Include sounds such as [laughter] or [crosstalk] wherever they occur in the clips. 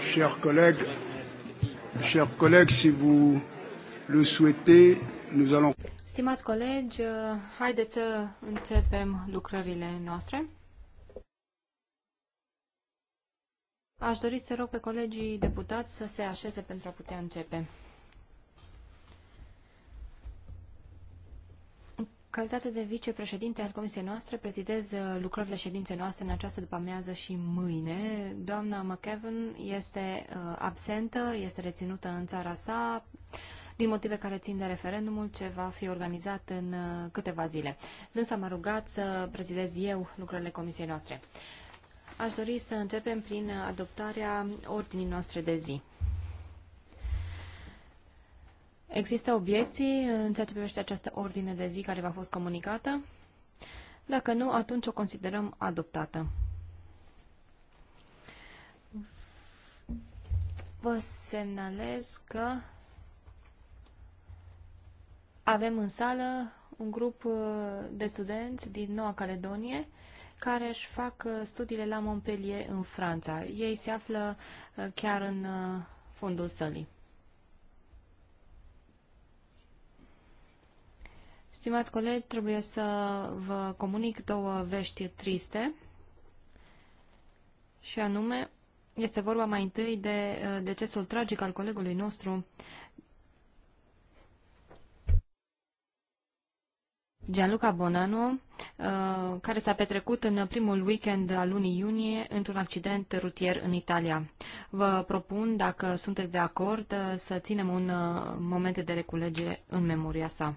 Chers collègues, chers collègues, si vous le souhaitez, nous allons. Stimați colegi, uh, haideți să începem lucrările noastre. Aș dori să rog pe colegii deputați să se așeze pentru a putea începe. calitate de vicepreședinte al comisiei noastre, prezidez uh, lucrările ședinței noastre în această după-amiază și mâine. Doamna McEvan este uh, absentă, este reținută în țara sa din motive care țin de referendumul ce va fi organizat în uh, câteva zile. Însă m-a rugat să prezidez eu lucrările comisiei noastre. Aș dori să începem prin adoptarea ordinii noastre de zi. Există obiecții în ceea ce privește această ordine de zi care v-a fost comunicată? Dacă nu, atunci o considerăm adoptată. Vă semnalez că avem în sală un grup uh, de studenți din Noua Caledonie care își fac uh, studiile la Montpellier în Franța. Ei se află uh, chiar în fundul sălii. Stimați colegi, trebuie să vă comunic două vești triste. Și anume, este vorba mai întâi de uh, decesul tragic al colegului nostru, Gianluca Bonano, uh, care s-a petrecut în primul weekend al lunii iunie într-un accident rutier în Italia. Vă propun, dacă sunteți de acord, uh, să ținem un moment de reculegere în memoria sa.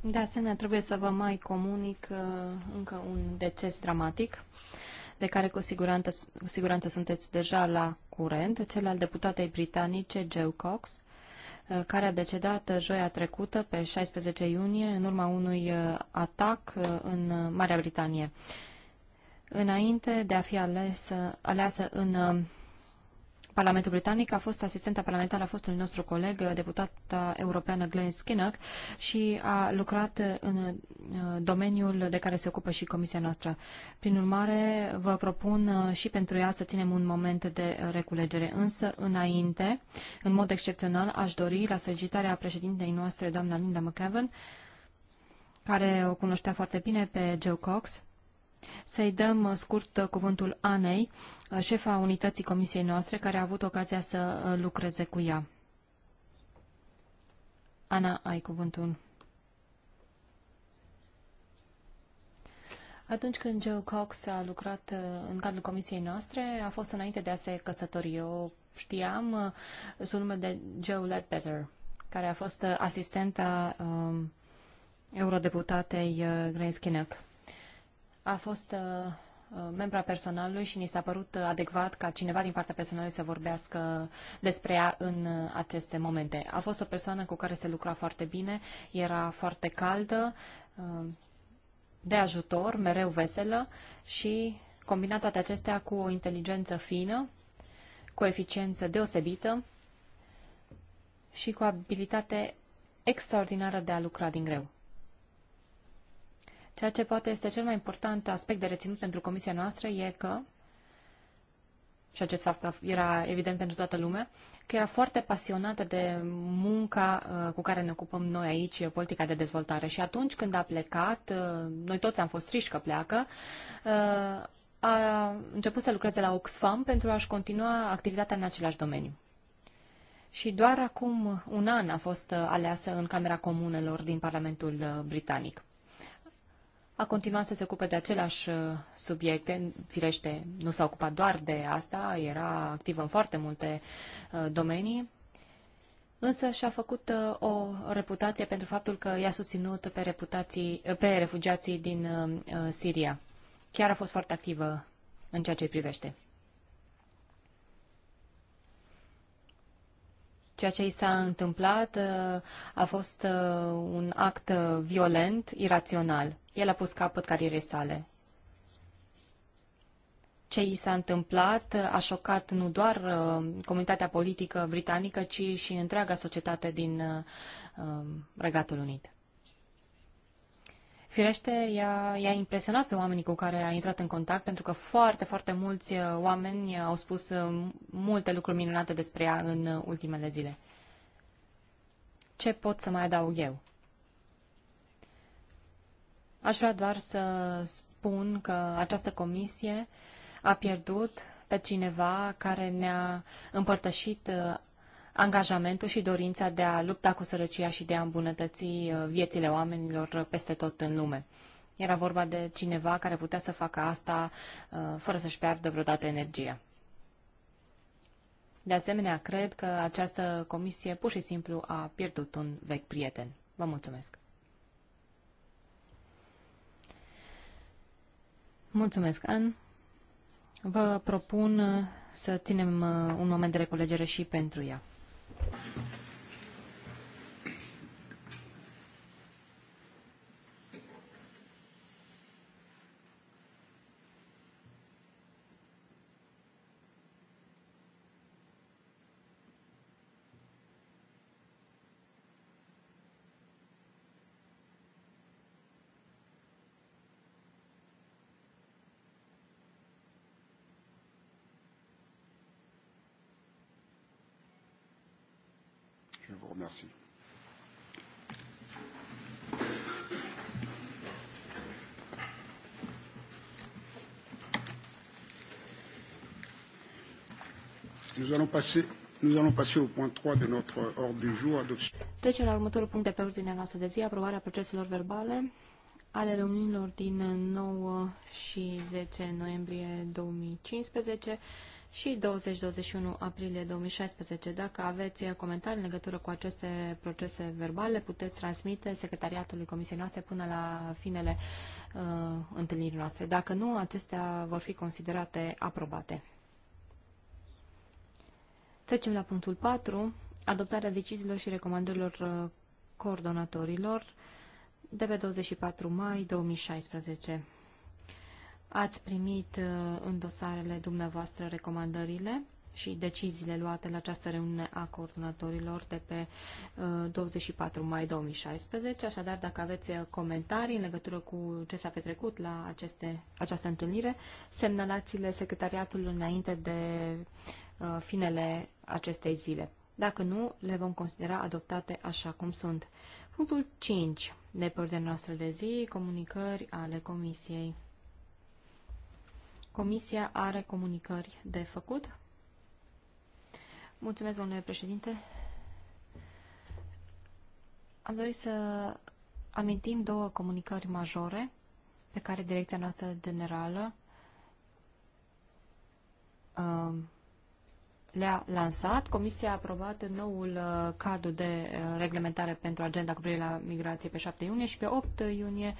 De asemenea, trebuie să vă mai comunic uh, încă un deces dramatic, de care cu siguranță, cu siguranță sunteți deja la curent, cel al deputatei britanice Joe Cox, uh, care a decedat joia trecută, pe 16 iunie, în urma unui uh, atac în Marea Britanie. Înainte de a fi ales aleasă în Parlamentul Britanic a fost asistenta parlamentară a fostului nostru coleg, deputată europeană Glenn Skinnock și a lucrat în uh, domeniul de care se ocupă și comisia noastră. Prin urmare, vă propun uh, și pentru ea să ținem un moment de reculegere. Însă, înainte, în mod excepțional, aș dori, la solicitarea președintei noastre, doamna Linda McEwan, care o cunoștea foarte bine pe Joe Cox, să-i dăm uh, scurt uh, cuvântul Anei, uh, șefa unității comisiei noastre, care a avut ocazia să lucreze cu ea. Ana, ai cuvântul. Atunci când Joe Cox a lucrat în cadrul comisiei noastre, a fost înainte de a se căsători. Eu știam sub nume de Joe Ledbetter, care a fost asistenta um, eurodeputatei Grace Kinnock a fost uh, uh, a personalului și ni s-a părut adecvat ca cineva din partea personalului să vorbească despre ea în uh, aceste momente. A fost o persoană cu care se lucra foarte bine, era foarte caldă, de ajutor, mereu veselă și combina toate acestea cu o inteligență fină, cu o eficiență deosebită și cu o abilitate extraordinară de a lucra din greu. Ceea ce poate este cel mai important aspect de reținut pentru comisia noastră e că, și acest fapt era evident pentru toată lumea, că era foarte pasionată de munca uh, cu care ne ocupăm noi aici, politica de dezvoltare. Și atunci când a plecat, uh, noi toți am fost triști că pleacă, uh, a început să lucreze la Oxfam pentru a-și continua activitatea în același domeniu. Și doar acum un an a fost aleasă în Camera Comunelor din Parlamentul Britanic a continuat să se ocupe de aceleași uh, subiecte. Firește, nu s-a ocupat doar de asta, era activă în foarte multe uh, domenii, însă și-a făcut uh, o reputație pentru faptul că i-a susținut pe, reputații, pe refugiații din Siria. Chiar a fost foarte activă în ceea ce îi privește. Ceea ce i s-a întâmplat a fost un act violent, irațional. El a pus capăt carierei sale. Ce i s-a întâmplat a șocat nu doar uh, comunitatea politică britanică, ci și întreaga societate din uh, um, Regatul Unit. Firește, i-a, i-a impresionat pe oamenii cu care a intrat în contact, pentru că foarte, foarte mulți uh, oameni au spus multe lucruri minunate despre ea în ultimele zile. Ce pot să mai adaug eu? Aș vrea doar să spun că această comisie a pierdut pe cineva care ne-a împărtășit uh, angajamentul și dorința de a lupta cu sărăcia și de a îmbunătăți uh, viețile oamenilor peste tot în lume. Era vorba de cineva care putea să facă asta uh, fără să-și piardă vreodată energia. De asemenea, cred că această comisie pur și simplu a pierdut un vechi prieten. Vă mulțumesc! Mulțumesc, An. Vă propun uh, să ținem uh, un moment de recolegere și pentru ea. Merci. Nous allons passer, nous allons passer au point 3 de notre ordre du jour. Adoption. Deci la următorul punct de pe ordinea noastră de zi, aprobarea proceselor verbale ale reuniunilor din 9 și 10 noiembrie 2015 și 20-21 aprilie 2016. Dacă aveți comentarii în legătură cu aceste procese verbale, puteți transmite secretariatului comisiei noastre până la finele uh, întâlnirii noastre. Dacă nu, acestea vor fi considerate aprobate. Trecem la punctul 4, adoptarea deciziilor și recomandărilor uh, coordonatorilor de pe 24 mai 2016. Ați primit uh, în dosarele dumneavoastră recomandările și deciziile luate la această reuniune a coordonatorilor de pe 24 uh, mai 2016. Așadar, dacă aveți uh, comentarii în legătură cu ce s-a petrecut la aceste, această întâlnire, semnalați-le secretariatul înainte de finele acestei zile. Dacă nu, le vom considera adoptate așa cum sunt. Punctul 5 de pe ordinea noastră de zi, comunicări ale Comisiei. Comisia are comunicări de făcut. Mulțumesc, domnule președinte. Am dorit să amintim două comunicări majore pe care direcția noastră generală um, le-a lansat. Comisia a aprobat noul uh, cadru de uh, reglementare pentru agenda cu privire la migrație pe 7 iunie și pe 8 iunie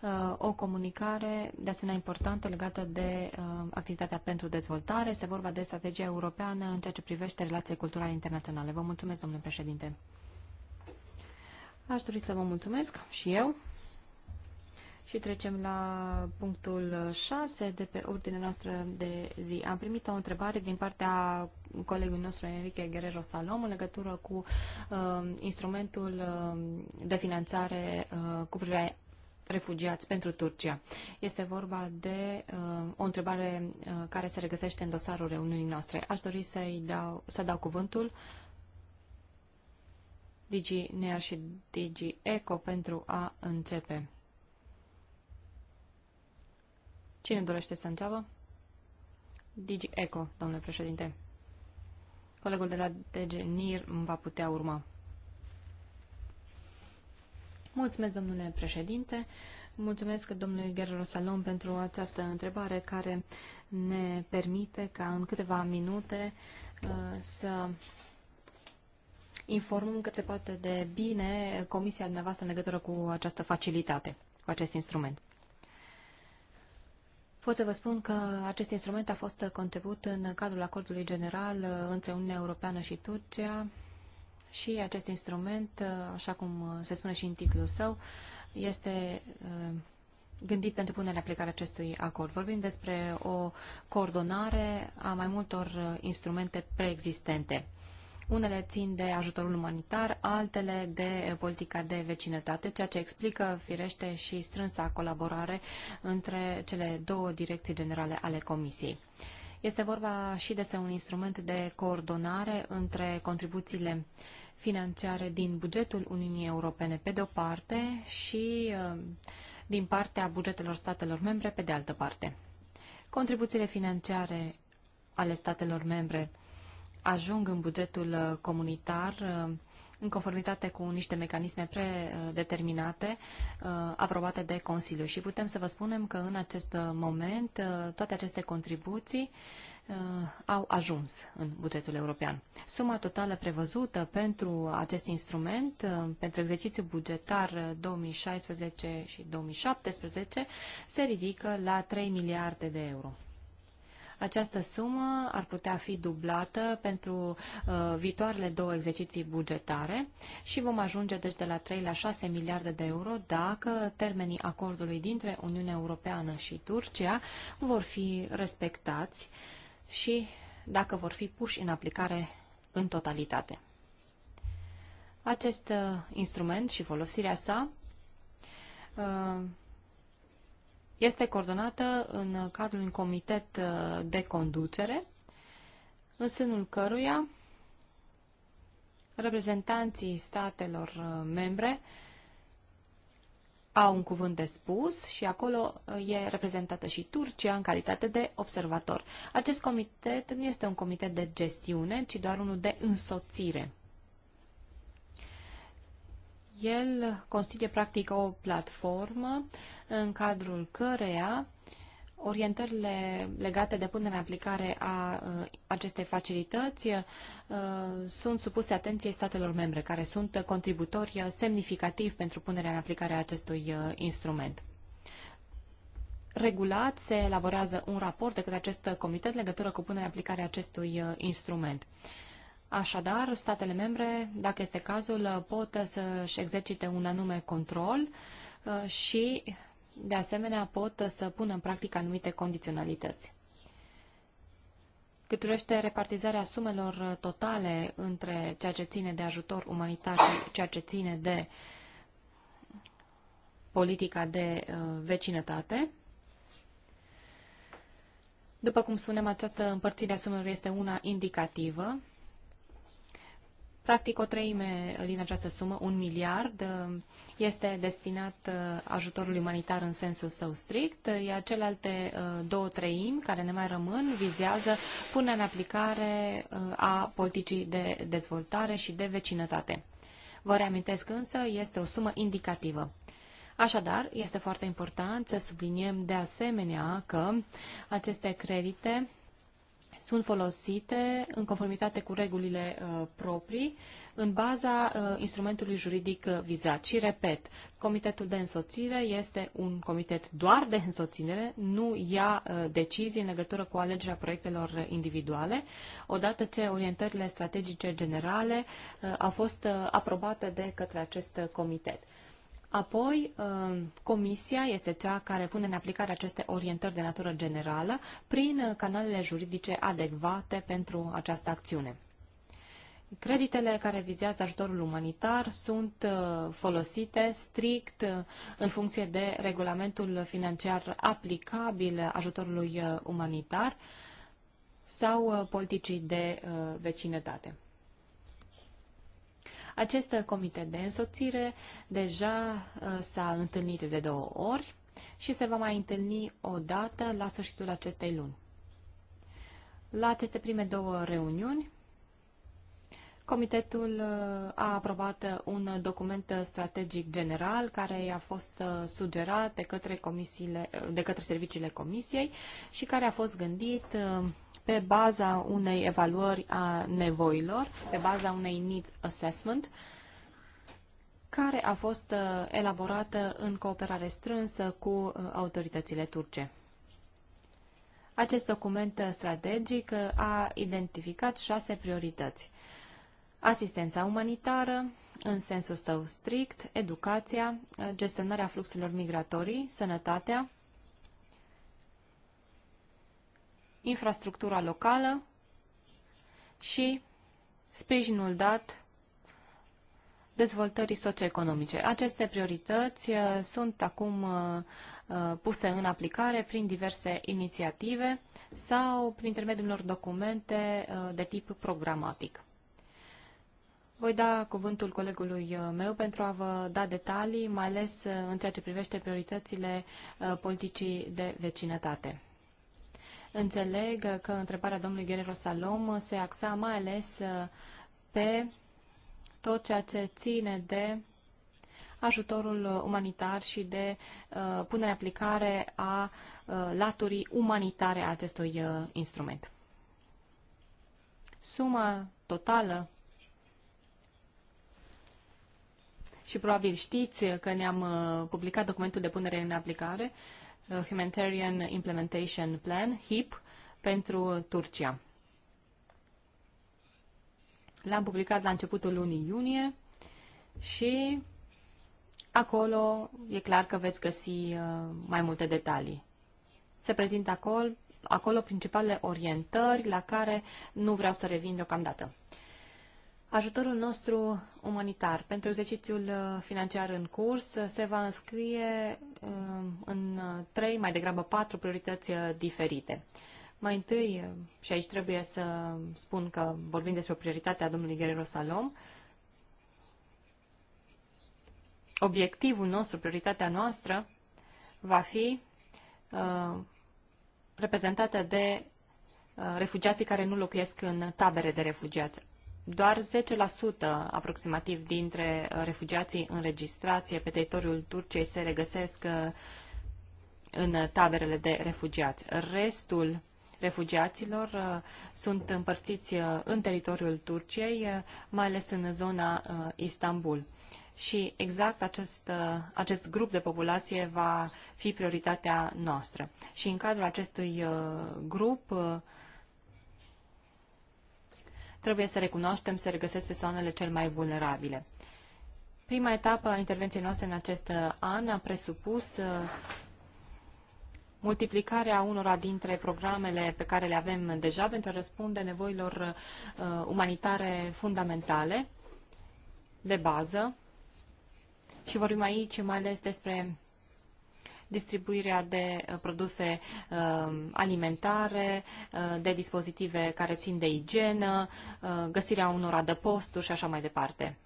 uh, o comunicare de asemenea importantă legată de activitatea pentru dezvoltare. Este vorba de strategia europeană în ceea ce privește relații culturale internaționale. Vă mulțumesc, domnule președinte. Aș dori să vă mulțumesc și eu și trecem la punctul 6 de pe ordinea noastră de zi. Am primit o întrebare din partea colegului nostru Enrique Guerrero Salom în legătură cu uh, instrumentul uh, de finanțare uh, cu privire refugiați pentru Turcia. Este vorba de uh, o întrebare uh, care se regăsește în dosarul reuniunii noastre. Aș dori să-i dau, să dau cuvântul Digi Nea și Digi Eco pentru a începe. Cine dorește să înceapă? Digi Eco, domnule președinte. Colegul de la DG NIR va putea urma. Mulțumesc, domnule președinte. Mulțumesc domnului Guerrero Salom pentru această întrebare care ne permite ca în câteva minute uh, să informăm cât se poate de bine Comisia dumneavoastră în legătură cu această facilitate, cu acest instrument. Pot să vă spun că acest instrument a fost conceput în cadrul acordului general uh, între Uniunea Europeană și Turcia și acest instrument, uh, așa cum uh, se spune și în titlul său, este gândit pentru punerea aplicare acestui acord. Vorbim despre o coordonare a mai multor instrumente preexistente. Unele țin de ajutorul umanitar, altele de politica de vecinătate, ceea ce explică, firește, și strânsa colaborare între cele două direcții generale ale Comisiei. Este vorba și despre un instrument de coordonare între contribuțiile financiare din bugetul Uniunii Europene pe de-o parte și uh, din partea bugetelor statelor membre pe de altă parte. Contribuțiile financiare ale statelor membre ajung în bugetul uh, comunitar uh, în conformitate cu niște mecanisme predeterminate uh, aprobate de Consiliu. Și putem să vă spunem că în acest moment toate aceste contribuții au ajuns în bugetul european. Suma totală prevăzută pentru acest instrument, pentru exercițiul bugetar 2016 și 2017, se ridică la 3 miliarde de euro. Această sumă ar putea fi dublată pentru uh, viitoarele două exerciții bugetare și vom ajunge deci de la 3 la 6 miliarde de euro dacă termenii acordului dintre Uniunea Europeană și Turcia vor fi respectați și dacă vor fi puși în aplicare în totalitate. Acest uh, instrument și folosirea sa uh, este coordonată în cadrul unui comitet uh, de conducere, în sânul căruia reprezentanții statelor uh, membre au un cuvânt de spus și acolo uh, e reprezentată și Turcia în calitate de observator. Acest comitet nu este un comitet de gestiune, ci doar unul de însoțire. El constituie practic o platformă în cadrul căreia orientările legate de punerea în aplicare a uh, acestei facilități uh, sunt supuse atenției statelor membre, care sunt contributori semnificativ pentru punerea în aplicare a acestui uh, instrument. Regulat se elaborează un raport de către acest comitet legătură cu punerea în aplicare a acestui instrument. Așadar, statele membre, dacă este cazul, pot să-și exercite un anume control uh, și, de asemenea, pot să pună în practică anumite condiționalități. Cât privește repartizarea sumelor totale între ceea ce ține de ajutor umanitar și ceea ce ține de politica de uh, vecinătate, după cum spunem, această împărțire a sumelor este una indicativă Practic o treime din această sumă, un miliard, uh, este destinat uh, ajutorului umanitar în sensul său strict, uh, iar celelalte două treimi care ne mai rămân vizează punerea în aplicare a politicii de dezvoltare și de vecinătate. Vă reamintesc însă, este o sumă indicativă. Așadar, este foarte important să subliniem de asemenea că aceste credite sunt folosite în conformitate cu regulile uh, proprii, în baza uh, instrumentului juridic uh, vizat. Și repet, comitetul de însoțire este un comitet doar de însoținere, nu ia uh, decizii în legătură cu alegerea proiectelor individuale, odată ce orientările strategice generale uh, au fost uh, aprobate de către acest comitet. Apoi, uh, Comisia este cea care pune în aplicare aceste orientări de natură generală prin uh, canalele juridice adecvate pentru această acțiune. Creditele care vizează ajutorul umanitar sunt uh, folosite strict în funcție de regulamentul financiar aplicabil ajutorului umanitar sau politicii de vecinătate. Acest comitet de însoțire deja uh, s-a întâlnit de două ori și se va mai întâlni o dată la sfârșitul acestei luni. La aceste prime două reuniuni Comitetul uh, a aprobat uh, un document strategic general care a fost uh, sugerat de către, comisiile, de către serviciile comisiei și care a fost gândit pe baza unei evaluări a nevoilor, pe baza unei needs assessment, care a fost elaborată în cooperare strânsă cu autoritățile turce. Acest document strategic a identificat șase priorități asistența umanitară, în sensul său strict, educația, gestionarea fluxurilor migratorii, sănătatea, infrastructura locală și sprijinul dat dezvoltării socioeconomice. Aceste priorități uh, sunt acum uh, uh, puse în aplicare prin diverse inițiative sau prin intermediul unor documente de tip programatic. Voi da cuvântul colegului uh, meu pentru a vă da detalii, mai ales uh, în ceea ce privește prioritățile uh, politicii de vecinătate. Înțeleg că întrebarea domnului Guerrero Salom se axa mai ales pe tot ceea ce ține de ajutorul umanitar și de punerea aplicare a laturii umanitare a acestui instrument. Suma totală și probabil știți că ne-am uh, publicat documentul de punere în aplicare, uh, Humanitarian Implementation Plan, HIP, pentru Turcia. L-am publicat la începutul lunii iunie și acolo e clar că veți găsi uh, mai multe detalii. Se prezintă acolo, acolo principalele orientări la care nu vreau să revin deocamdată. Ajutorul nostru umanitar pentru exercițiul uh, financiar în curs uh, se va înscrie um, în uh, trei, mai degrabă patru priorități diferite. Mai întâi, și aici trebuie să spun că vorbim despre prioritatea domnului Guerrero Salom, obiectivul nostru, prioritatea noastră, va fi uh, reprezentată de uh, refugiații care nu locuiesc în tabere de refugiați doar 10% aproximativ dintre uh, refugiații înregistrație pe teritoriul Turciei se regăsesc uh, în taberele de refugiați. Restul refugiaților uh, sunt împărțiți în teritoriul Turciei, mai ales în zona Istanbul. Și exact acest, acest grup de populație va fi prioritatea noastră. Și în cadrul acestui grup trebuie să recunoaștem, să regăsesc persoanele cel mai vulnerabile. Prima etapă a intervenției noastre în acest uh, an a presupus uh, multiplicarea unora dintre programele pe care le avem deja pentru a răspunde nevoilor uh, umanitare fundamentale, de bază. Și vorbim aici mai ales despre distribuirea de uh, produse uh, alimentare, uh, de dispozitive care țin de igienă, găsirea unor adăposturi și așa mai departe.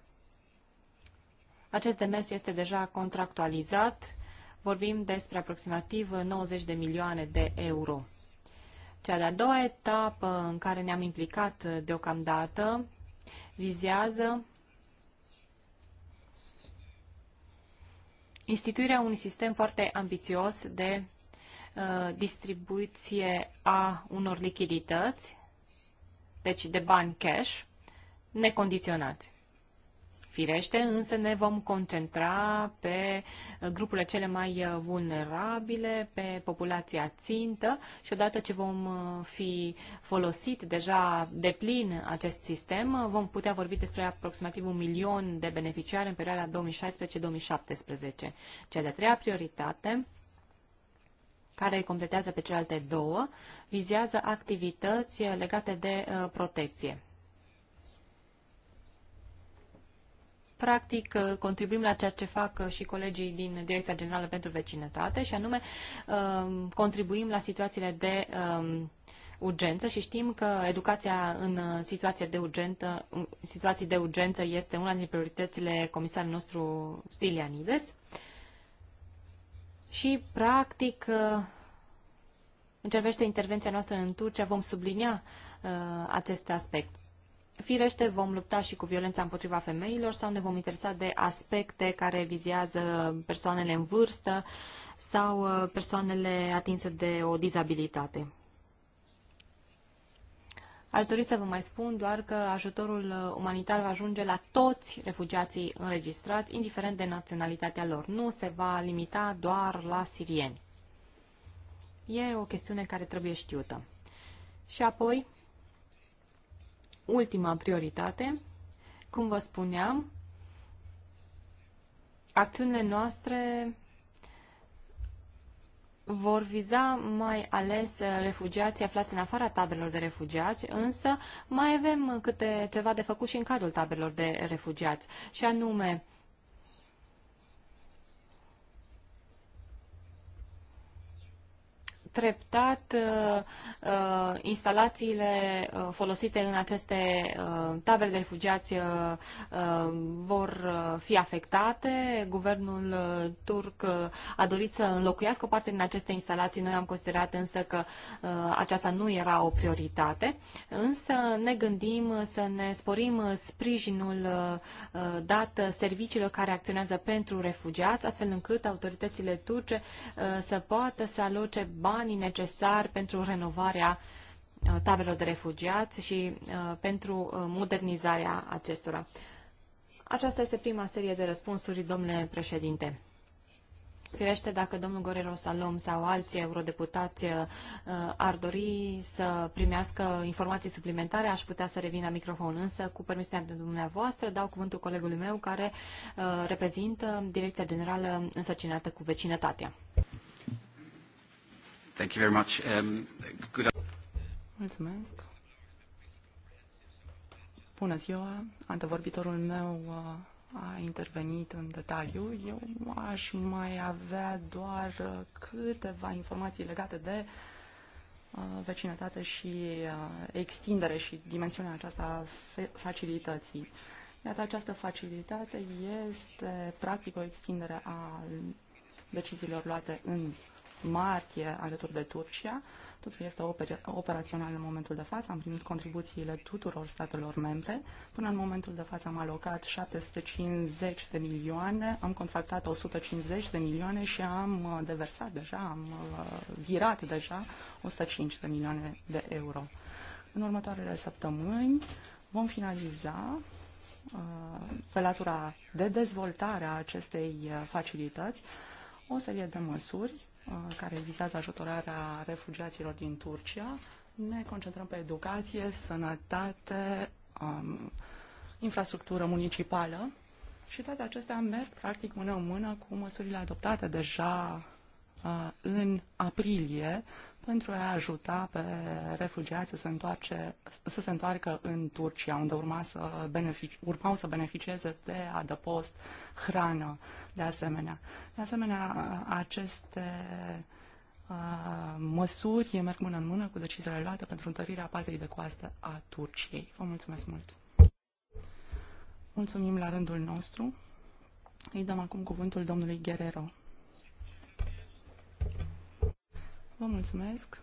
Acest demers este deja contractualizat. Vorbim despre aproximativ 90 de milioane de euro. Cea de-a doua etapă în care ne-am implicat deocamdată vizează instituirea unui sistem foarte ambițios de uh, distribuție a unor lichidități, deci de bani cash, necondiționați. Firește, însă ne vom concentra pe grupurile cele mai vulnerabile, pe populația țintă și odată ce vom fi folosit deja de plin acest sistem, vom putea vorbi despre aproximativ un milion de beneficiari în perioada 2016-2017. Cea de-a treia prioritate care completează pe celelalte două, vizează activități legate de uh, protecție. practic uh, contribuim la ceea ce fac uh, și colegii din Direcția Generală pentru Vecinătate și anume um, contribuim la situațiile de um, urgență și știm că educația în uh, situație de urgentă, situații de urgență este una din prioritățile comisarului nostru Stilianides. Și, practic, în intervenția noastră în Turcia, vom sublinia uh, acest aspect. Firește, vom lupta și cu violența împotriva femeilor sau ne vom interesa de aspecte care vizează persoanele în vârstă sau uh, persoanele atinse de o dizabilitate. Aș dori să vă mai spun doar că ajutorul uh, umanitar va ajunge la toți refugiații înregistrați, indiferent de naționalitatea lor. Nu se va limita doar la sirieni. E o chestiune care trebuie știută. Și apoi, ultima prioritate. Cum vă spuneam, acțiunile noastre vor viza mai ales refugiații aflați în afara taberelor de refugiați, însă mai avem câte ceva de făcut și în cadrul taberelor de refugiați, și anume treptat uh, uh, instalațiile uh, folosite în aceste tabere de refugiați vor fi afectate. Guvernul turc a dorit să înlocuiască o parte din aceste instalații. Noi am considerat însă că aceasta nu era o prioritate. Însă ne gândim să ne sporim sprijinul dat serviciilor care acționează pentru refugiați, astfel încât autoritățile turce să poată să aloce bani banii necesari pentru renovarea uh, taberelor de refugiați și uh, pentru uh, modernizarea acestora. Aceasta este prima serie de răspunsuri, domnule președinte. Firește, dacă domnul Gorero Salom sau alții eurodeputați ar dori să primească informații suplimentare, aș putea să revin la microfon. Însă, cu permisiunea de dumneavoastră, dau cuvântul colegului meu care reprezintă Direcția Generală însăcinată cu vecinătatea. Thank you very much. Um, good... Mulțumesc. Bună ziua. Antevorbitorul meu uh, a intervenit în detaliu. Eu aș mai avea doar uh, câteva informații legate de uh, vecinătate și extindere și dimensiunea aceasta a facilității. Iată, această facilitate este practic o extindere a deciziilor luate în martie alături de Turcia. Totul este oper- operațional în momentul de față. Am primit contribuțiile tuturor statelor membre. Până în momentul de față am alocat 750 de milioane, am contractat 150 de milioane și am uh, deversat deja, am uh, virat deja 105 de milioane de euro. În următoarele săptămâni vom finaliza uh, pe latura de dezvoltare a acestei facilități o serie de măsuri Uh, care vizează ajutorarea refugiaților din Turcia. Ne concentrăm pe educație, sănătate, um, infrastructură municipală și toate acestea merg practic mână în mână cu măsurile adoptate deja uh, în aprilie pentru a ajuta pe refugiați să se, întoarce, să se întoarcă în Turcia, unde urma să benefici, urmau să beneficieze de adăpost, hrană, de asemenea. De asemenea, aceste uh, măsuri merg mână în mână cu deciziile luate pentru întărirea pazei de coastă a Turciei. Vă mulțumesc mult! Mulțumim la rândul nostru. Îi dăm acum cuvântul domnului Guerrero. Vă mulțumesc.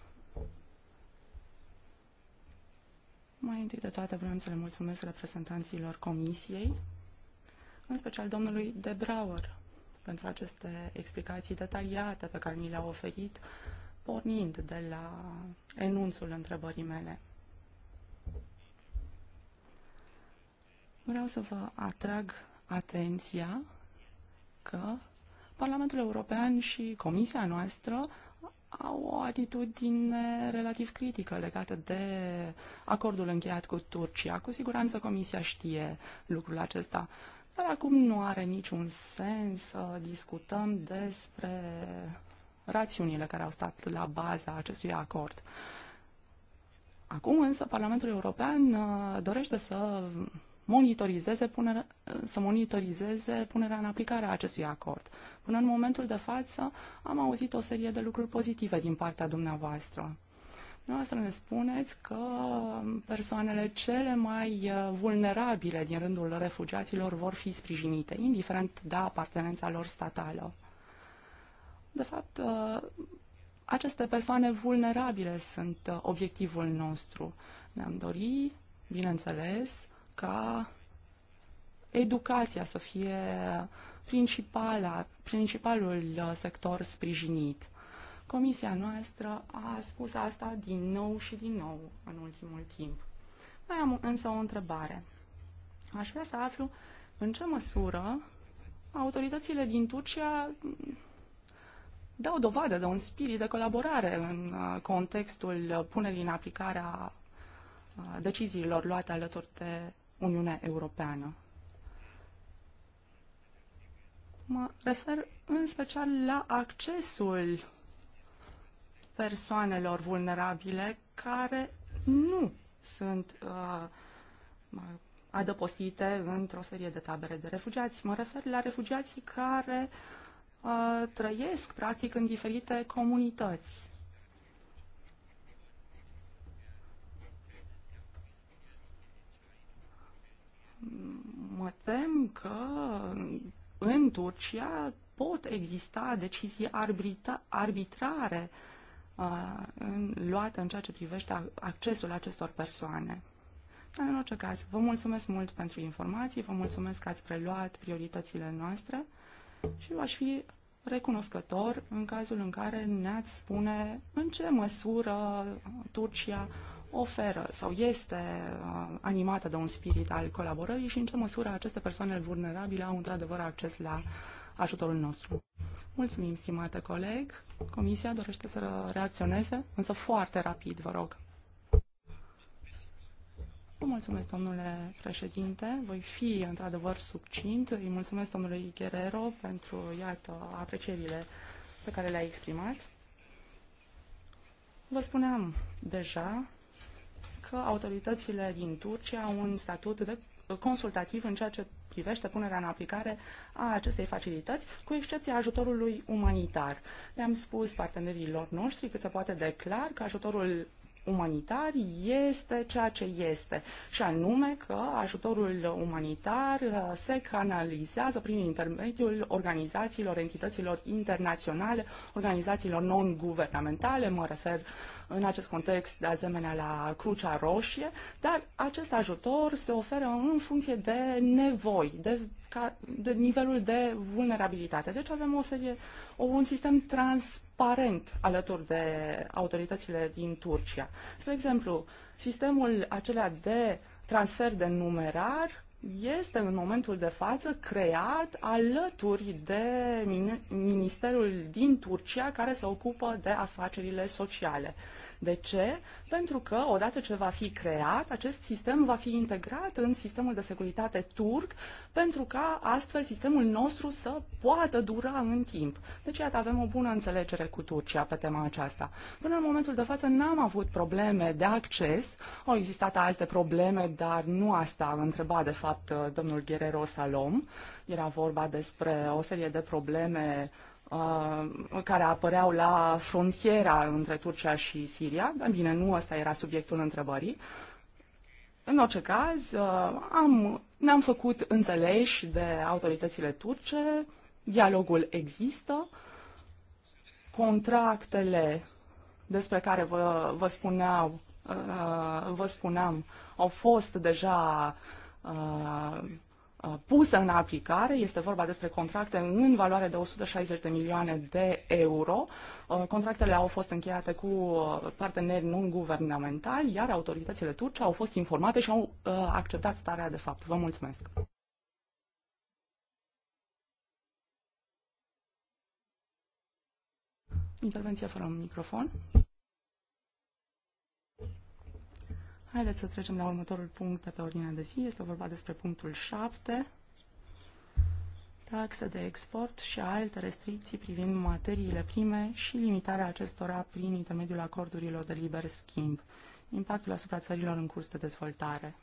Mai întâi de toate vreau să le mulțumesc reprezentanților comisiei, în special domnului De Brauer, pentru aceste explicații detaliate pe care ni le-a oferit, pornind de la enunțul întrebării mele. Vreau să vă atrag atenția că Parlamentul European și Comisia noastră au o atitudine relativ critică legată de acordul încheiat cu Turcia. Cu siguranță Comisia știe lucrul acesta. Dar acum nu are niciun sens să discutăm despre rațiunile care au stat la baza acestui acord. Acum însă Parlamentul European uh, dorește să monitorizeze punere, să monitorizeze punerea în aplicare a acestui acord. Până în momentul de față am auzit o serie de lucruri pozitive din partea dumneavoastră. Dumneavoastră ne spuneți că persoanele cele mai uh, vulnerabile din rândul refugiaților vor fi sprijinite, indiferent de apartenența lor statală. De fapt, uh, aceste persoane vulnerabile sunt uh, obiectivul nostru. Ne-am dorit, bineînțeles, ca educația să fie principala, principalul uh, sector sprijinit. Comisia noastră a spus asta din nou și din nou în ultimul timp. Mai am însă o întrebare. Aș vrea să aflu în ce măsură autoritățile din Turcia mm, dau dovadă de un spirit de colaborare în uh, contextul punerii în aplicare a uh, deciziilor luate alături de Uniunea Europeană. Mă refer în special la accesul persoanelor vulnerabile care nu sunt uh, adăpostite într-o serie de tabere de refugiați. Mă refer la refugiații care uh, trăiesc, practic, în diferite comunități. mă tem că în Turcia pot exista decizii arbitra- arbitrare uh, în, luate în ceea ce privește accesul acestor persoane. Dar în orice caz, vă mulțumesc mult pentru informații, vă mulțumesc că ați preluat prioritățile noastre și v-aș fi recunoscător în cazul în care ne-ați spune în ce măsură Turcia oferă sau este uh, animată de un spirit al colaborării și în ce măsură aceste persoane vulnerabile au într-adevăr acces la ajutorul nostru. Mulțumim, stimate coleg. Comisia dorește să reacționeze, însă foarte rapid, vă rog. Vă mulțumesc, domnule președinte. Voi fi, într-adevăr, subcint. Îi mulțumesc domnului Guerrero pentru, iată, aprecierile pe care le-a exprimat. Vă spuneam deja că autoritățile din Turcia au un statut de consultativ în ceea ce privește punerea în aplicare a acestei facilități, cu excepția ajutorului umanitar. Le-am spus partenerilor noștri cât se poate declar că ajutorul umanitar este ceea ce este, și anume că ajutorul umanitar uh, se canalizează prin intermediul organizațiilor, entităților internaționale, organizațiilor non-guvernamentale, mă refer uh, în acest context, de asemenea, la Crucea Roșie, dar acest ajutor se oferă în funcție de nevoi, de, ca, de nivelul de vulnerabilitate. Deci avem o serie, o, un sistem transparent alături de autoritățile din Turcia. Spre exemplu, sistemul acela de transfer de numerar este în momentul de față creat alături de ministerul din Turcia care se ocupă de afacerile sociale. De ce? Pentru că odată ce va fi creat, acest sistem va fi integrat în sistemul de securitate turc, pentru ca astfel sistemul nostru să poată dura în timp. Deci, iată, avem o bună înțelegere cu Turcia pe tema aceasta. Până în momentul de față n-am avut probleme de acces, au existat alte probleme, dar nu asta întreba, de fapt, domnul Guerrero Salom. Era vorba despre o serie de probleme uh, Uh, care apăreau la frontiera între Turcia și Siria, dar bine, nu ăsta era subiectul întrebării. În orice caz, uh, am, ne-am făcut înțeleși de autoritățile turce, dialogul există, contractele despre care vă, vă, spuneau, uh, vă spuneam au fost deja Uh, pusă în aplicare. Este vorba despre contracte în valoare de 160 de milioane de euro. Uh, contractele au fost încheiate cu uh, parteneri non-guvernamentali, iar autoritățile turce au fost informate și au acceptat starea de fapt. Vă mulțumesc! Intervenție fără microfon. Haideți să trecem la următorul punct de pe ordinea de zi. Este vorba despre punctul 7. Taxe de export și alte restricții privind materiile prime și limitarea acestora prin intermediul acordurilor de liber schimb. Impactul asupra țărilor în curs de dezvoltare.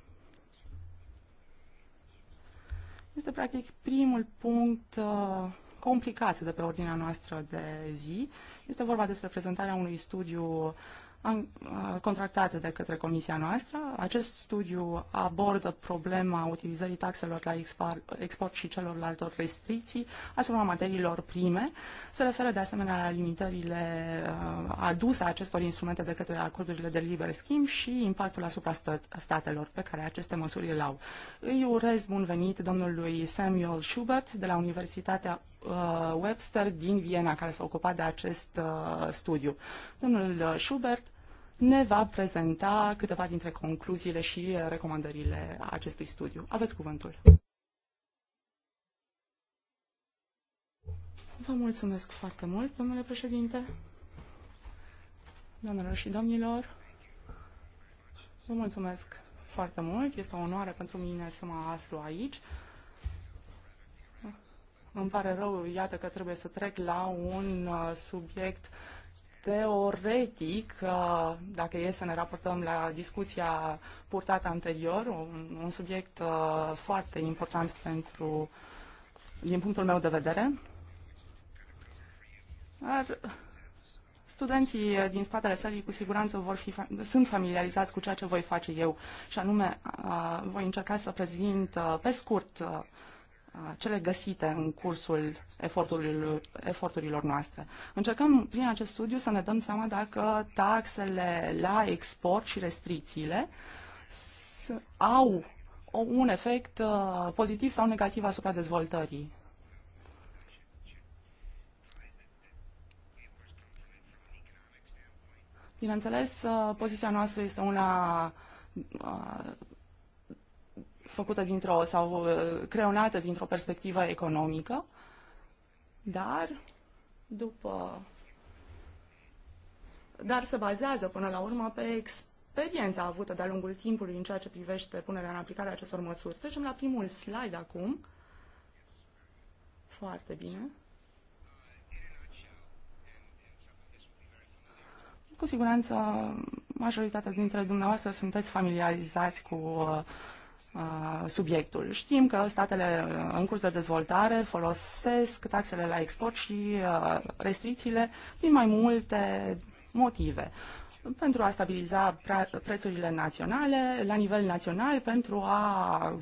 Este practic primul punct uh, complicat de pe ordinea noastră de zi. Este vorba despre prezentarea unui studiu uh, contractate de către comisia noastră. Acest studiu abordă problema utilizării taxelor la export și celorlaltor restricții asupra materiilor prime. Se referă de asemenea la limitările aduse acestor instrumente de către acordurile de liber schimb și impactul asupra statelor pe care aceste măsuri îl au. Îi urez bun venit domnului Samuel Schubert de la Universitatea Uh, Webster din Viena, care s-a ocupat de acest uh, studiu. Domnul uh, Schubert ne va prezenta câteva dintre concluziile și recomandările acestui studiu. Aveți cuvântul. Vă mulțumesc foarte mult, domnule președinte, domnilor și domnilor. Vă mulțumesc foarte mult, este o onoare pentru mine să mă aflu aici. Îmi pare rău, iată că trebuie să trec la un uh, subiect teoretic, uh, dacă e să ne raportăm la discuția purtată anterior, un, subiect uh, foarte important pentru, din punctul meu de vedere. Dar studenții din spatele sării cu siguranță vor fi, sunt familiarizați cu ceea ce voi face eu și anume voi încerca să prezint pe scurt cele găsite în cursul eforturilor, noastre. Încercăm prin acest studiu să ne dăm seama dacă taxele la export și restricțiile au un efect pozitiv sau negativ asupra dezvoltării. Bineînțeles, poziția noastră este una făcută dintr-o sau uh, creonată dintr-o perspectivă economică, dar după dar se bazează până la urmă pe experiența avută de-a lungul timpului în ceea ce privește punerea în aplicare a acestor măsuri. Trecem la primul slide acum. Foarte bine. Cu siguranță majoritatea dintre dumneavoastră sunteți familiarizați cu uh, Uh, subiectul. Știm că statele uh, în curs de dezvoltare folosesc taxele la export și uh, restricțiile din mai multe motive pentru a stabiliza prețurile naționale, la nivel național, pentru a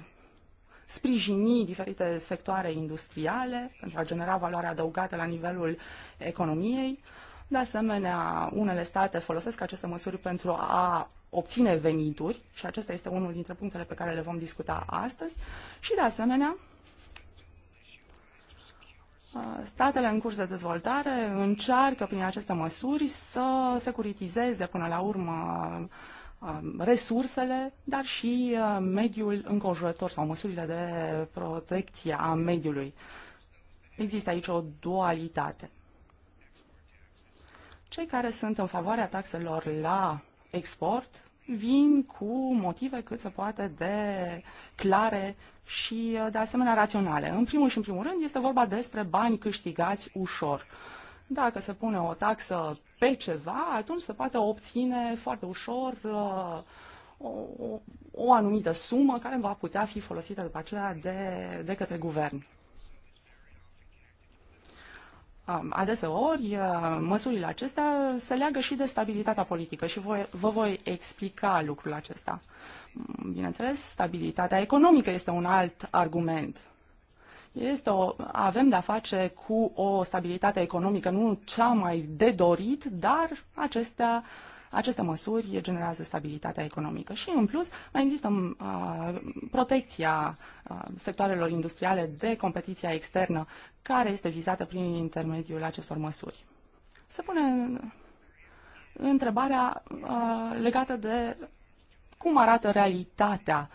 sprijini diferite sectoare industriale, pentru a genera valoare adăugată la nivelul economiei. De asemenea, unele state folosesc aceste măsuri pentru a obține venituri și acesta este unul dintre punctele pe care le vom discuta astăzi și de asemenea uh, Statele în curs de dezvoltare încearcă prin aceste măsuri să securitizeze până la urmă uh, resursele, dar și uh, mediul înconjurător sau măsurile de protecție a mediului. Există aici o dualitate. Cei care sunt în favoarea taxelor la export vin cu motive cât se poate de clare și uh, de asemenea raționale. În primul și în primul rând este vorba despre bani câștigați ușor. Dacă se pune o taxă pe ceva, atunci se poate obține foarte ușor uh, o, o, o anumită sumă care va putea fi folosită după aceea de, de către guvern. Um, adeseori uh, măsurile acestea se leagă și de stabilitatea politică și voi, vă voi explica lucrul acesta. Mm, bineînțeles, stabilitatea economică este un alt argument. Este o, avem de-a face cu o stabilitate economică, nu cea mai de dorit, dar acestea uh, aceste măsuri generează stabilitatea economică și, în plus, mai există uh, protecția uh, sectoarelor industriale de competiția externă care este vizată prin intermediul acestor măsuri. Se pune uh, întrebarea uh, legată de cum arată realitatea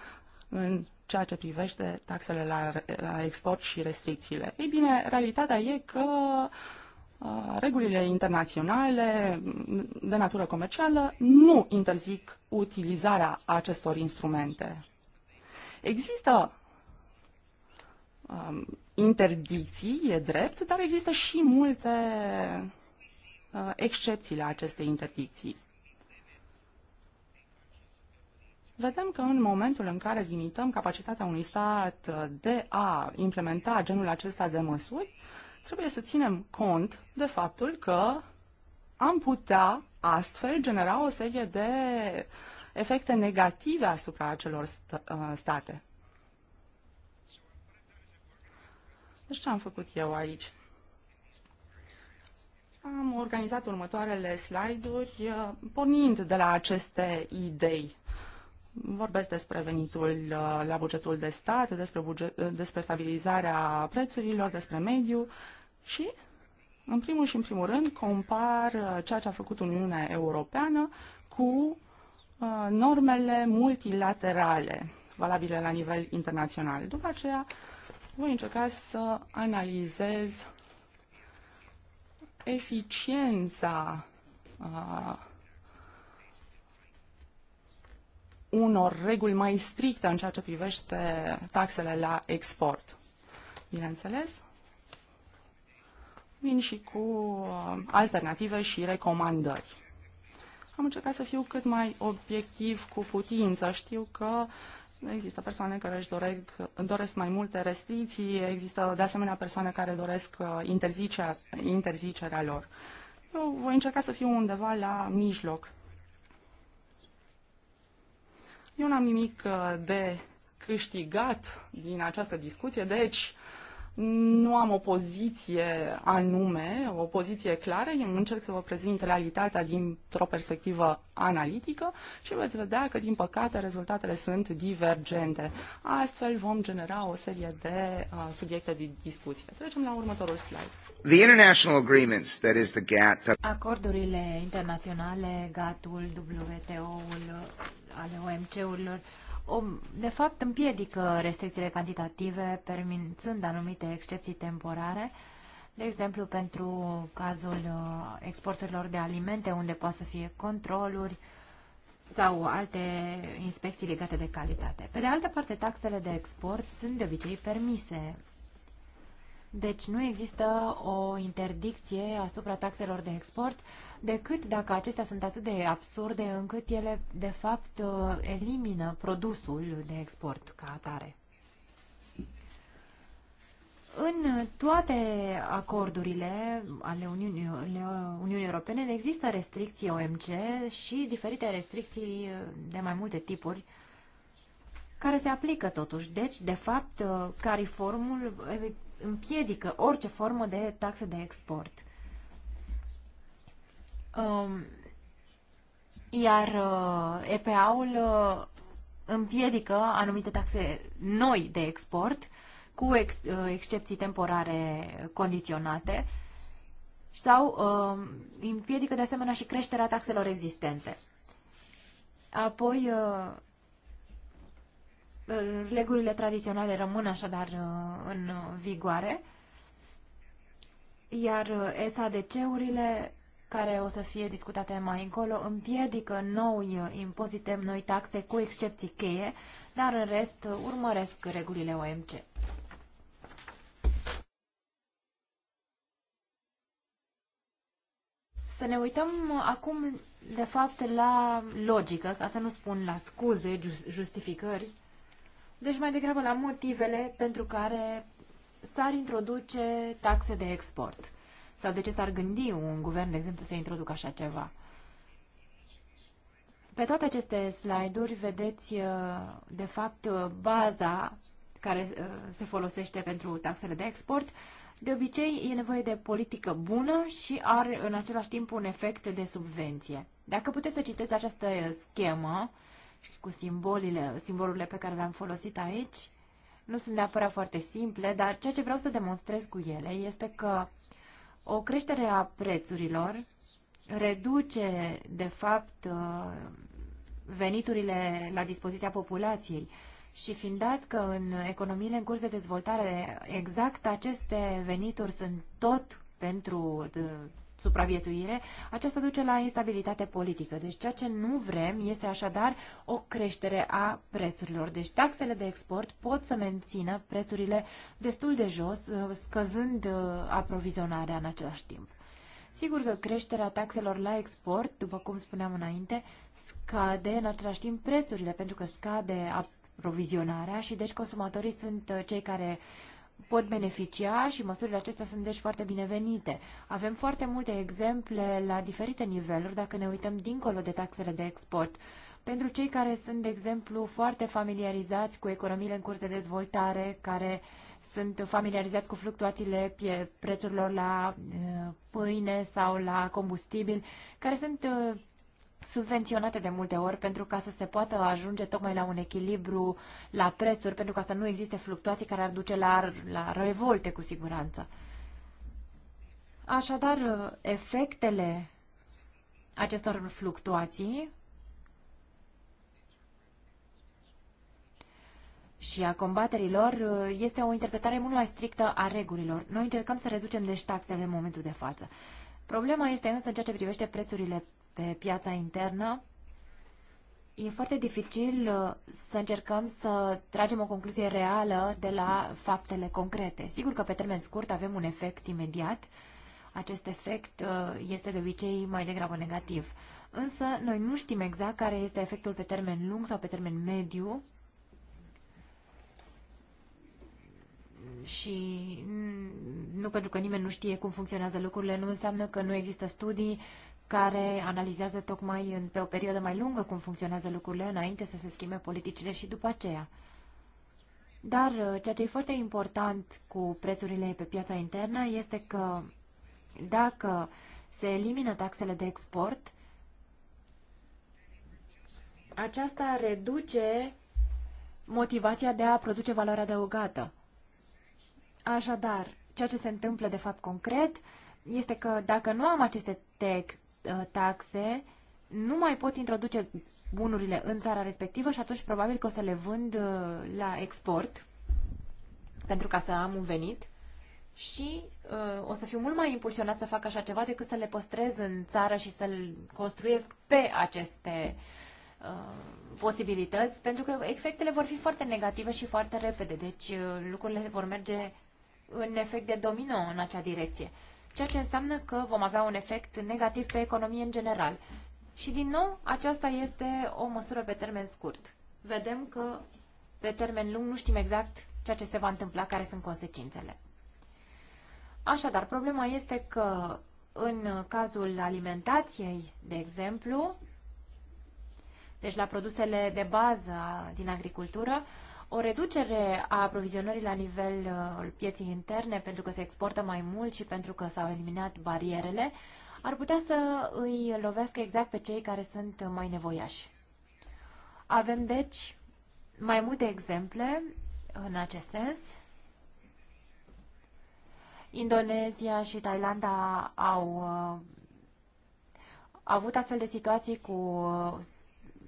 în ceea ce privește taxele la, la export și restricțiile. Ei bine, realitatea e că uh, regulile internaționale de natură comercială nu interzic utilizarea acestor instrumente. Există um, interdicții, e drept, dar există și multe uh, excepții la aceste interdicții. Vedem că în momentul în care limităm capacitatea unui stat de a implementa genul acesta de măsuri, trebuie să ținem cont de faptul că am putea astfel genera o serie de efecte negative asupra acelor uh, state. Deci ce am făcut eu aici? Am organizat următoarele slide-uri uh, pornind de la aceste idei. Vorbesc despre venitul uh, la bugetul de stat, despre, buget, uh, despre stabilizarea prețurilor, despre mediu și, în primul și în primul rând, compar uh, ceea ce a făcut Uniunea Europeană cu normele multilaterale valabile la nivel internațional. După aceea, voi încerca să analizez eficiența unor reguli mai stricte în ceea ce privește taxele la export. Bineînțeles, vin și cu uh, alternative și recomandări. Am încercat să fiu cât mai obiectiv cu putință. Știu că există persoane care își doresc, doresc mai multe restricții, există de asemenea persoane care doresc uh, interzicerea, interzicerea lor. Eu voi încerca să fiu undeva la mijloc eu n-am nimic uh, de câștigat din această discuție, deci nu am o poziție anume, o poziție clară, eu încerc să vă prezint realitatea dintr-o perspectivă analitică și veți vedea că, din păcate, rezultatele sunt divergente. Astfel vom genera o serie de uh, subiecte de discuție. Trecem la următorul slide. The international agreements, that is the GATT. Acordurile internaționale, GATT-ul, WTO-ul, ale OMC-urilor de fapt împiedică restricțiile cantitative permițând anumite excepții temporare, de exemplu pentru cazul uh, exporturilor de alimente unde poate să fie controluri sau alte inspecții legate de calitate. Pe de altă parte, taxele de export sunt de obicei permise. Deci nu există o interdicție asupra taxelor de export decât dacă acestea sunt atât de absurde încât ele, de fapt, uh, elimină produsul de export ca atare. În toate acordurile ale Uniunii, Uniunii Europene există restricții OMC și diferite restricții de mai multe tipuri care se aplică totuși. Deci, de fapt, uh, cariformul uh, împiedică orice formă de taxe de export. Um, iar uh, EPA-ul uh, împiedică anumite taxe noi de export, cu ex, uh, excepții temporare condiționate, sau um, împiedică de asemenea și creșterea taxelor existente. Apoi, regulile tradiționale rămân așadar în vigoare, iar SADC-urile care o să fie discutate mai încolo, împiedică noi uh, impozite, noi taxe, cu excepții cheie, dar în rest uh, urmăresc regulile OMC. Să ne uităm uh, acum, de fapt, la logică, ca să nu spun la scuze, justificări, deci mai degrabă la motivele pentru care s-ar introduce taxe de export. Sau de ce s-ar gândi un guvern, de exemplu, să introducă așa ceva? Pe toate aceste slide-uri vedeți, uh, de fapt, uh, baza care uh, se folosește pentru taxele de export. De obicei, e nevoie de politică bună și are în același timp un efect de subvenție. Dacă puteți să citeți această schemă cu simbolile, simbolurile pe care le-am folosit aici, nu sunt neapărat foarte simple, dar ceea ce vreau să demonstrez cu ele este că o creștere a prețurilor reduce, de fapt, uh, veniturile la dispoziția populației. Și fiind dat că în economiile în curs de dezvoltare exact aceste venituri sunt tot pentru uh, supraviețuire, aceasta duce la instabilitate politică. Deci ceea ce nu vrem este așadar o creștere a prețurilor. Deci taxele de export pot să mențină prețurile destul de jos, uh, scăzând uh, aprovizionarea în același timp. Sigur că creșterea taxelor la export, după cum spuneam înainte, scade în același timp prețurile, pentru că scade aprovizionarea și deci consumatorii sunt uh, cei care uh, pot beneficia și măsurile acestea sunt deci foarte binevenite. Avem foarte multe exemple la diferite niveluri dacă ne uităm dincolo de taxele de export. Pentru cei care sunt, de exemplu, foarte familiarizați cu economiile în curs de dezvoltare, care sunt familiarizați cu fluctuațiile prețurilor la uh, pâine sau la combustibil, care sunt uh, subvenționate de multe ori pentru ca să se poată ajunge tocmai la un echilibru la prețuri, pentru ca să nu existe fluctuații care ar duce la, la revolte cu siguranță. Așadar, efectele acestor fluctuații și a combaterilor este o interpretare mult mai strictă a regulilor. Noi încercăm să reducem deci taxele în momentul de față. Problema este însă în ceea ce privește prețurile pe piața internă, e foarte dificil uh, să încercăm să tragem o concluzie reală de la faptele concrete. Sigur că pe termen scurt avem un efect imediat, acest efect uh, este de obicei mai degrabă negativ. Însă noi nu știm exact care este efectul pe termen lung sau pe termen mediu și nu pentru că nimeni nu știe cum funcționează lucrurile, nu înseamnă că nu există studii care analizează tocmai în, pe o perioadă mai lungă cum funcționează lucrurile înainte să se schimbe politicile și după aceea. Dar uh, ceea ce e foarte important cu prețurile pe piața internă este că dacă se elimină taxele de export, aceasta reduce motivația de a produce valoare adăugată. Așadar, ceea ce se întâmplă de fapt concret este că dacă nu am aceste Uh, taxe, nu mai pot introduce bunurile în țara respectivă și atunci probabil că o să le vând uh, la export pentru ca să am un venit și uh, o să fiu mult mai impulsionat să fac așa ceva decât să le păstrez în țară și să-l construiesc pe aceste uh, posibilități, pentru că efectele vor fi foarte negative și foarte repede, deci uh, lucrurile vor merge în efect de domino în acea direcție ceea ce înseamnă că vom avea un efect negativ pe economie în general. Și din nou, aceasta este o măsură pe termen scurt. Vedem că pe termen lung nu știm exact ceea ce se va întâmpla, care sunt consecințele. Așadar, problema este că în cazul alimentației, de exemplu, deci la produsele de bază din agricultură, o reducere a aprovizionării la nivelul uh, pieții interne, pentru că se exportă mai mult și pentru că s-au eliminat barierele, ar putea să îi lovească exact pe cei care sunt mai nevoiași. Avem, deci, mai multe exemple în acest sens. Indonezia și Thailanda au, uh, avut astfel de situații cu uh,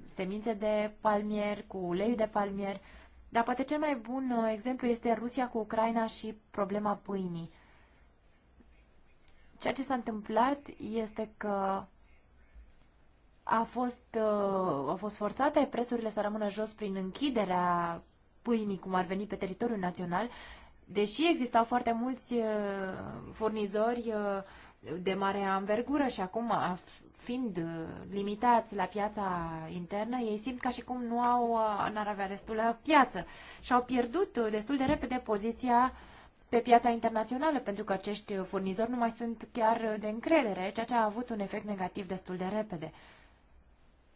semințe de palmier, cu ulei de palmier dar poate cel mai bun uh, exemplu este Rusia cu Ucraina și problema pâinii. Ceea ce s-a întâmplat este că a fost, uh, a fost forțate prețurile să rămână jos prin închiderea pâinii, cum ar veni pe teritoriul național, deși existau foarte mulți uh, furnizori de mare anvergură și acum fiind uh, limitați la piața internă, ei simt ca și cum nu au, uh, n-ar avea destulă uh, piață și au pierdut destul de repede poziția pe piața internațională, pentru că acești furnizori nu mai sunt chiar de încredere, ceea ce a avut un efect negativ destul de repede.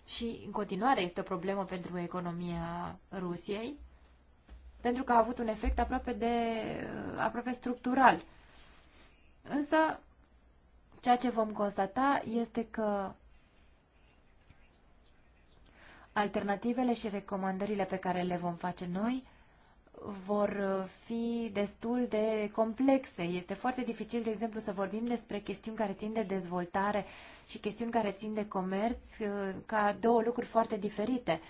Și în continuare este o problemă pentru economia Rusiei, pentru că a avut un efect aproape, de, aproape structural. Însă, Ceea ce vom constata este că alternativele și recomandările pe care le vom face noi vor fi destul de complexe. Este foarte dificil, de exemplu, să vorbim despre chestiuni care țin de dezvoltare și chestiuni care țin de comerț uh, ca două lucruri foarte diferite.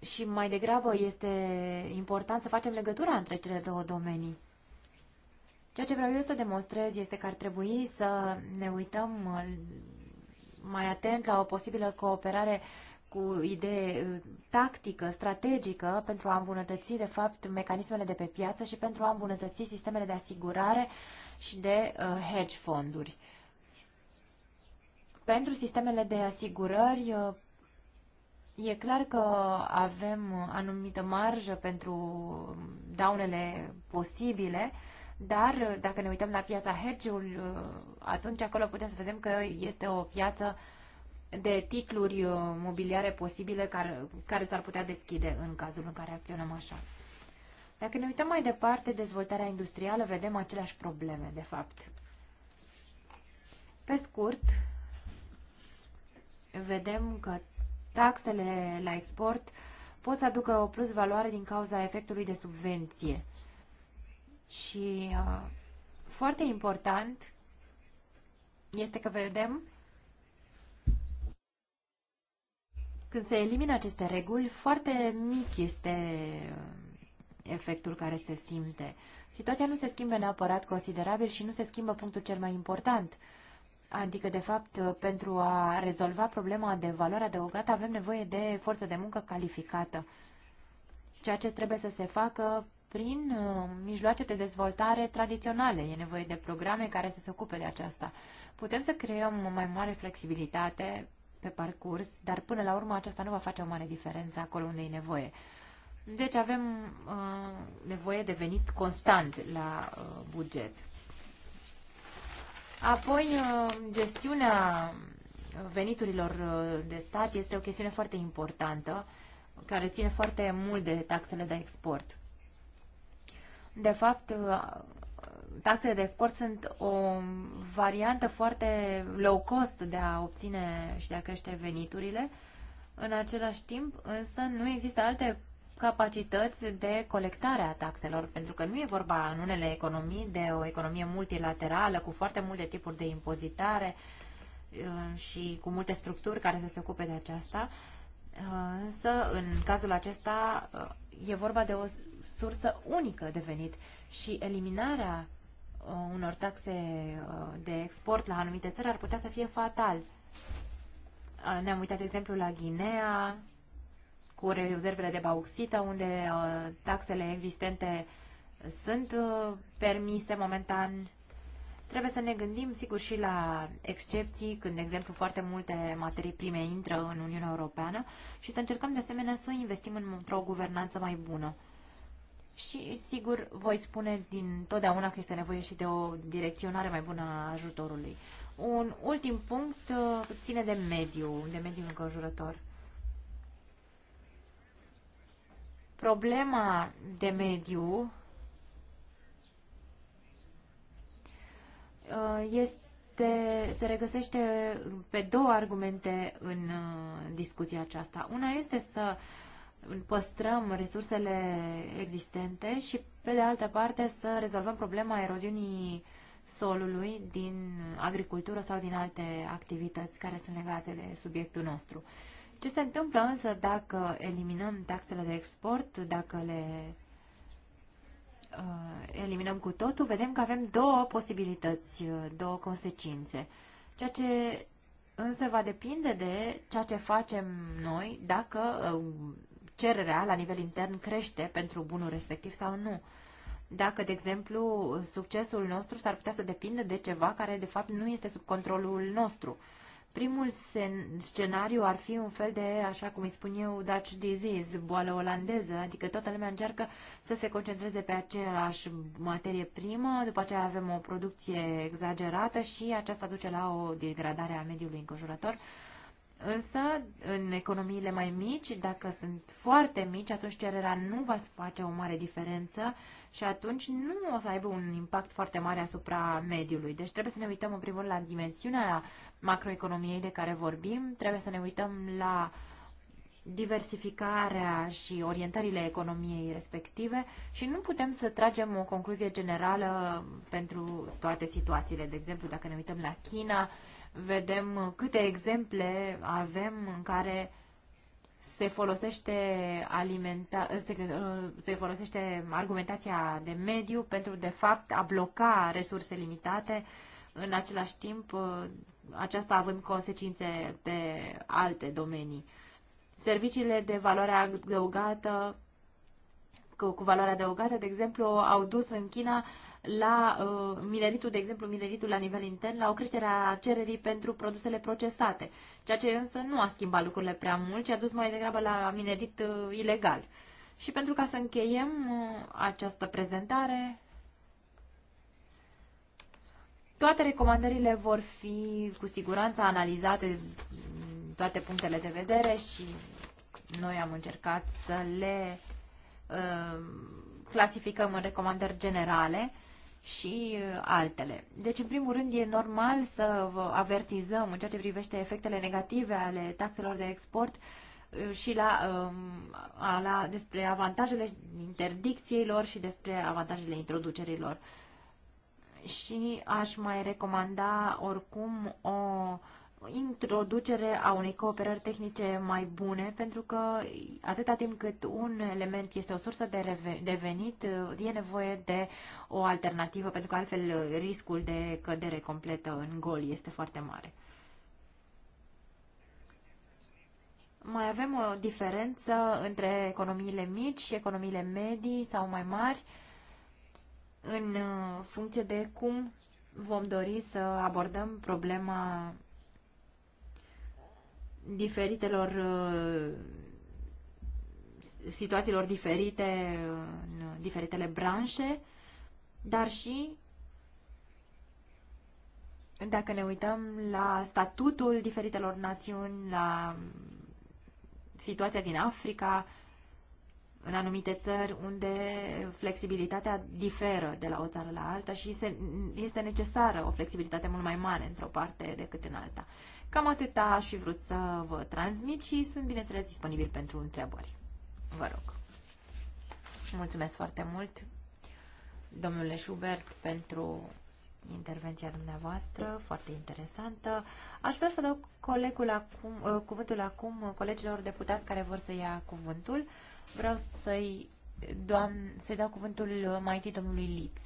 Și mai degrabă este important să facem legătura între cele două domenii. Ceea ce vreau eu să demonstrez este că ar trebui să ne uităm uh, mai atent la o posibilă cooperare cu idee uh, tactică, strategică, pentru a îmbunătăți, de fapt, mecanismele de pe piață și pentru a îmbunătăți sistemele de asigurare și de uh, hedge fonduri. Pentru sistemele de asigurări, uh, e clar că avem anumită marjă pentru daunele posibile, uh, dar uh, dacă ne uităm la piața hedge-ul, uh, atunci acolo putem să vedem că este o piață de titluri uh, mobiliare posibile care, care s-ar putea deschide în cazul în care acționăm așa. Dacă ne uităm mai departe, dezvoltarea industrială, vedem aceleași probleme, de fapt. Pe scurt, vedem că taxele la export pot să aducă o plus valoare din cauza efectului de subvenție. Și uh, foarte important este că vedem când se elimină aceste reguli, foarte mic este uh, efectul care se simte. Situația nu se schimbă neapărat considerabil și nu se schimbă punctul cel mai important. Adică, de fapt, uh, pentru a rezolva problema de valoare adăugată avem nevoie de forță de muncă calificată. Ceea ce trebuie să se facă prin uh, mijloace de dezvoltare tradiționale. E nevoie de programe care să se ocupe de aceasta. Putem să creăm o mai mare flexibilitate pe parcurs, dar până la urmă aceasta nu va face o mare diferență acolo unde e nevoie. Deci avem uh, nevoie de venit constant la uh, buget. Apoi, uh, gestiunea veniturilor uh, de stat este o chestiune foarte importantă, care ține foarte mult de taxele de export. De fapt, taxele de export sunt o variantă foarte low cost de a obține și de a crește veniturile. În același timp, însă, nu există alte capacități de colectare a taxelor, pentru că nu e vorba în unele economii de o economie multilaterală cu foarte multe tipuri de impozitare uh, și cu multe structuri care să se ocupe de aceasta. Uh, însă, în cazul acesta, uh, e vorba de o sursă unică de venit și eliminarea uh, unor taxe uh, de export la anumite țări ar putea să fie fatal. Uh, ne-am uitat, de exemplu, la Guinea, cu rezervele de bauxită, unde taxele existente sunt permise momentan. Trebuie să ne gândim, sigur, și la excepții, când, de exemplu, foarte multe materii prime intră în Uniunea Europeană și să încercăm, de asemenea, să investim într-o guvernanță mai bună și, sigur, voi spune din totdeauna că este nevoie și de o direcționare mai bună a ajutorului. Un ultim punct uh, ține de mediu, de mediu înconjurător. Problema de mediu uh, este, se regăsește pe două argumente în uh, discuția aceasta. Una este să uh, păstrăm resursele existente și, pe de altă parte, să rezolvăm problema eroziunii solului din agricultură sau din alte activități care sunt legate de subiectul nostru. Ce se întâmplă însă dacă eliminăm taxele de export, dacă le uh, eliminăm cu totul, vedem că avem două posibilități, uh, două consecințe. Ceea ce însă va depinde de ceea ce facem noi dacă uh, cererea la nivel intern crește pentru bunul respectiv sau nu. Dacă, de exemplu, succesul nostru s-ar putea să depindă de ceva care, de fapt, nu este sub controlul nostru. Primul scenariu ar fi un fel de, așa cum îi spun eu, Dutch disease, boală olandeză, adică toată lumea încearcă să se concentreze pe aceeași materie primă, după aceea avem o producție exagerată și aceasta duce la o degradare a mediului înconjurător Însă, în economiile mai mici, dacă sunt foarte mici, atunci cererea nu va face o mare diferență și atunci nu o să aibă un impact foarte mare asupra mediului. Deci trebuie să ne uităm în primul rând la dimensiunea macroeconomiei de care vorbim, trebuie să ne uităm la diversificarea și orientările economiei respective și nu putem să tragem o concluzie generală pentru toate situațiile. De exemplu, dacă ne uităm la China, vedem câte exemple avem în care se folosește, alimenta, se, se folosește argumentația de mediu pentru, de fapt, a bloca resurse limitate, în același timp, aceasta având consecințe pe alte domenii. Serviciile de valoare adăugată, cu, cu valoare adăugată, de exemplu, au dus în China la uh, mineritul, de exemplu, mineritul la nivel intern, la o creștere a cererii pentru produsele procesate, ceea ce însă nu a schimbat lucrurile prea mult, ci a dus mai degrabă la minerit uh, ilegal. Și pentru ca să încheiem uh, această prezentare, toate recomandările vor fi cu siguranță analizate toate punctele de vedere și noi am încercat să le uh, clasificăm în recomandări generale și uh, altele. Deci, în primul rând, e normal să vă avertizăm în ceea ce privește efectele negative ale taxelor de export uh, și la, um, la, despre avantajele interdicției lor și despre avantajele introducerilor. Și aș mai recomanda oricum o uh, introducere a unei cooperări tehnice mai bune, pentru că atâta timp cât un element este o sursă de, de venit, e nevoie de o alternativă, pentru că altfel riscul de cădere completă în gol este foarte mare. Mai avem o diferență între economiile mici și economiile medii sau mai mari în funcție de cum vom dori să abordăm problema diferitelor uh, situațiilor diferite în diferitele branșe, dar și dacă ne uităm la statutul diferitelor națiuni, la situația din Africa, în anumite țări unde flexibilitatea diferă de la o țară la alta și este necesară o flexibilitate mult mai mare într-o parte decât în alta. Cam atâta aș fi vrut să vă transmit și sunt, bineînțeles, disponibil pentru întrebări. Vă rog. Mulțumesc foarte mult, domnule Schubert, pentru intervenția dumneavoastră, foarte interesantă. Aș vrea să dau colegul acum, uh, cuvântul acum colegilor deputați care vor să ia cuvântul. Vreau să-i doam, să dau cuvântul mai întâi domnului Litz.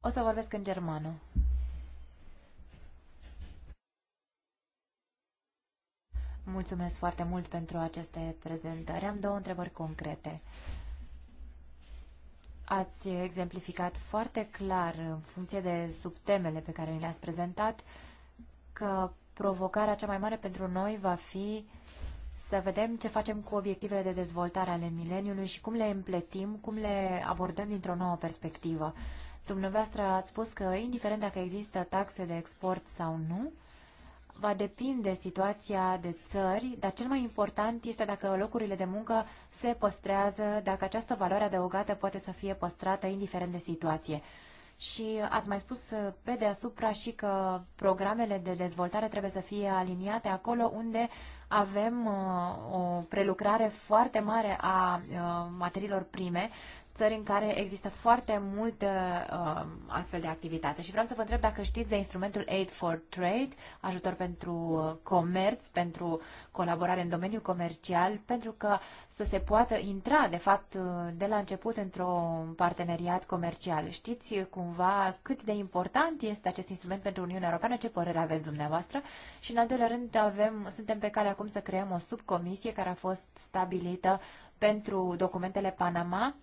O să vorbesc în germană. Mulțumesc foarte mult pentru aceste prezentări. Am două întrebări concrete. Ați exemplificat foarte clar, în funcție de subtemele pe care le-ați prezentat, că provocarea cea mai mare pentru noi va fi să vedem ce facem cu obiectivele de dezvoltare ale mileniului și cum le împletim, cum le abordăm dintr-o nouă perspectivă. Dumneavoastră ați spus că, indiferent dacă există taxe de export sau nu, va depinde situația de țări, dar cel mai important este dacă locurile de muncă se păstrează, dacă această valoare adăugată poate să fie păstrată indiferent de situație. Și ați mai spus uh, pe deasupra și că programele de dezvoltare trebuie să fie aliniate acolo unde avem uh, o prelucrare foarte mare a uh, materiilor prime țări în care există foarte multă uh, astfel de activitate. Și vreau să vă întreb dacă știți de instrumentul Aid for Trade, ajutor pentru uh, comerț, pentru colaborare în domeniul comercial, pentru că să se poată intra, de fapt, uh, de la început într-un parteneriat comercial. Știți uh, cumva cât de important este acest instrument pentru Uniunea Europeană? Ce părere aveți dumneavoastră? Și, în al doilea rând, avem, suntem pe cale acum să creăm o subcomisie care a fost stabilită pentru documentele Panama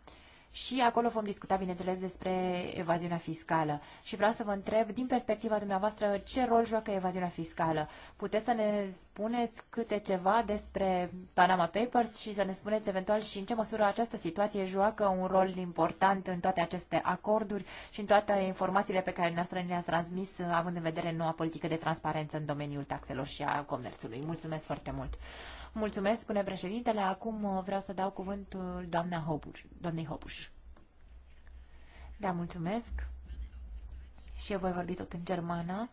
și acolo vom discuta, bineînțeles, despre evaziunea fiscală. Și vreau să vă întreb, din perspectiva dumneavoastră, ce rol joacă evaziunea fiscală? Puteți să ne spuneți câte ceva despre Panama Papers și să ne spuneți eventual și în ce măsură această situație joacă un rol important în toate aceste acorduri și în toate informațiile pe care noastră le-ați transmis, având în vedere noua politică de transparență în domeniul taxelor și a comerțului. Mulțumesc foarte mult! Mulțumesc, spune președintele. Acum uh, vreau să dau cuvântul doamna Hobuș, doamnei Hobuș. Da, mulțumesc. Și eu voi vorbi tot în germană,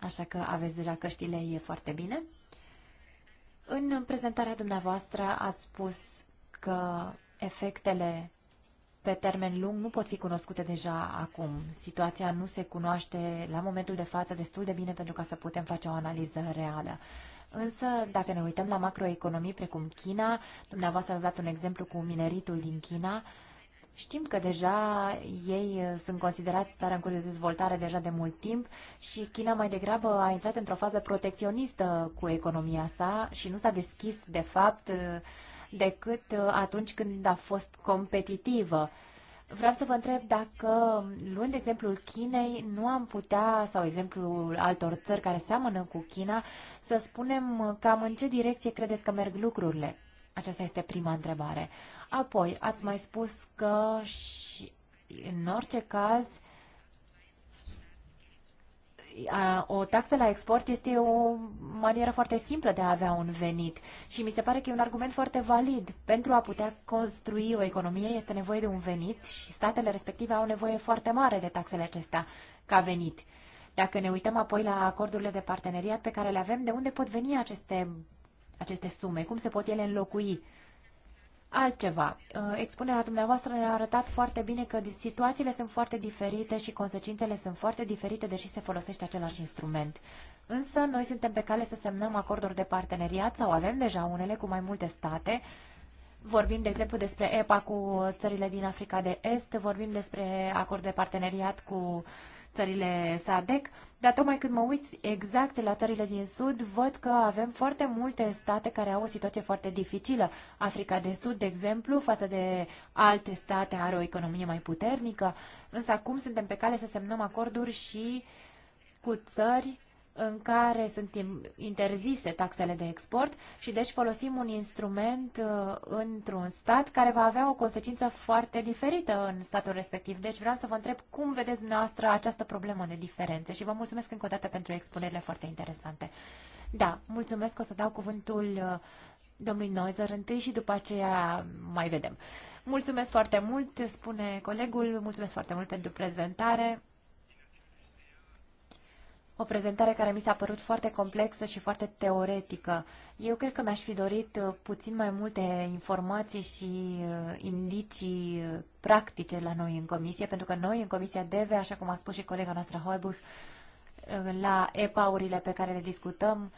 așa că aveți deja căștile, e foarte bine. În prezentarea dumneavoastră ați spus că efectele pe termen lung nu pot fi cunoscute deja acum. Situația nu se cunoaște la momentul de față destul de bine pentru ca să putem face o analiză reală. Însă, dacă ne uităm la macroeconomii precum China, dumneavoastră ați dat un exemplu cu mineritul din China, Știm că deja ei uh, sunt considerați țara în curs de dezvoltare deja de mult timp și China mai degrabă a intrat într-o fază protecționistă cu economia sa și nu s-a deschis, de fapt, uh, decât uh, atunci când a fost competitivă. Vreau să vă întreb dacă, luând exemplul Chinei, nu am putea, sau exemplul altor țări care seamănă cu China, să spunem cam în ce direcție credeți că merg lucrurile. Aceasta este prima întrebare. Apoi, ați mai spus că și în orice caz o taxă la export este o manieră foarte simplă de a avea un venit și mi se pare că e un argument foarte valid. Pentru a putea construi o economie este nevoie de un venit și statele respective au nevoie foarte mare de taxele acestea ca venit. Dacă ne uităm apoi la acordurile de parteneriat pe care le avem, de unde pot veni aceste, aceste sume? Cum se pot ele înlocui? Altceva, uh, expunerea dumneavoastră ne-a arătat foarte bine că situațiile sunt foarte diferite și consecințele sunt foarte diferite, deși se folosește același instrument. Însă, noi suntem pe cale să semnăm acorduri de parteneriat sau avem deja unele cu mai multe state. Vorbim, de exemplu, despre EPA cu țările din Africa de Est, vorbim despre acord de parteneriat cu țările SADEC. Dar tocmai când mă uit exact la țările din Sud, văd că avem foarte multe state care au o situație foarte dificilă. Africa de Sud, de exemplu, față de alte state, are o economie mai puternică. Însă acum suntem pe cale să semnăm acorduri și cu țări în care sunt interzise taxele de export și deci folosim un instrument uh, într-un stat care va avea o consecință foarte diferită în statul respectiv. Deci vreau să vă întreb cum vedeți dumneavoastră această problemă de diferențe și vă mulțumesc încă o dată pentru expunerile foarte interesante. Da, mulțumesc, o să dau cuvântul uh, domnului Noizer întâi și după aceea mai vedem. Mulțumesc foarte mult, spune colegul, mulțumesc foarte mult pentru prezentare o prezentare care mi s-a părut foarte complexă și foarte teoretică. Eu cred că mi-aș fi dorit uh, puțin mai multe informații și uh, indicii uh, practice la noi în comisie, pentru că noi în comisia DEVE, așa cum a spus și colega noastră Hoibuch, la EPA-urile pe care le discutăm,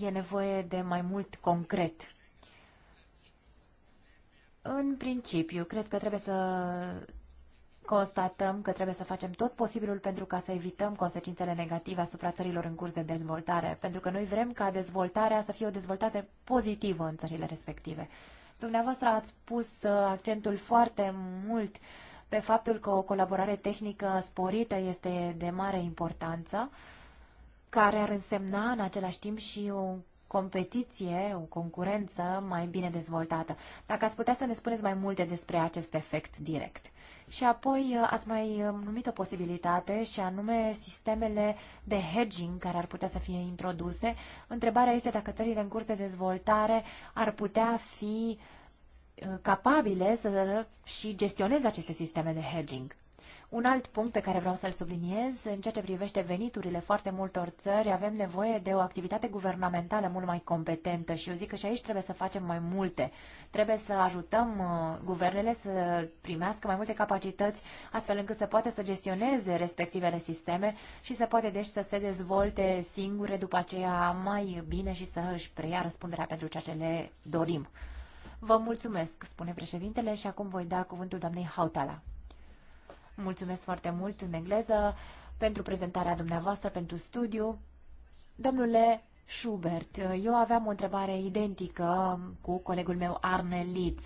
e nevoie de mai mult concret. În principiu, cred că trebuie să constatăm că trebuie să facem tot posibilul pentru ca să evităm consecințele negative asupra țărilor în curs de dezvoltare, pentru că noi vrem ca dezvoltarea să fie o dezvoltare pozitivă în țările respective. Dumneavoastră ați pus uh, accentul foarte mult pe faptul că o colaborare tehnică sporită este de mare importanță, care ar însemna în același timp și un competiție, o concurență mai bine dezvoltată. Dacă ați putea să ne spuneți mai multe despre acest efect direct. Și apoi uh, ați mai um, numit o posibilitate și anume sistemele de hedging care ar putea să fie introduse. Întrebarea este dacă țările în curs de dezvoltare ar putea fi uh, capabile să uh, și gestioneze aceste sisteme de hedging. Un alt punct pe care vreau să-l subliniez, în ceea ce privește veniturile foarte multor țări, avem nevoie de o activitate guvernamentală mult mai competentă și eu zic că și aici trebuie să facem mai multe. Trebuie să ajutăm uh, guvernele să primească mai multe capacități, astfel încât să poată să gestioneze respectivele sisteme și să poate deci să se dezvolte singure după aceea mai bine și să își preia răspunderea pentru ceea ce le dorim. Vă mulțumesc, spune președintele, și acum voi da cuvântul doamnei Hautala. Mulțumesc foarte mult în engleză pentru prezentarea dumneavoastră, pentru studiu. Domnule Schubert, eu aveam o întrebare identică cu colegul meu Arne Litz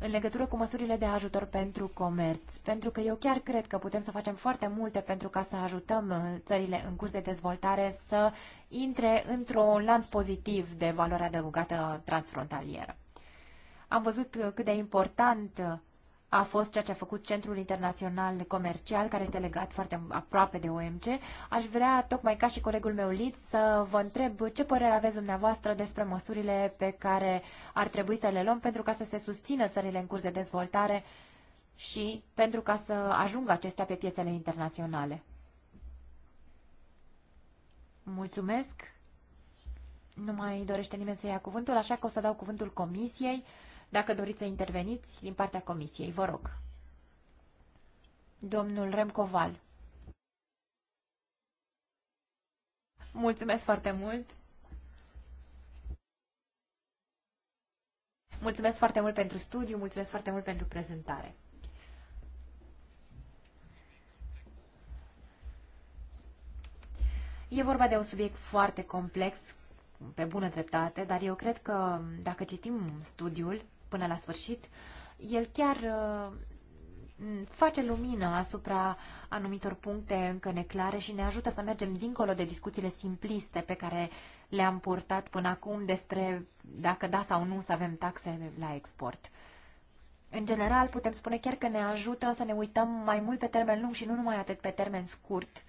în legătură cu măsurile de ajutor pentru comerț, pentru că eu chiar cred că putem să facem foarte multe pentru ca să ajutăm uh, țările în curs de dezvoltare să intre într-un lanț pozitiv de valoare adăugată transfrontalieră. Am văzut uh, cât de important uh, a fost ceea ce a făcut Centrul Internațional Comercial, care este legat foarte aproape de OMC. Aș vrea, tocmai ca și colegul meu Lid, să vă întreb ce părere aveți dumneavoastră despre măsurile pe care ar trebui să le luăm pentru ca să se susțină țările în curs de dezvoltare și pentru ca să ajungă acestea pe piețele internaționale. Mulțumesc! Nu mai dorește nimeni să ia cuvântul, așa că o să dau cuvântul Comisiei. Dacă doriți să interveniți din partea Comisiei, vă rog. Domnul Remcoval. Mulțumesc foarte mult. Mulțumesc foarte mult pentru studiu, mulțumesc foarte mult pentru prezentare. E vorba de un subiect foarte complex, pe bună dreptate, dar eu cred că dacă citim studiul, până la sfârșit, el chiar uh, face lumină asupra anumitor puncte încă neclare și ne ajută să mergem dincolo de discuțiile simpliste pe care le-am purtat până acum despre dacă da sau nu să avem taxe la export. În general, putem spune chiar că ne ajută să ne uităm mai mult pe termen lung și nu numai atât pe termen scurt.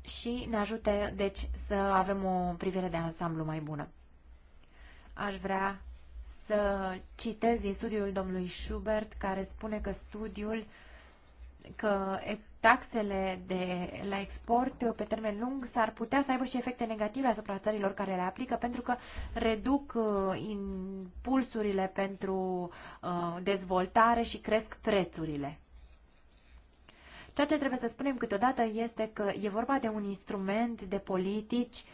Și ne ajută, deci, să avem o privire de ansamblu mai bună aș vrea să citez din studiul domnului Schubert, care spune că studiul că taxele de la export pe termen lung s-ar putea să aibă și efecte negative asupra țărilor care le aplică pentru că reduc uh, impulsurile pentru uh, dezvoltare și cresc prețurile. Ceea ce trebuie să spunem câteodată este că e vorba de un instrument de politici uh,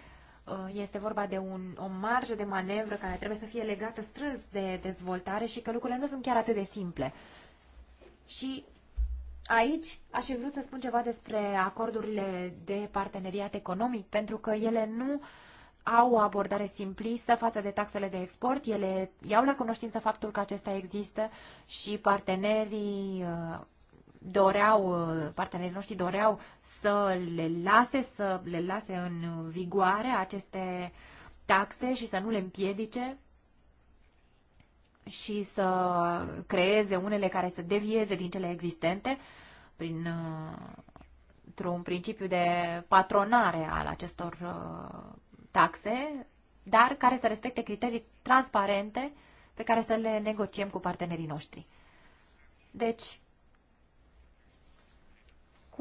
Uh, este vorba de un, o marjă de manevră care trebuie să fie legată strâns de dezvoltare și că lucrurile nu sunt chiar atât de simple. Și aici aș fi vrut să spun ceva despre acordurile de parteneriat economic, pentru că ele nu au o abordare simplistă față de taxele de export, ele iau la cunoștință faptul că acesta există și partenerii uh, doreau, uh, partenerii noștri doreau să le lase, să le lase în vigoare aceste taxe și să nu le împiedice și să creeze unele care să devieze din cele existente prin uh, un principiu de patronare al acestor uh, taxe, dar care să respecte criterii transparente pe care să le negociem cu partenerii noștri. Deci,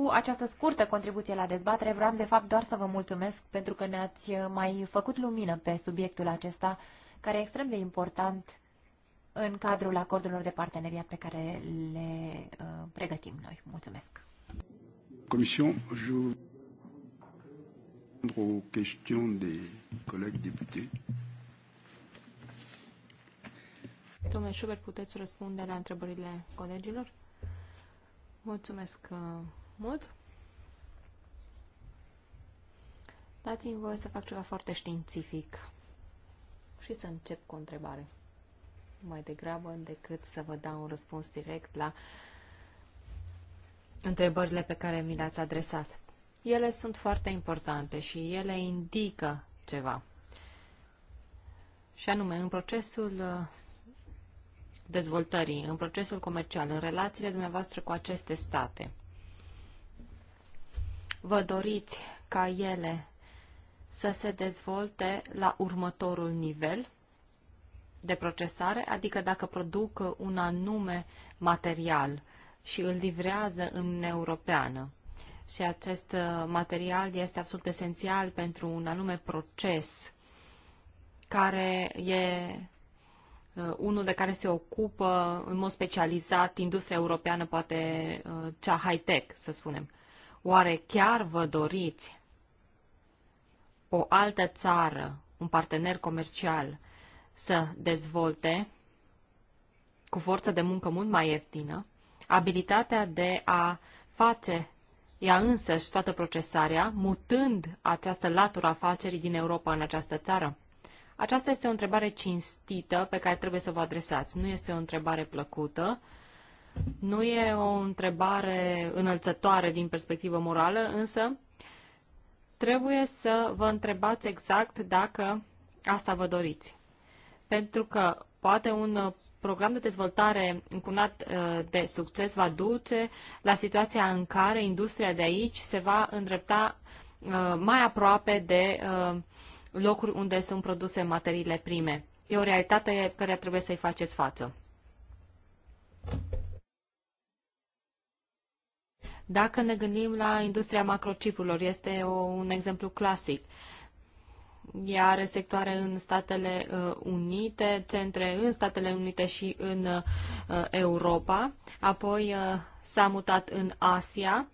cu această scurtă contribuție la dezbatere vreau de fapt doar să vă mulțumesc pentru că ne-ați uh, mai făcut lumină pe subiectul acesta, care e extrem de important în cadrul acordurilor de parteneriat pe care le uh, pregătim noi. Mulțumesc! Comision, je aux questions des collègues députés. Domnule Schubert, puteți răspunde la întrebările colegilor? Mulțumesc, uh, mult. Dați-mi voie să fac ceva foarte științific și să încep cu o întrebare. Mai degrabă decât să vă dau un răspuns direct la întrebările pe care mi le-ați adresat. Ele sunt foarte importante și ele indică ceva. Și anume, în procesul uh, dezvoltării, în procesul comercial, în relațiile dumneavoastră cu aceste state – vă doriți ca ele să se dezvolte la următorul nivel de procesare, adică dacă produc un anume material și îl livrează în europeană. Și acest material este absolut esențial pentru un anume proces care e uh, unul de care se ocupă în mod specializat industria europeană, poate uh, cea high-tech, să spunem. Oare chiar vă doriți o altă țară, un partener comercial, să dezvolte cu forță de muncă mult mai ieftină abilitatea de a face ea însăși toată procesarea, mutând această latură afacerii din Europa în această țară? Aceasta este o întrebare cinstită pe care trebuie să vă adresați. Nu este o întrebare plăcută, nu e o întrebare înălțătoare din perspectivă morală, însă trebuie să vă întrebați exact dacă asta vă doriți. Pentru că poate un program de dezvoltare încunat uh, de succes va duce la situația în care industria de aici se va îndrepta uh, mai aproape de uh, locuri unde sunt produse materiile prime. E o realitate care trebuie să-i faceți față. Dacă ne gândim la industria macrocipurilor, este o, un exemplu clasic. Ea are sectoare în Statele uh, Unite, centre în Statele Unite și în uh, Europa. Apoi uh, s-a mutat în Asia.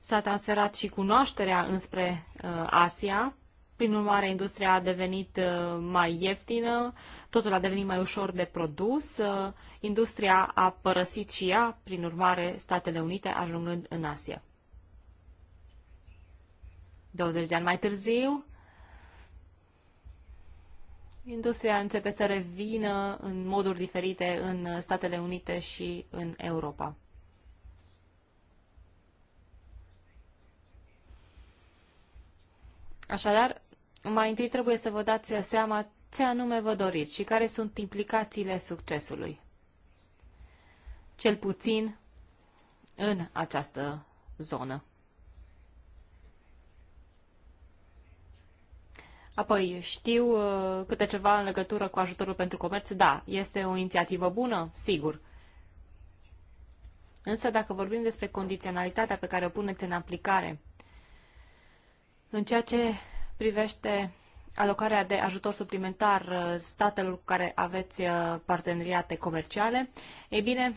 S-a transferat și cunoașterea înspre Asia prin urmare, industria a devenit uh, mai ieftină, totul a devenit mai ușor de produs, uh, industria a părăsit și ea, prin urmare, Statele Unite ajungând în Asia. 20 de ani mai târziu, industria începe să revină în moduri diferite în Statele Unite și în Europa. Așadar, mai întâi trebuie să vă dați seama ce anume vă doriți și care sunt implicațiile succesului. Cel puțin în această zonă. Apoi, știu uh, câte ceva în legătură cu ajutorul pentru comerț? Da, este o inițiativă bună, sigur. Însă, dacă vorbim despre condiționalitatea pe care o puneți în aplicare, în ceea ce privește alocarea de ajutor suplimentar uh, statelor cu care aveți uh, parteneriate comerciale, ei bine,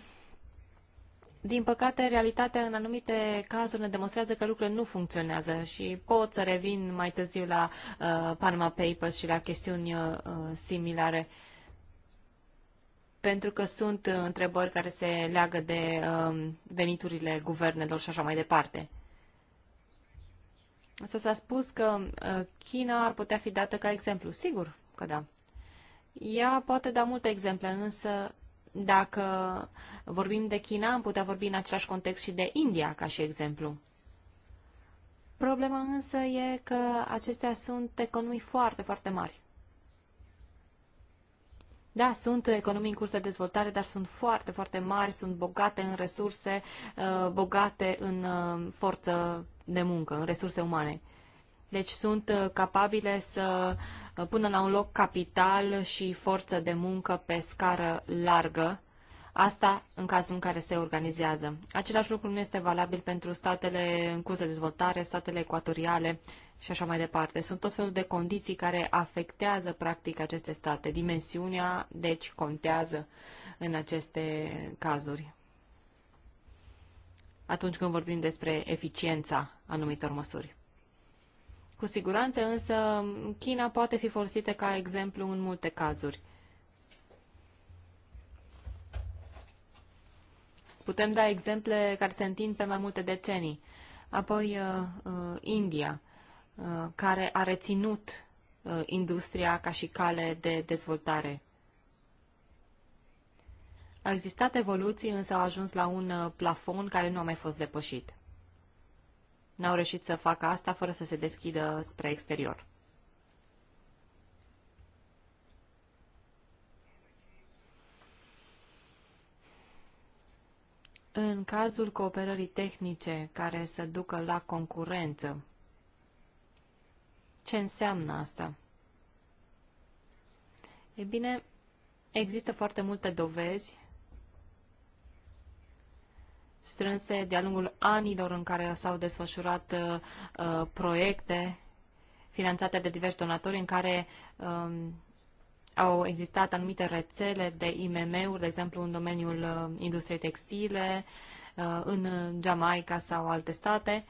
din păcate, realitatea în anumite cazuri ne demonstrează că lucrurile nu funcționează și pot să revin mai târziu la uh, Panama Papers și la chestiuni uh, similare pentru că sunt uh, întrebări care se leagă de uh, veniturile guvernelor și așa mai departe. Să s-a spus că uh, China ar putea fi dată ca exemplu. Sigur că da. Ea poate da multe exemple, însă dacă vorbim de China, am putea vorbi în același context și de India ca și exemplu. Problema însă e că acestea sunt economii foarte, foarte mari. Da, sunt economii în curs de dezvoltare, dar sunt foarte, foarte mari, sunt bogate în resurse, uh, bogate în uh, forță de muncă, în resurse umane. Deci sunt uh, capabile să uh, pună la un loc capital și forță de muncă pe scară largă, asta în cazul în care se organizează. Același lucru nu este valabil pentru statele în curs de dezvoltare, statele ecuatoriale și așa mai departe. Sunt tot felul de condiții care afectează practic aceste state. Dimensiunea, deci, contează în aceste cazuri. Atunci când vorbim despre eficiența anumitor măsuri. Cu siguranță însă China poate fi folosită ca exemplu în multe cazuri. Putem da exemple care se întind pe mai multe decenii. Apoi uh, uh, India, uh, care a reținut industria ca și cale de dezvoltare. Au existat evoluții, însă au ajuns la un plafon care nu a mai fost depășit n-au reușit să facă asta fără să se deschidă spre exterior. În cazul cooperării tehnice care să ducă la concurență, ce înseamnă asta? E bine, există foarte multe dovezi strânse de-a lungul anilor în care s-au desfășurat uh, uh, proiecte finanțate de diversi donatori în care um, au existat anumite rețele de IMM-uri, de exemplu în domeniul uh, industriei textile, uh, în Jamaica sau alte state,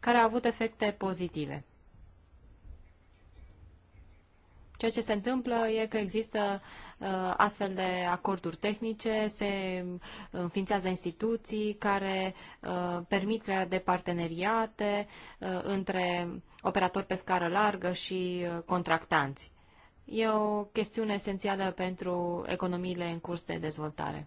care au avut efecte pozitive. Ceea ce se întâmplă e că există uh, astfel de acorduri tehnice, se uh, înființează instituții care uh, permit crearea de parteneriate uh, între operatori pe scară largă și uh, contractanți. E o chestiune esențială pentru economiile în curs de dezvoltare.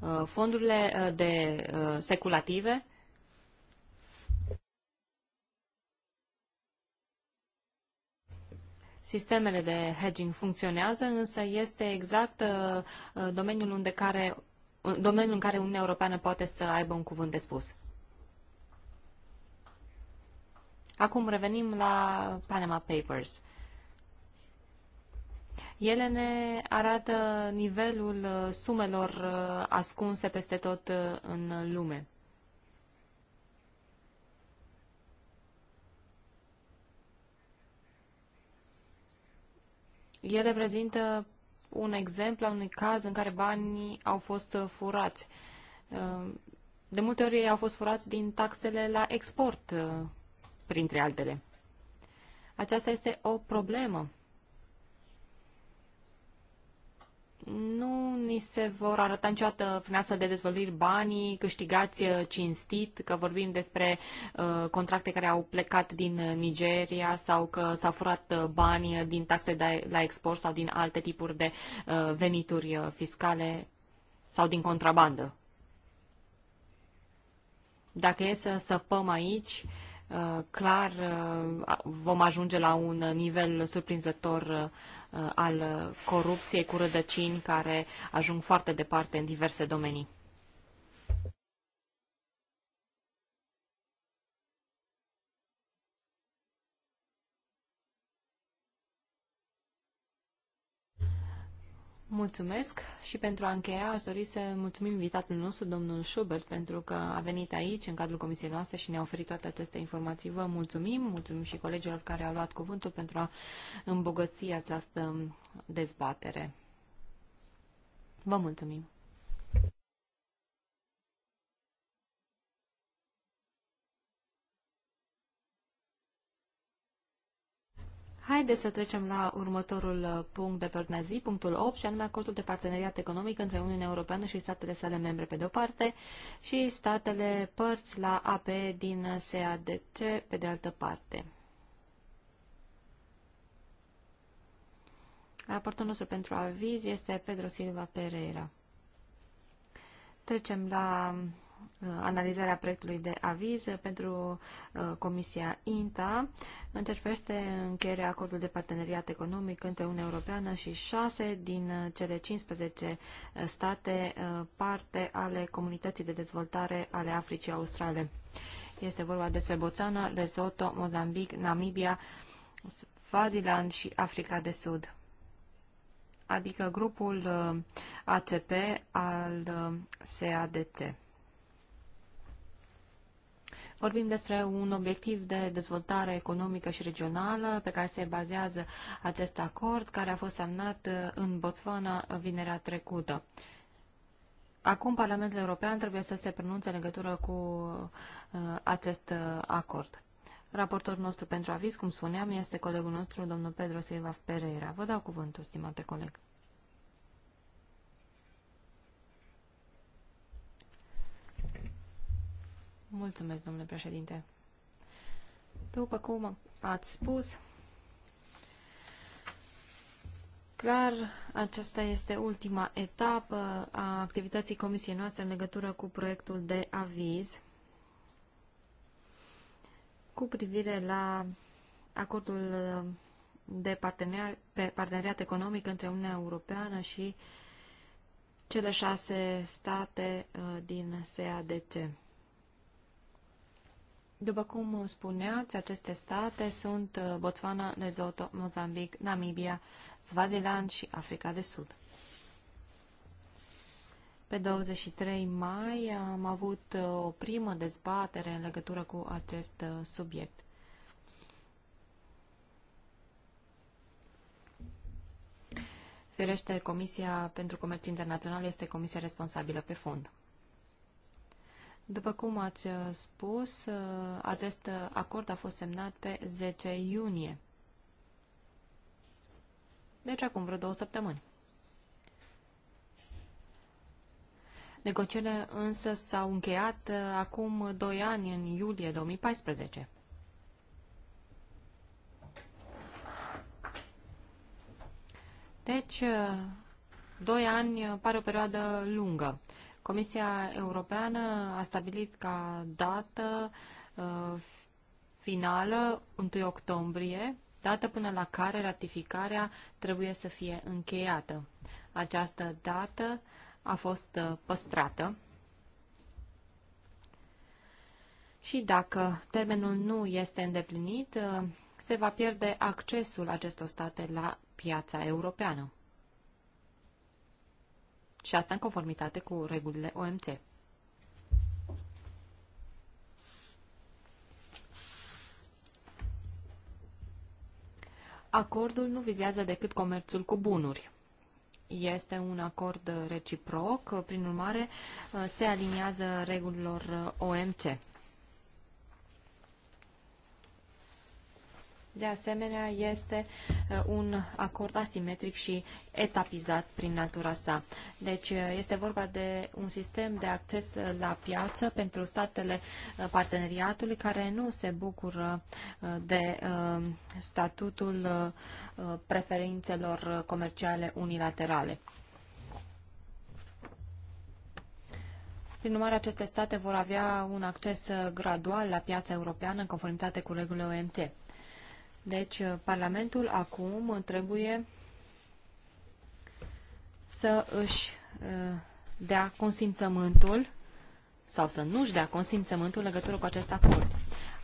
Uh, fondurile de speculative Sistemele de hedging funcționează, însă este exact uh, uh, domeniul, unde care, uh, domeniul în care Uniunea Europeană poate să aibă un cuvânt de spus. Acum revenim la Panama Papers. Ele ne arată nivelul sumelor ascunse peste tot în lume. El reprezintă un exemplu a unui caz în care banii au fost furați. Uh, de multe ori ei au fost furați din taxele la export, uh, printre altele. Aceasta este o problemă. nu ni se vor arăta niciodată prin astfel de dezvăluiri banii câștigați uh, cinstit, că vorbim despre uh, contracte care au plecat din uh, Nigeria sau că s-au furat uh, bani din taxe de, la export sau din alte tipuri de uh, venituri fiscale sau din contrabandă. Dacă e să săpăm aici, clar vom ajunge la un nivel surprinzător Uh, al uh, corupției cu rădăcini care ajung foarte departe în diverse domenii. Mulțumesc și pentru a încheia aș dori să mulțumim invitatul nostru, domnul Schubert, pentru că a venit aici, în cadrul comisiei noastre și ne-a oferit toate aceste informații. Vă mulțumim, mulțumim și colegilor care au luat cuvântul pentru a îmbogăți această dezbatere. Vă mulțumim! Haideți să trecem la următorul uh, punct de pe ordinea zi, punctul 8, și anume acordul de parteneriat economic între Uniunea Europeană și statele sale membre pe de-o parte și statele părți la AP din SADC pe de altă parte. Raportul nostru pentru aviz este Pedro Silva Pereira. Trecem la analizarea proiectului de aviz pentru uh, Comisia INTA în încheierea acordului de parteneriat economic între Uniunea Europeană și șase din uh, cele 15 uh, state parte ale comunității de dezvoltare ale Africii Australe. Este vorba despre Botswana, Lesotho, Mozambic, Namibia, Swaziland și Africa de Sud adică grupul ACP al SADC. Vorbim despre un obiectiv de dezvoltare economică și regională pe care se bazează acest acord, care a fost semnat uh, în Botswana uh, vinerea trecută. Acum Parlamentul European trebuie să se pronunțe în legătură cu uh, acest uh, acord. Raportorul nostru pentru aviz, cum spuneam, este colegul nostru, domnul Pedro Silva Pereira. Vă dau cuvântul, stimate coleg. Mulțumesc, domnule președinte. După cum ați spus, clar, aceasta este ultima etapă a activității comisiei noastre în legătură cu proiectul de aviz cu privire la acordul de parteneriat, pe parteneriat economic între Uniunea Europeană și cele șase state uh, din SADC. După cum spuneați, aceste state sunt uh, Botswana, Lesotho, Mozambic, Namibia, Swaziland și Africa de Sud. Pe 23 mai am avut uh, o primă dezbatere în legătură cu acest uh, subiect. Firește, Comisia pentru Comerț Internațional este comisia responsabilă pe fond. După cum ați uh, spus, uh, acest acord a fost semnat pe 10 iunie. Deci acum vreo două săptămâni. Negocierile însă s-au încheiat uh, acum doi ani, în iulie 2014. Deci, doi ani pare o perioadă lungă. Comisia Europeană a stabilit ca dată uh, finală 1 octombrie, dată până la care ratificarea trebuie să fie încheiată. Această dată a fost uh, păstrată. Și dacă termenul nu este îndeplinit, uh, se va pierde accesul acestor state la piața europeană. Și asta în conformitate cu regulile OMC. Acordul nu vizează decât comerțul cu bunuri. Este un acord reciproc, prin urmare se aliniază regulilor OMC. De asemenea, este uh, un acord asimetric și etapizat prin natura sa. Deci uh, este vorba de un sistem de acces uh, la piață pentru statele parteneriatului care nu se bucură de statutul preferințelor comerciale unilaterale. Prin urmare, aceste state vor avea un acces gradual la piața europeană în conformitate cu regulile OMT. Deci, uh, Parlamentul acum trebuie să își uh, dea consimțământul sau să nu-și dea consimțământul în legătură cu acest acord.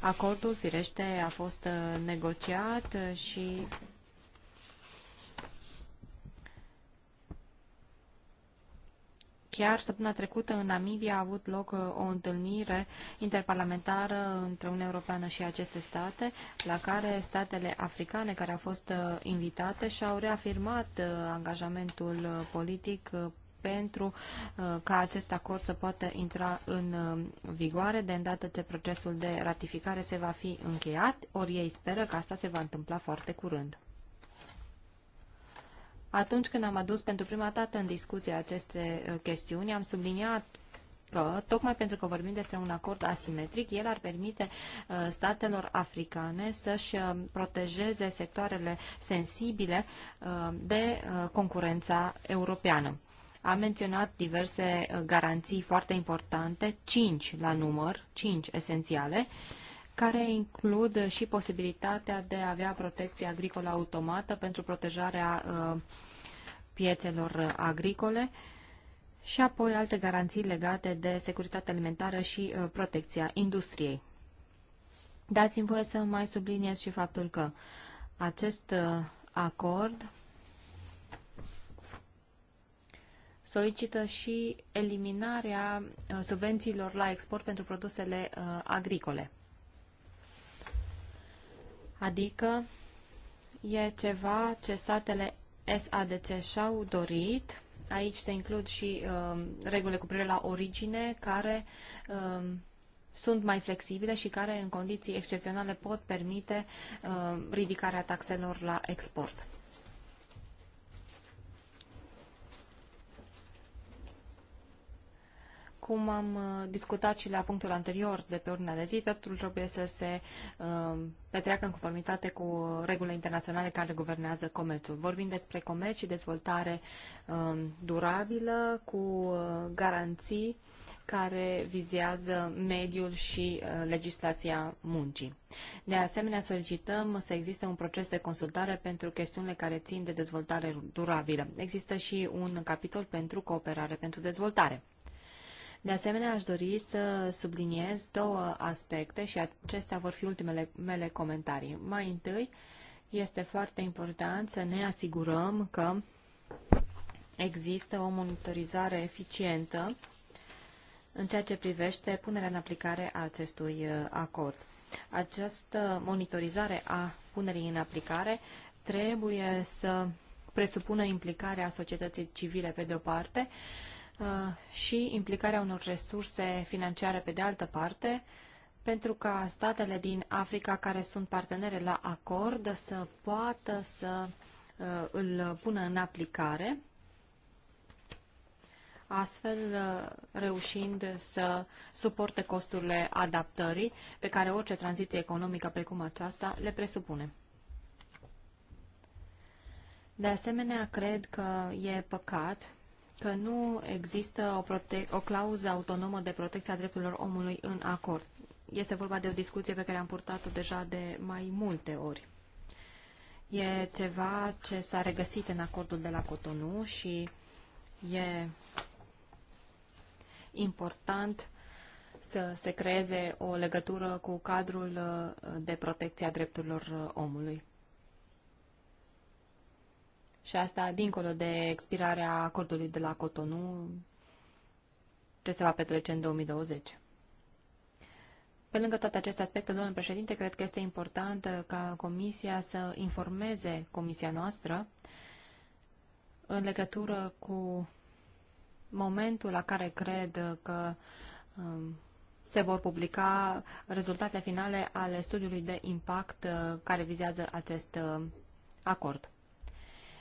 Acordul, firește, a fost uh, negociat și Chiar săptămâna trecută în Namibia a avut loc uh, o întâlnire interparlamentară între Uniunea Europeană și aceste state, la care statele africane care au fost uh, invitate și-au reafirmat uh, angajamentul politic pentru ca acest acord să poată intra în vigoare de îndată ce procesul de ratificare se va fi încheiat, ori ei speră că asta se va întâmpla foarte curând. Atunci când am adus pentru prima dată în discuție aceste uh, chestiuni, am subliniat că, tocmai pentru că vorbim despre un acord asimetric, el ar permite uh, statelor africane să-și uh, protejeze sectoarele sensibile de concurența europeană. Am menționat diverse garanții foarte importante, cinci la număr, cinci esențiale, uh, care includ și posibilitatea de a avea protecție agricolă automată pentru protejarea uh, piețelor agricole și apoi alte garanții legate de securitatea alimentară și uh, protecția industriei. Dați-mi voie să mai subliniez și faptul că acest uh, acord solicită și eliminarea subvențiilor la export pentru produsele agricole. Adică e ceva ce statele SADC și-au dorit. Aici se includ și uh, regulile cu privire la origine, care uh, sunt mai flexibile și care, în condiții excepționale, pot permite uh, ridicarea taxelor la export. Cum am uh, discutat și la punctul anterior de pe ordinea de zi, totul trebuie să se uh, petreacă în conformitate cu regulile internaționale care guvernează comerțul. Vorbim despre comerț și dezvoltare uh, durabilă cu garanții care vizează mediul și legislația muncii. De asemenea, solicităm să existe un proces de consultare pentru chestiunile care țin de dezvoltare durabilă. Există și un capitol pentru cooperare pentru dezvoltare. De asemenea, aș dori să subliniez două aspecte și acestea vor fi ultimele mele comentarii. Mai întâi, este foarte important să ne asigurăm că există o monitorizare eficientă în ceea ce privește punerea în aplicare a acestui uh, acord. Această monitorizare a punerii în aplicare trebuie să presupună implicarea societății civile pe de-o parte, uh, Uh, și implicarea unor resurse financiare pe de altă parte, pentru ca statele din Africa care sunt partenere la acord să poată să uh, îl pună în aplicare, astfel uh, reușind să suporte costurile adaptării pe care orice tranziție economică precum aceasta le presupune. De asemenea, cred că e păcat că nu există o, prote- o clauză autonomă de protecție a drepturilor omului în acord. Este vorba de o discuție pe care am purtat-o deja de mai multe ori. E ceva ce s-a regăsit în acordul de la Cotonou și e important să se creeze o legătură cu cadrul uh, de protecție a drepturilor uh, omului. Și asta dincolo de expirarea acordului de la Cotonou, ce se va petrece în 2020. Pe lângă toate aceste aspecte, domnul președinte, cred că este important uh, ca Comisia să informeze Comisia noastră în legătură cu momentul la care cred că um, se vor publica rezultatele finale ale studiului de impact uh, care vizează acest uh, acord.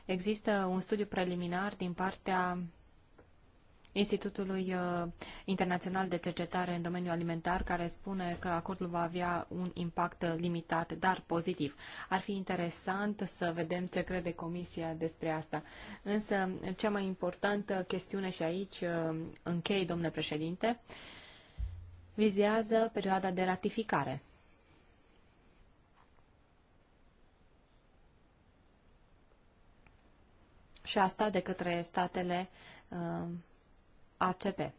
Există un studiu preliminar din partea Institutului uh, Internațional de Cercetare în domeniul alimentar, care spune că acordul va avea un impact limitat, dar pozitiv. Ar fi interesant să vedem ce crede Comisia despre asta. Însă, cea mai importantă chestiune și aici uh, închei, domnule președinte, vizează perioada de ratificare. și asta de către statele uh, ACP.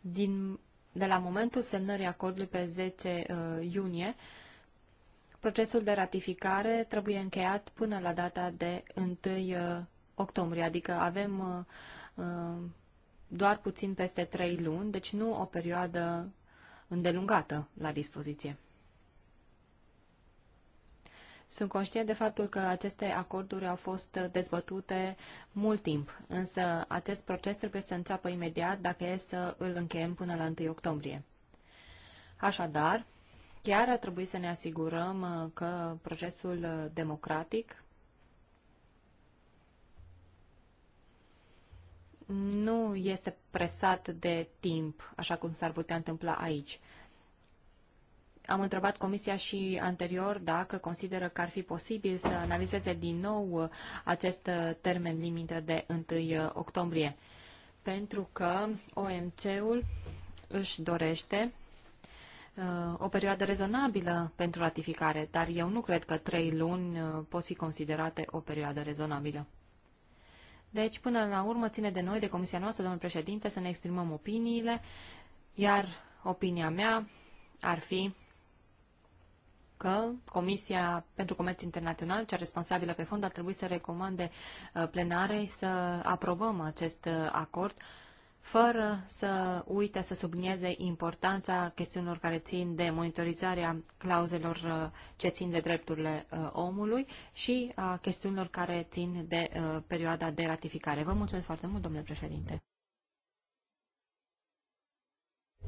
Din, de la momentul semnării acordului pe 10 uh, iunie, procesul de ratificare trebuie încheiat până la data de 1 uh, octombrie, adică avem uh, uh, doar puțin peste 3 luni, deci nu o perioadă îndelungată la dispoziție. Sunt conștient de faptul că aceste acorduri au fost dezbătute mult timp, însă acest proces trebuie să înceapă imediat dacă e să îl încheiem până la 1 octombrie. Așadar, chiar ar trebui să ne asigurăm uh, că procesul uh, democratic nu este presat de timp, așa cum s-ar putea întâmpla aici. Am întrebat Comisia și anterior dacă consideră că ar fi posibil să analizeze din nou uh, acest uh, termen limită de 1 uh, octombrie, pentru că OMC-ul își dorește o perioadă rezonabilă pentru ratificare, dar eu nu cred că trei luni pot fi considerate o perioadă rezonabilă. Deci, până la urmă, ține de noi, de comisia noastră, domnul președinte, să ne exprimăm opiniile, iar opinia mea ar fi că Comisia pentru Comerț Internațional, cea responsabilă pe fond, ar trebui să recomande uh, plenarei să aprobăm acest uh, acord fără să uite să sublinieze importanța chestiunilor care țin de monitorizarea clauzelor uh, ce țin de drepturile omului și a chestiunilor care țin de perioada de ratificare. Vă mulțumesc foarte mult, domnule președinte.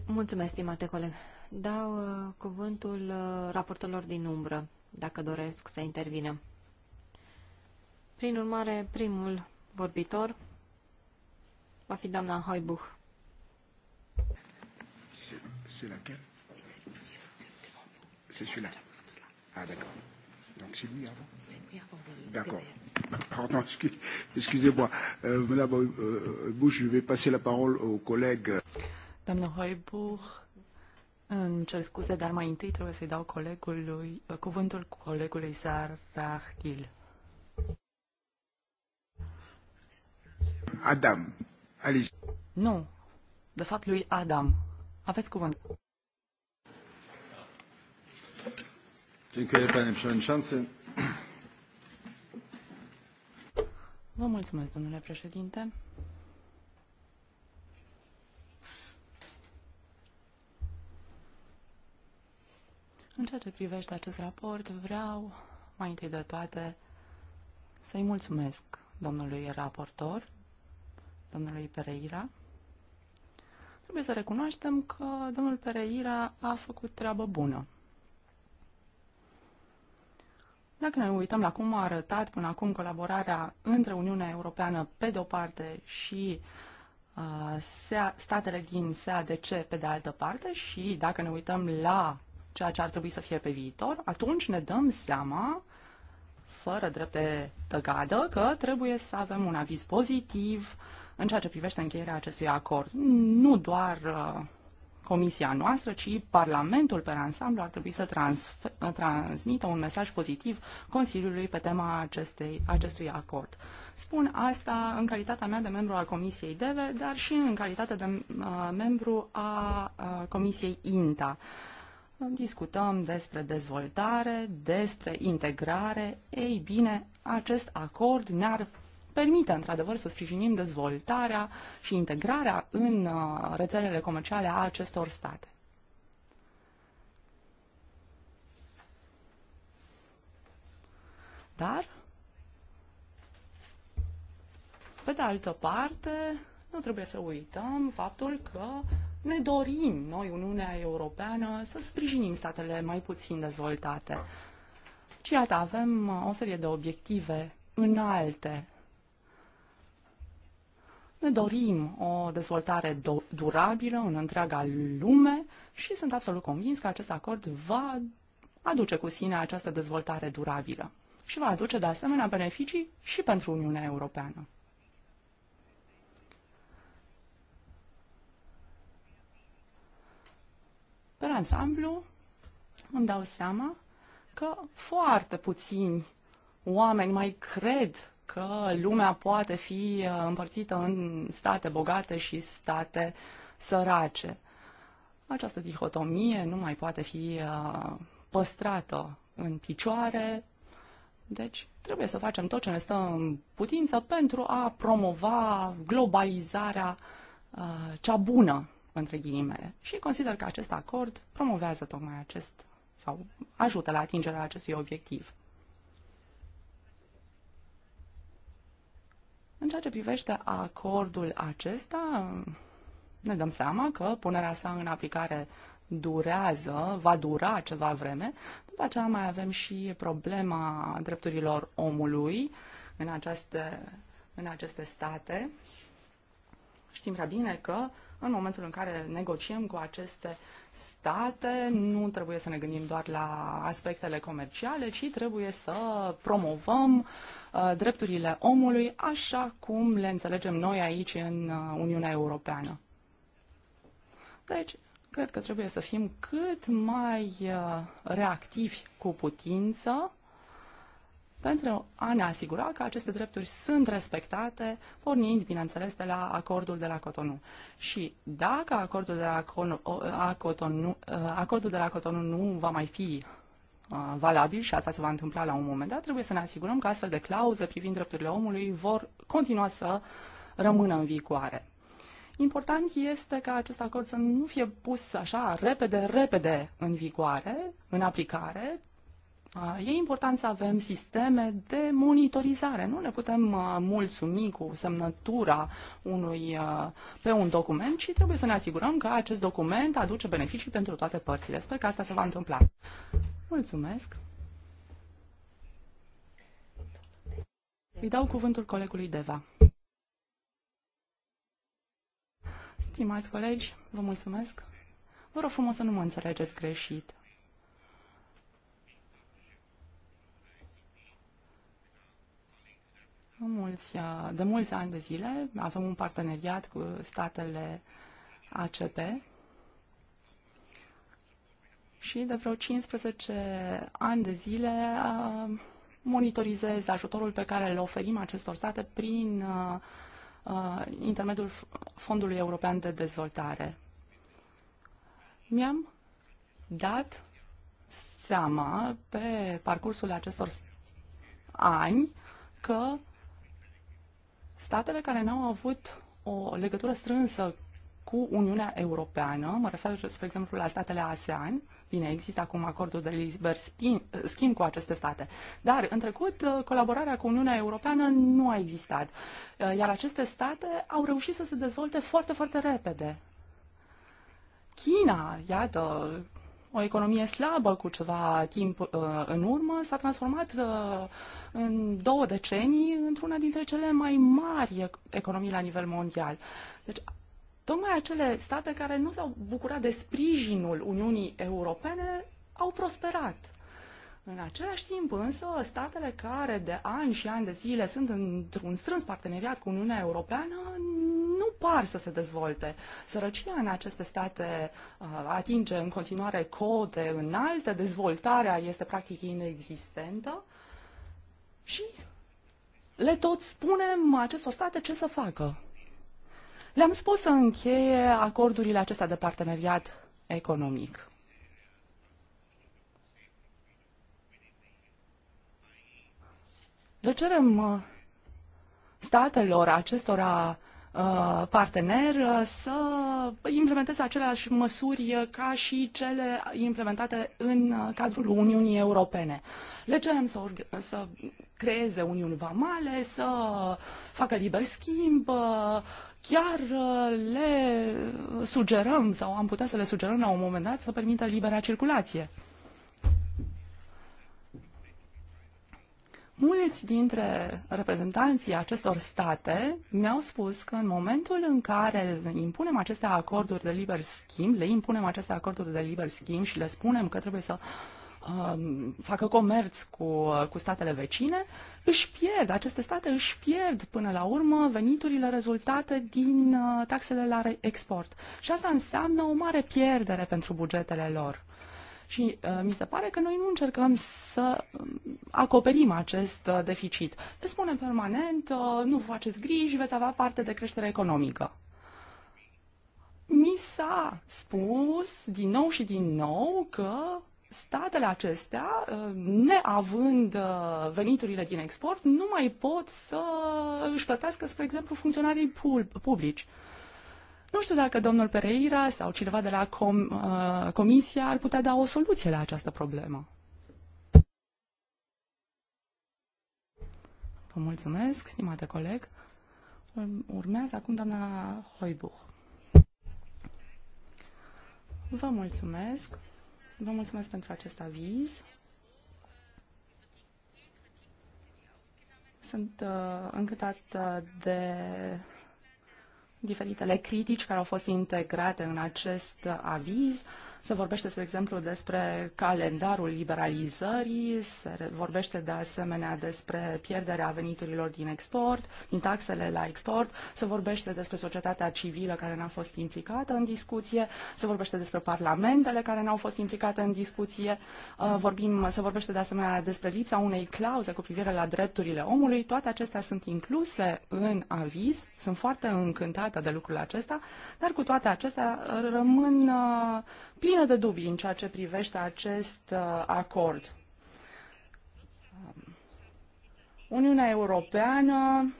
Mulțumesc, stimate coleg dau uh, cuvântul uh, raportelor din umbră, dacă doresc să intervină. Prin urmare, primul vorbitor va fi doamna Hoibuch. C'est laquelle C'est celui-là. Ah, d'accord. Donc c'est lui avant C'est lui avant. D'accord. [laughs] Pardon, excusez-moi. Euh, Madame euh, Bush, je vais passer la parole au collègue. Doamna Hoibuch, îmi cer scuze, dar mai întâi trebuie să-i dau colegului, cuvântul colegului Sarahdil. Adam. Alice. Nu. De fapt, lui Adam. Aveți cuvânt. Dziękuję, panie przewodniczący. Vă mulțumesc, domnule președinte. În ceea ce privește acest raport, vreau mai întâi de toate să-i mulțumesc domnului raportor, domnului Pereira. Trebuie să recunoaștem că domnul Pereira a făcut treabă bună. Dacă ne uităm la cum a arătat până acum colaborarea între Uniunea Europeană pe de-o parte și uh, statele din SADC pe de altă parte și dacă ne uităm la ceea ce ar trebui să fie pe viitor, atunci ne dăm seama, fără drepte tăgadă, că trebuie să avem un aviz pozitiv în ceea ce privește încheierea acestui acord. Nu doar uh, comisia noastră, ci Parlamentul pe ansamblu ar trebui să transmită un mesaj pozitiv Consiliului pe tema acestei, acestui acord. Spun asta în calitatea mea de membru al Comisiei DEVE, dar și în calitate de uh, membru a uh, Comisiei INTA. Uh, discutăm despre dezvoltare, despre integrare. Ei bine, acest acord ne-ar permite într-adevăr să sprijinim dezvoltarea și integrarea în uh, rețelele comerciale a acestor state. Dar, pe de altă parte, nu trebuie să uităm faptul că ne dorim noi, Uniunea Europeană, să sprijinim statele mai puțin dezvoltate. Și iată, avem uh, o serie de obiective înalte. Ne dorim o dezvoltare do- durabilă în întreaga lume și sunt absolut convins că acest acord va aduce cu sine această dezvoltare durabilă și va aduce de asemenea beneficii și pentru Uniunea Europeană. Pe ansamblu îmi dau seama că foarte puțini oameni mai cred că lumea poate fi uh, împărțită în state bogate și state sărace. Această dihotomie nu mai poate fi uh, păstrată în picioare, deci trebuie să facem tot ce ne stă în putință pentru a promova globalizarea uh, cea bună între ghilimele. Și consider că acest acord promovează tocmai acest sau ajută la atingerea acestui obiectiv. În ceea ce privește acordul acesta, ne dăm seama că punerea sa în aplicare durează, va dura ceva vreme. După aceea mai avem și problema drepturilor omului în aceste, în aceste state. Știm prea bine că uh, în momentul în care negociem cu aceste state, nu trebuie să ne gândim doar la aspectele comerciale, ci trebuie să promovăm uh, drepturile omului așa cum le înțelegem noi aici în uh, Uniunea Europeană. Deci, cred că trebuie să fim cât mai uh, reactivi cu putință pentru a ne asigura că aceste drepturi sunt respectate, pornind, bineînțeles, de la acordul de la Cotonou. Și dacă acordul de la Cotonou, acordul de la Cotonou nu va mai fi valabil și asta se va întâmpla la un moment dat, trebuie să ne asigurăm că astfel de clauze privind drepturile omului vor continua să rămână în vigoare. Important este ca acest acord să nu fie pus așa repede, repede în vigoare, în aplicare, Ah, e important să avem sisteme de monitorizare. Nu ne putem ah, mulțumi cu semnătura unui, ah, pe un document, ci trebuie să ne asigurăm că acest document aduce beneficii pentru toate părțile. Sper că asta se va întâmpla. Mulțumesc! Îi dau cuvântul colegului Deva. Stimați colegi, vă mulțumesc. Vă rog frumos să nu mă înțelegeți greșit. mulți, uh, de mulți ani de zile. Avem un parteneriat cu statele ACP și de vreo 15 ani de zile uh, monitorizez ajutorul pe care îl oferim acestor state prin uh, intermediul Fondului European de Dezvoltare. Mi-am dat seama pe parcursul acestor ani că Statele care n-au avut o legătură strânsă cu Uniunea Europeană, mă refer, spre exemplu, la statele ASEAN, Bine, există acum acordul de liber schimb cu aceste state, dar în trecut uh, colaborarea cu Uniunea Europeană nu a existat, uh, iar aceste state au reușit să se dezvolte foarte, foarte repede. China, iată, o economie slabă cu ceva timp uh, în urmă s-a transformat uh, în două decenii într-una dintre cele mai mari economii la nivel mondial. Deci, tocmai acele state care nu s-au bucurat de sprijinul Uniunii Europene au prosperat. În același timp însă, statele care de ani și ani de zile sunt într-un strâns parteneriat cu Uniunea Europeană nu par să se dezvolte. Sărăcia în aceste state uh, atinge în continuare cote înalte, dezvoltarea este practic inexistentă și le tot spunem acestor state ce să facă. Le-am spus să încheie acordurile acestea de parteneriat economic. Le cerem uh, statelor acestora uh, partener uh, să implementeze aceleași măsuri ca și cele implementate în cadrul Uniunii Europene. Le cerem să, să creeze uniuni vamale, să facă liber schimb, chiar le sugerăm sau am putea să le sugerăm la un moment dat să permită libera circulație. Mulți dintre reprezentanții acestor state mi-au spus că în momentul în care impunem aceste acorduri de liber schimb, le impunem aceste acorduri de liber schimb și le spunem că trebuie să um, facă comerț cu, cu statele vecine, își pierd, aceste state își pierd până la urmă veniturile rezultate din uh, taxele la export. Și asta înseamnă o mare pierdere pentru bugetele lor. Și uh, mi se pare că noi nu încercăm să um, acoperim acest uh, deficit. Le spunem permanent, uh, nu vă faceți griji, veți avea parte de creștere economică. Mi s-a spus din nou și din nou că statele acestea, uh, neavând uh, veniturile din export, nu mai pot să își plătească, spre exemplu, funcționarii publici. Nu știu dacă domnul Pereira sau cineva de la com, uh, Comisia ar putea da o soluție la această problemă. Vă mulțumesc, stimate coleg. Urmează acum doamna Hoibuch. Vă mulțumesc. Vă mulțumesc pentru acest aviz. Sunt uh, uh, de diferitele critici care au fost integrate în acest aviz. Uh, se vorbește, spre exemplu, despre calendarul liberalizării, se vorbește de asemenea despre pierderea veniturilor din export, din taxele la export, se vorbește despre societatea civilă care n-a fost implicată în discuție, se vorbește despre parlamentele care n-au fost implicate în discuție, uh, vorbim, se vorbește de asemenea despre lipsa unei clauze cu privire la drepturile omului, toate acestea sunt incluse în aviz, sunt foarte încântată de lucrul acesta, dar cu toate acestea uh, rămân uh, plin plină de dubii în ceea ce privește acest uh, acord. Uniunea Europeană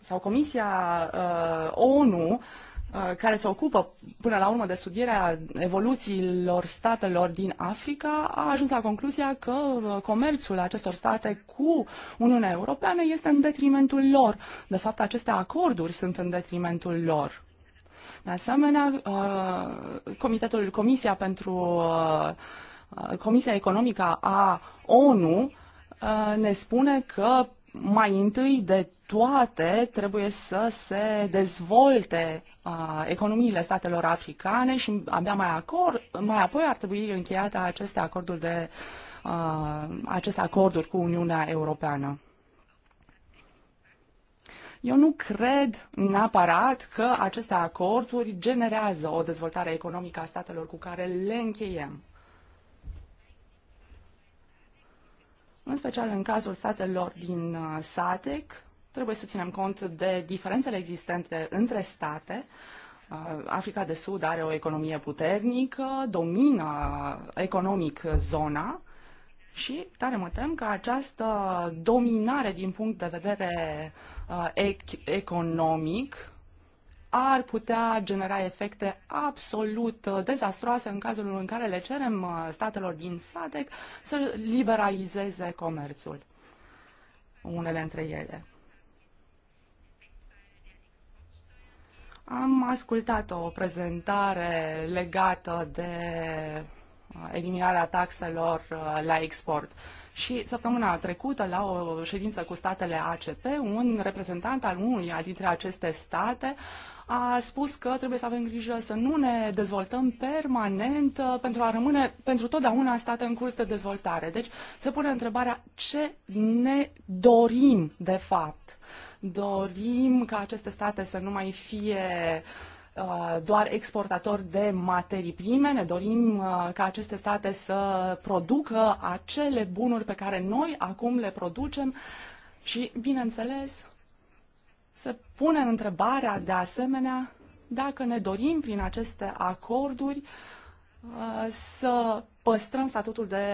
sau Comisia uh, ONU uh, care se ocupă până la urmă de studierea evoluțiilor statelor din Africa, a ajuns la concluzia că comerțul acestor state cu Uniunea Europeană este în detrimentul lor. De fapt, aceste acorduri sunt în detrimentul lor. De asemenea, uh, Comitetul, Comisia pentru uh, Comisia Economică a ONU uh, ne spune că mai întâi de toate trebuie să se dezvolte economiile statelor africane și abia mai, acord, mai apoi ar trebui încheiate aceste acorduri de aceste acorduri cu Uniunea Europeană. Eu nu cred neapărat că aceste acorduri generează o dezvoltare economică a statelor cu care le încheiem. În special în cazul statelor din uh, SATEC, trebuie să ținem cont de diferențele existente între state. Uh, Africa de Sud are o economie puternică, domină economic zona, și tare mă tem că această dominare din punct de vedere uh, ec- economic ar putea genera efecte absolut uh, dezastroase în cazul în care le cerem uh, statelor din SADEC să liberalizeze comerțul, unele între ele. Am ascultat o prezentare legată de eliminarea taxelor uh, la export. Și săptămâna trecută, la o ședință cu statele ACP, un reprezentant al unuia dintre aceste state a spus că trebuie să avem grijă să nu ne dezvoltăm permanent uh, pentru a rămâne pentru totdeauna state în curs de dezvoltare. Deci se pune întrebarea ce ne dorim de fapt. Dorim ca aceste state să nu mai fie uh, Uh, doar exportatori de materii prime, ne dorim uh, ca aceste state să producă acele bunuri pe care noi acum le producem și, bineînțeles, să punem întrebarea de asemenea dacă ne dorim prin aceste acorduri uh, Uh, să păstrăm statutul de,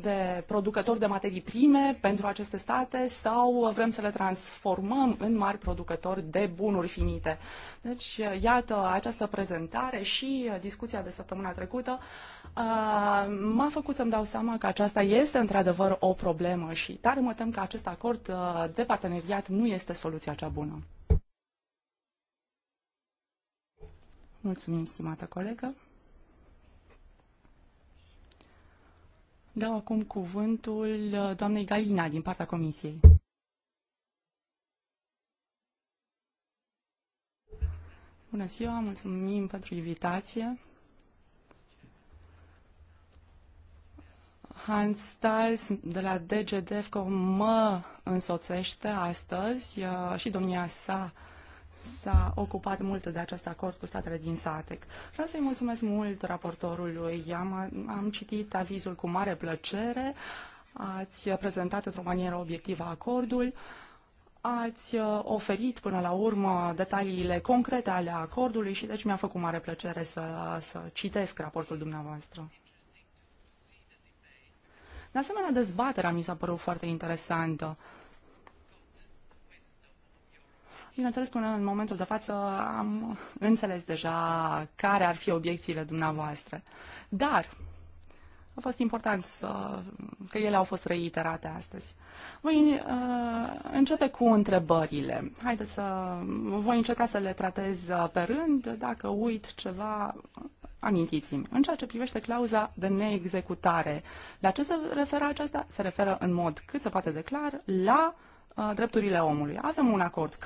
de producător de materii prime pentru aceste state sau vrem să le transformăm în mari producători de bunuri finite. Deci, iată, această prezentare și discuția de săptămâna trecută uh, m-a făcut să-mi dau seama că aceasta este într-adevăr o problemă și tare mă tem că acest acord uh, de parteneriat nu este soluția cea bună. Mulțumim, stimată colegă. Dau acum cuvântul uh, doamnei Galina din partea Comisiei. Bună ziua, mulțumim pentru invitație. Hans Stiles de la DGDF mă însoțește astăzi uh, și domnia sa s-a ocupat mult de acest acord cu statele din SATEC. Vreau să-i mulțumesc mult raportorului. Am, am citit avizul cu mare plăcere. Ați prezentat într-o manieră obiectivă acordul. Ați oferit până la urmă detaliile concrete ale acordului și deci mi-a făcut mare plăcere să, să citesc raportul dumneavoastră. De asemenea, dezbaterea mi s-a părut foarte interesantă. Uh, Bineînțeles, că în momentul de față am înțeles deja care ar fi obiecțiile dumneavoastră. Dar a fost important să, că ele au fost reiterate astăzi. Voi uh, începe cu întrebările. Haideți să voi încerca să le tratez pe rând. Dacă uit ceva, amintiți-mi. În ceea ce privește clauza de neexecutare, la ce se referă aceasta? Se referă în mod cât se poate declar la uh, Uh, drepturile omului. Avem un acord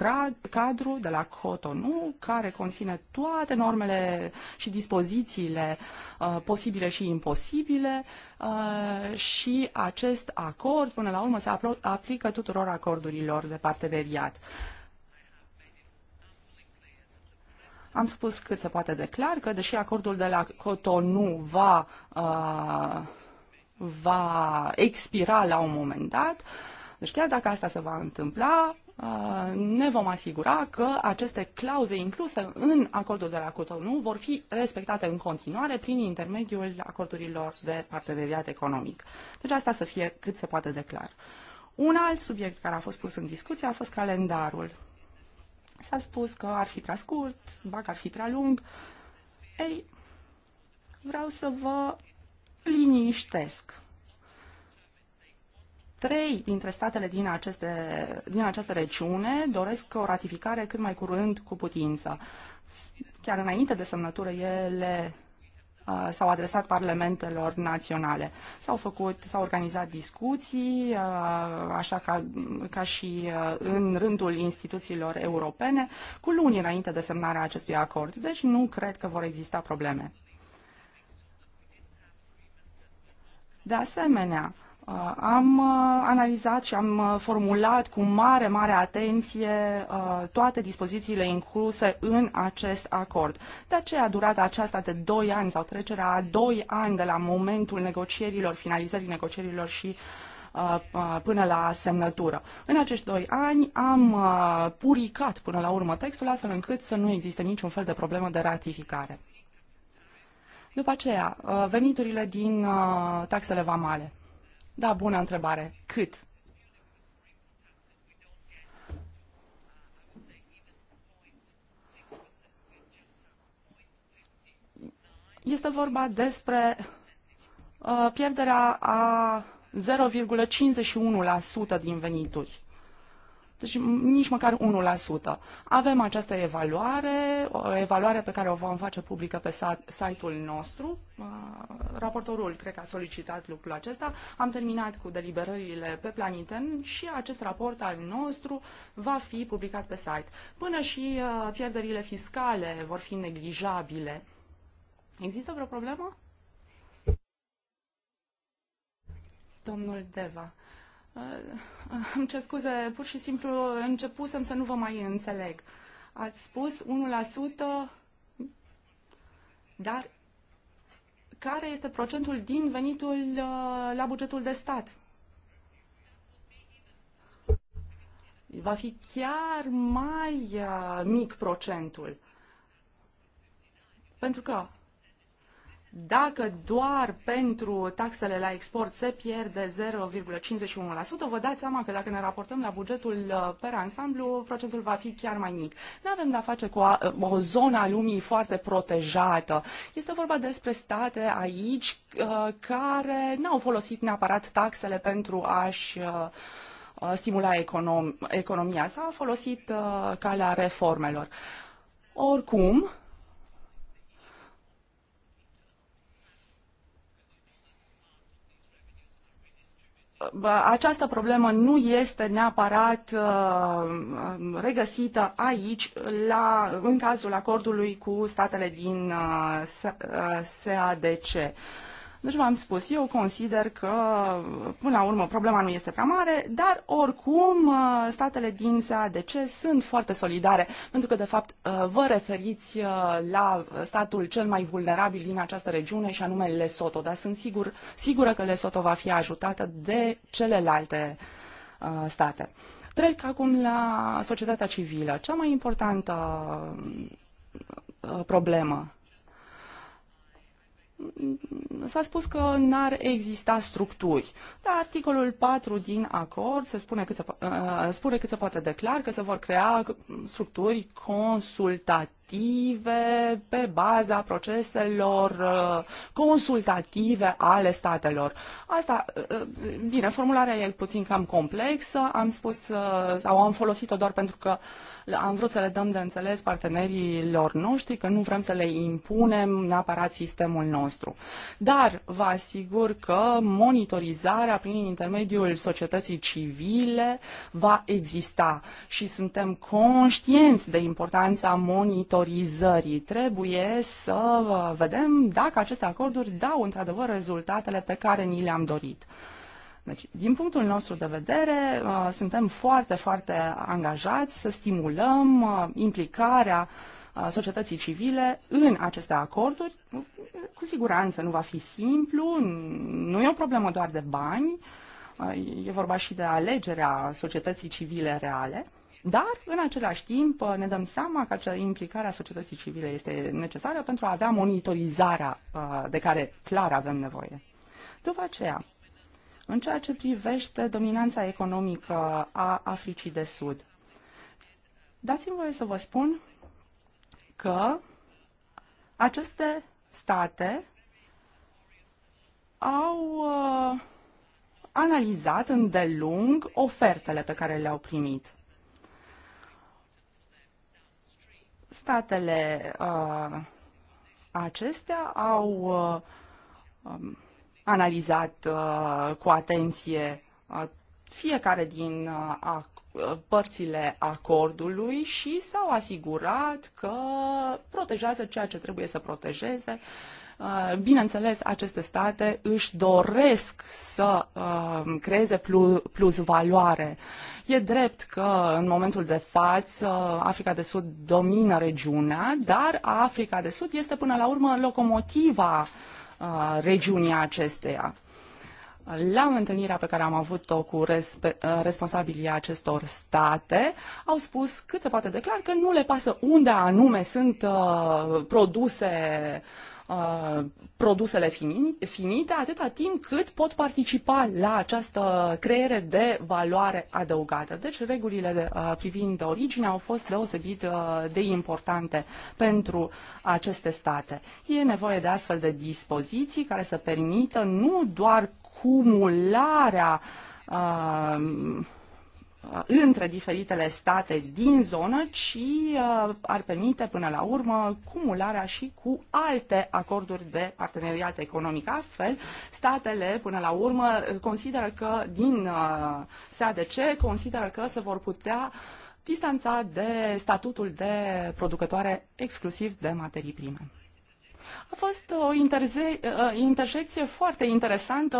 cadru de la Cotonou care conține toate normele și dispozițiile uh, posibile și imposibile uh, și acest acord până la urmă se aplică tuturor acordurilor de parteneriat. Am spus cât se poate declar că deși acordul de la Cotonou va, va expira la un moment dat, uh, deci chiar dacă asta se va întâmpla, ne vom asigura că aceste clauze incluse în acordul de la Cotonou vor fi respectate în continuare prin intermediul acordurilor de parteneriat economic. Deci asta să fie cât se poate de clar. Un alt subiect care a fost pus în discuție a fost calendarul. S-a spus că ar fi prea scurt, ba că ar fi prea lung. Ei, vreau să vă liniștesc. Trei dintre statele din, aceste, din această regiune doresc o ratificare cât mai curând cu putință. Chiar înainte de semnătură, ele uh, s-au adresat parlamentelor naționale. S-au făcut, s-au organizat discuții, uh, așa ca, ca și uh, în rândul instituțiilor europene, cu luni înainte de semnarea acestui acord. Deci nu cred că vor exista probleme. De asemenea, uh, Uh, am uh, analizat și am uh, formulat cu mare, mare atenție toate dispozițiile incluse în acest acord. De aceea durata aceasta de 2 ani sau trecerea a 2 ani de la momentul negocierilor, finalizării negocierilor și până la semnătură. În acești doi ani am puricat până la urmă textul astfel încât să nu existe niciun fel de problemă de ratificare. După aceea, veniturile din taxele vamale. Da, bună întrebare. Cât? Este vorba despre uh, pierderea a 0,51% din venituri deci nici măcar 1%. Avem această evaluare, o evaluare pe care o vom face publică pe site-ul nostru. Uh, raportorul, cred că a solicitat lucrul acesta. Am terminat cu deliberările pe plan intern și acest raport al nostru va fi publicat pe site. Până și uh, pierderile fiscale vor fi neglijabile. Există vreo problemă? Domnul Deva. Eh, [laughs] îmi cer scuze, pur și simplu începusem să nu vă mai înțeleg. Ați spus 1%, dar care este procentul din venitul eh, la bugetul de stat? Va fi chiar mai eh, mic procentul. Pentru că dacă doar pentru taxele la export se pierde 0,51%, vă dați seama că dacă ne raportăm la bugetul uh, per ansamblu, procentul va fi chiar mai mic. Nu avem de-a face cu o, o zonă a lumii foarte protejată. Este vorba despre state aici uh, care n-au folosit neapărat taxele pentru a-și uh, stimula economia. S-a folosit calea reformelor. Oricum, această problemă nu este neapărat uh, regăsită aici la, în cazul acordului cu statele din uh, SADC. Uh, deci v-am spus, eu consider că, până la urmă, problema nu este prea mare, dar, oricum, uh, statele din SADC sunt foarte solidare, pentru că, de fapt, uh, vă referiți uh, la statul cel mai vulnerabil din această regiune, și anume Lesoto. dar sunt sigur, sigură că Lesoto va fi ajutată de celelalte state. Trec acum la societatea civilă. Cea mai importantă problemă s-a spus că n-ar exista structuri. Dar articolul 4 din acord se spune cât se, uh, spune cât se poate declar că se vor crea structuri consultative pe baza proceselor uh, consultative ale statelor. Asta, uh, uh bine, formularea e puțin cam complexă, am spus uh, sau am folosit-o doar pentru că uh, am vrut să le dăm de înțeles partenerilor noștri că nu vrem să le impunem neapărat sistemul nostru. Dar vă asigur că monitorizarea prin intermediul societății civile va exista și suntem conștienți de importanța monitorizării. Trebuie să vedem dacă aceste acorduri dau într-adevăr rezultatele pe care ni le-am dorit. Deci, din punctul nostru de vedere, uh, suntem foarte, foarte angajați să stimulăm uh, implicarea uh, societății civile în aceste acorduri. Cu siguranță nu va fi simplu, nu e o problemă doar de bani, e vorba și de alegerea societății civile reale, dar în același timp ne dăm seama că implicarea societății civile este necesară pentru a avea monitorizarea de care clar avem nevoie. După aceea, în ceea ce privește dominanța economică a Africii de Sud, dați-mi voie să vă spun că aceste state au uh, analizat îndelung ofertele pe care le-au primit. Statele uh, acestea au uh, um, analizat uh, cu atenție uh, fiecare din uh, uh, părțile acordului și s-au asigurat că protejează ceea ce trebuie să protejeze. Uh, bineînțeles, aceste state își doresc să uh, creeze plus valoare. E drept că în momentul de față Africa de Sud domină regiunea, dar Africa de Sud este până la urmă locomotiva uh, regiunii acesteia. La întâlnirea pe care am avut-o cu responsabilii acestor state, au spus cât se poate declar că nu le pasă unde anume sunt uh, produse uh, Uh, produsele finite, atâta timp cât pot participa la această creere de valoare adăugată. Deci regulile de, uh, privind originea au fost deosebit uh, de importante pentru aceste state. E nevoie de astfel de dispoziții care să permită nu doar cumularea uh, Uh, între diferitele state din zonă, ci uh, ar permite până la urmă cumularea și cu alte acorduri de parteneriat economic. Astfel, statele până la urmă consideră că din uh, SADC consideră că se vor putea distanța de statutul de producătoare exclusiv de materii prime. A fost o interze- intersecție foarte interesantă.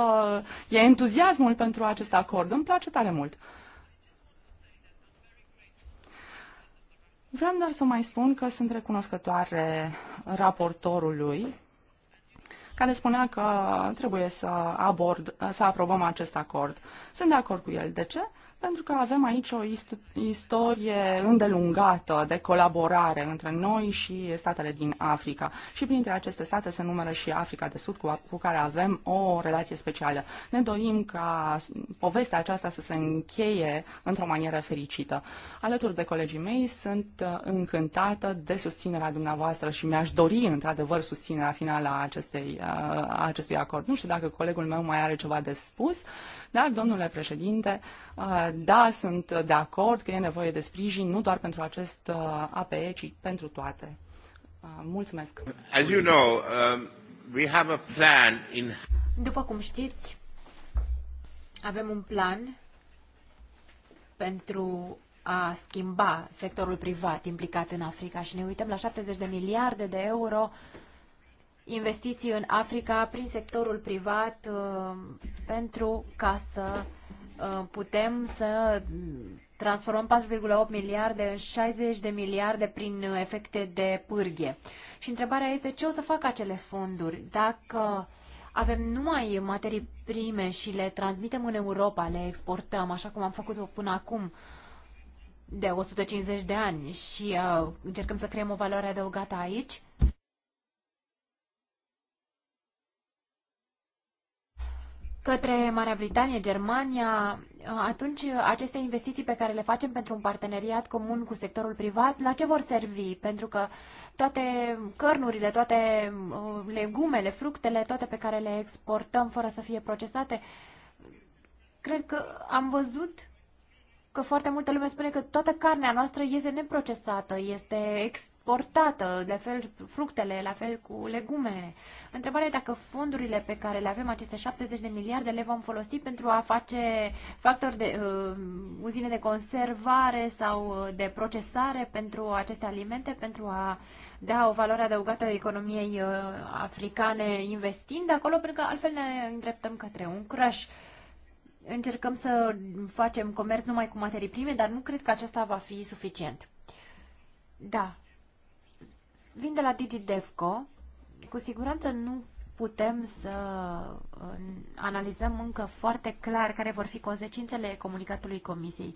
E entuziasmul pentru acest acord. Îmi place tare mult. Vreau doar să mai spun că sunt recunoscătoare raportorului care spunea că trebuie să, abord, să aprobăm acest acord. Sunt de acord cu el. De ce? pentru că avem aici o istorie îndelungată de colaborare între noi și statele din Africa. Și printre aceste state se numără și Africa de Sud, cu, cu care avem o relație specială. Ne dorim ca povestea aceasta să se încheie într-o manieră fericită. Alături de colegii mei sunt uh, încântată de susținerea dumneavoastră și mi-aș dori, într-adevăr, susținerea finală a, acestei, uh, a acestui acord. Nu știu dacă colegul meu mai are ceva de spus. Dar, domnule președinte, uh, da, sunt de acord că e nevoie de sprijin, nu doar pentru acest uh, APE, ci pentru toate. Uh, mulțumesc. As you know, um, we have a plan in... După cum știți, avem un plan pentru a schimba sectorul privat implicat în Africa și ne uităm la 70 de miliarde de euro uh, investiții în Africa prin sectorul privat uh, pentru ca să uh, putem să transformăm 4,8 miliarde în 60 de miliarde prin efecte de pârghie. Și întrebarea este ce o să facă acele fonduri dacă avem numai materii prime și le transmitem în Europa, le exportăm, așa cum am făcut-o până acum de 150 de ani și uh, încercăm să creăm o valoare adăugată aici, către Marea Britanie, Germania, atunci aceste investiții pe care le facem pentru un parteneriat comun cu sectorul privat, la ce vor servi? Pentru că toate cărnurile, toate uh, legumele, fructele, toate pe care le exportăm fără să fie procesate, cred că am văzut că foarte multă lume spune că toată carnea noastră este neprocesată, este ex- exportată, de fel fructele, la fel cu legumele. Întrebarea e dacă fondurile pe care le avem, aceste 70 de miliarde, le vom folosi pentru a face factori de uh, uzine de conservare sau uh, de procesare pentru aceste alimente, pentru a da o valoare adăugată economiei uh, africane investind acolo, pentru că altfel ne îndreptăm către un crash încercăm să facem comerț numai cu materii prime, dar nu cred că aceasta va fi suficient. Da, Vin de la DigiDevco. Cu siguranță nu putem să uh, analizăm încă foarte clar care vor fi consecințele comunicatului Comisiei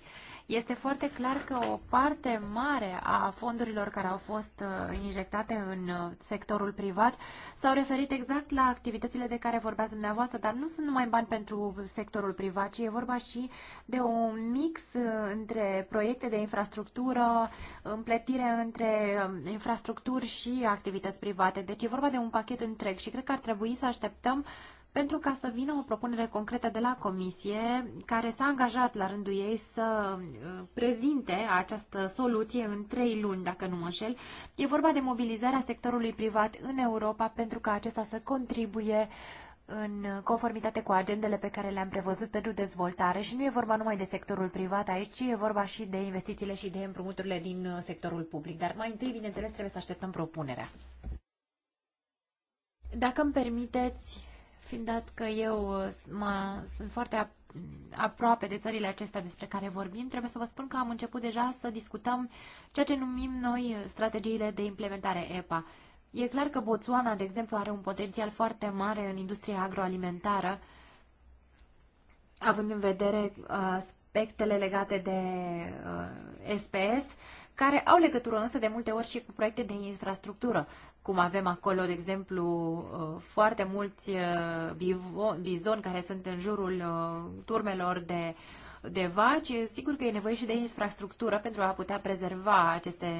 este foarte clar că o parte mare a fondurilor care au fost uh, injectate în uh, sectorul privat s-au referit exact la activitățile de care vorbeați dumneavoastră, dar nu sunt numai bani pentru sectorul privat, ci e vorba și de un mix uh, între proiecte de infrastructură, împletire între um, infrastructuri și activități private. Deci e vorba de un pachet întreg și cred că ar trebui să așteptăm uh, pentru ca să vină o propunere concretă de la Comisie, care s-a angajat la rândul ei să uh, prezinte această soluție în trei luni, dacă nu mă înșel. E vorba de mobilizarea sectorului privat în Europa pentru ca acesta să contribuie în conformitate cu agendele pe care le-am prevăzut pentru dezvoltare și nu e vorba numai de sectorul privat aici, ci e vorba și de investițiile și de împrumuturile din uh, sectorul public. Dar mai întâi, bineînțeles, trebuie să așteptăm propunerea. Dacă îmi permiteți, Fiind dat că eu uh, mă, sunt foarte aproape de țările acestea despre care vorbim, trebuie să vă spun că am început deja să discutăm ceea ce numim noi strategiile de implementare EPA. E clar că Botswana, de exemplu, are un potențial foarte mare în industria agroalimentară, având în vedere uh, aspectele legate de SPS, uh, care au legătură însă de multe ori și cu proiecte de infrastructură cum avem acolo, de exemplu, uh, foarte mulți uh, bizoni care sunt în jurul uh, turmelor de, de vaci, sigur că e nevoie și de infrastructură pentru a putea prezerva aceste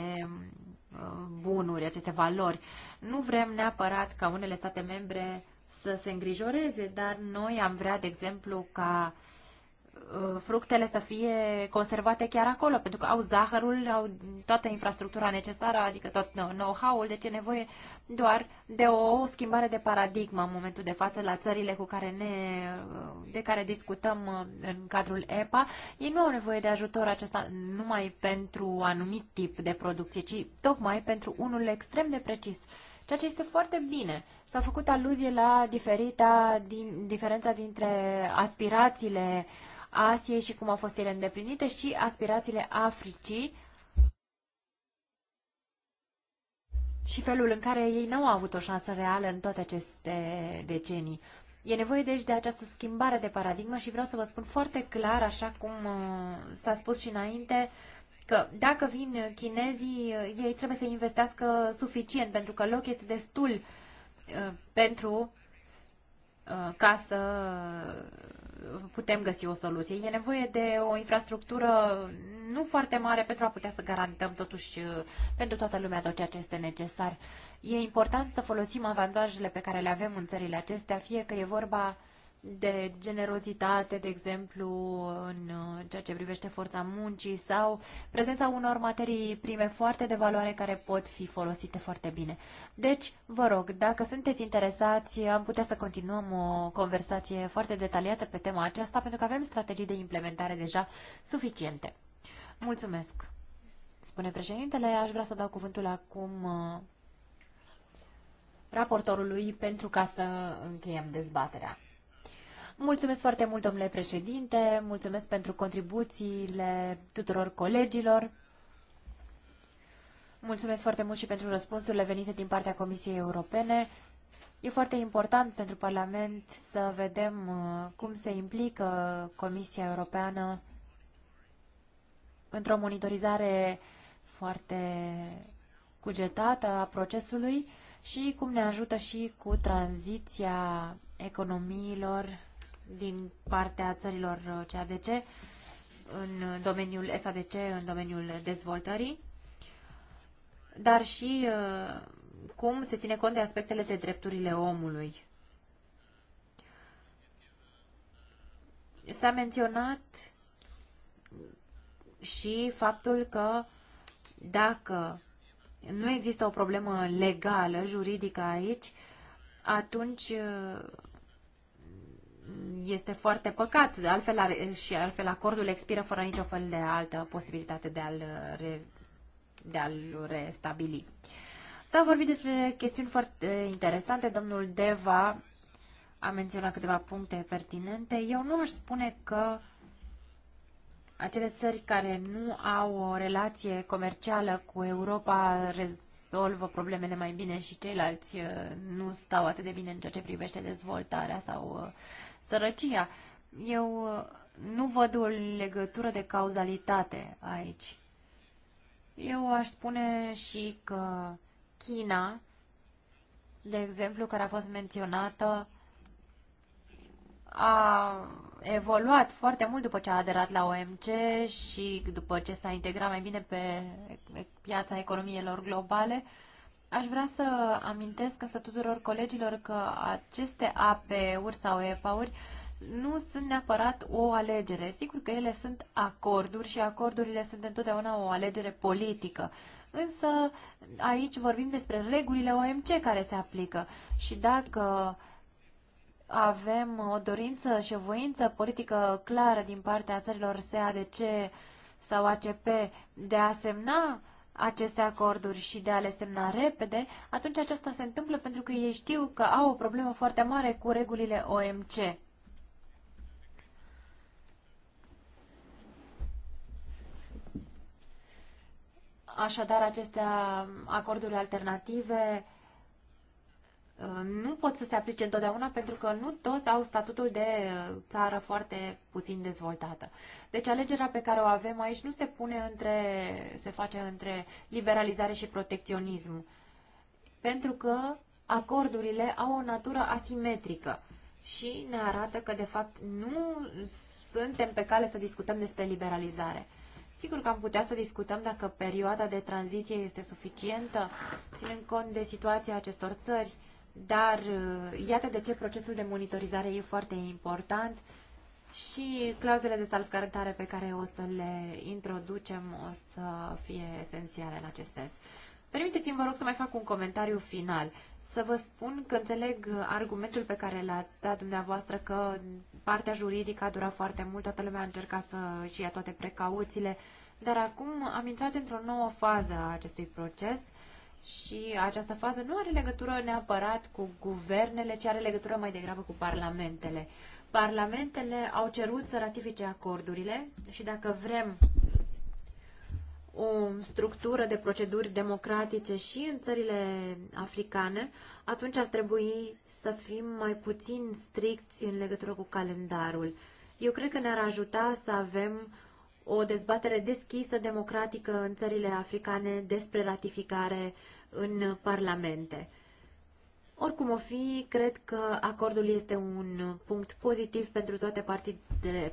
bunuri, aceste valori. Nu vrem neapărat ca unele state membre să se îngrijoreze, dar noi am vrea, de exemplu, ca uh, Uh, fructele să fie conservate chiar acolo, pentru că au zahărul, au toată infrastructura necesară, adică tot know-how-ul, deci e nevoie doar de o schimbare de paradigmă în momentul de față la țările cu care ne, uh, de care discutăm uh, în cadrul EPA. Ei nu au nevoie de ajutor acesta numai pentru anumit tip de producție, ci tocmai pentru unul extrem de precis, ceea ce este foarte bine. S-a făcut aluzie la diferita, din, diferența dintre aspirațiile uh, Asiei și cum au fost ele îndeplinite și aspirațiile Africii și felul în care ei nu au avut o șansă reală în toate aceste decenii. E nevoie deci de această schimbare de paradigmă și vreau să vă spun foarte clar, așa cum uh, s-a spus și înainte, că dacă vin chinezii, uh, ei trebuie să investească suficient, pentru că loc este destul uh, pentru ca să putem găsi o soluție. E nevoie de o infrastructură nu foarte mare pentru a putea să garantăm totuși uh, pentru toată lumea tot ceea ce este necesar. E important să folosim avantajele pe care le avem în țările acestea, fie că e vorba uh, de generozitate, de exemplu, în uh, ceea ce privește forța muncii sau prezența unor materii prime foarte de valoare care pot fi folosite foarte bine. Deci, vă rog, dacă sunteți interesați, am putea să continuăm o conversație foarte detaliată pe tema aceasta, pentru că avem strategii de implementare deja suficiente. Mulțumesc! Spune președintele, aș vrea să dau cuvântul acum uh, raportorului pentru ca să încheiem dezbaterea. Mulțumesc foarte mult, domnule președinte, mulțumesc pentru contribuțiile tuturor colegilor. Mulțumesc foarte mult și pentru răspunsurile venite din partea Comisiei Europene. E foarte important pentru Parlament să vedem uh, cum se implică Comisia Europeană într-o monitorizare foarte cugetată a procesului și cum ne ajută și cu tranziția economiilor din partea țărilor CADC în domeniul SADC, în domeniul dezvoltării, dar și uh, cum se ține cont de aspectele de drepturile omului. S-a menționat și faptul că dacă nu există o problemă legală, juridică aici, atunci uh, este foarte păcat, de altfel, și altfel acordul expiră fără nicio fel de altă posibilitate de a-l, re, de a restabili. S-a vorbit despre chestiuni foarte interesante. Domnul Deva a menționat câteva puncte pertinente. Eu nu aș spune că acele țări care nu au o relație comercială cu Europa rezolvă problemele mai bine și ceilalți uh, nu stau atât de bine în ceea ce privește dezvoltarea sau uh, sărăcia. Eu uh, nu văd o legătură de cauzalitate aici. Eu aș spune și că China, de exemplu, care a fost menționată, a evoluat foarte mult după ce a aderat la OMC și după ce s-a integrat mai bine pe piața economiilor globale. Uh, Aș vrea să amintesc însă tuturor colegilor că aceste APE-uri sau EPA-uri nu sunt neapărat o alegere. Sigur că ele sunt acorduri și acordurile sunt întotdeauna o alegere politică. Însă aici vorbim despre regulile OMC care se aplică și dacă avem o dorință și o voință politică clară din partea țărilor SADC sau ACP de a semna aceste acorduri și de a le semna repede, atunci aceasta se întâmplă pentru că ei știu că au o problemă foarte mare cu regulile OMC. Așadar, aceste acorduri alternative nu pot să se aplice întotdeauna pentru că nu toți au statutul de uh, țară foarte puțin dezvoltată. Deci alegerea pe care o avem aici nu se pune între, se face între liberalizare și protecționism, pentru că acordurile au o natură asimetrică și ne arată că de fapt nu suntem pe cale să discutăm despre liberalizare. Sigur că am putea să discutăm dacă perioada de tranziție este suficientă, ținând cont de situația acestor țări, dar uh, iată de ce procesul de monitorizare e foarte important și clauzele de salvgarantare pe care o să le introducem o să fie esențiale în acest sens. Permiteți-mi, vă rog, să mai fac un comentariu final. Să vă spun că înțeleg argumentul pe care l-ați dat dumneavoastră că partea juridică a durat foarte mult, toată lumea a încercat să-și ia toate precauțiile, dar acum am intrat într-o nouă fază a acestui proces și această fază nu are legătură neapărat cu guvernele, ci are legătură mai degrabă cu parlamentele. Parlamentele au cerut să ratifice acordurile și dacă vrem o structură de proceduri democratice și în țările africane, atunci ar trebui să fim mai puțin stricți în legătură cu calendarul. Eu cred că ne-ar ajuta să avem o dezbatere deschisă, democratică în țările africane despre ratificare în parlamente. Oricum o fi, cred că acordul este un punct pozitiv pentru toate partidele,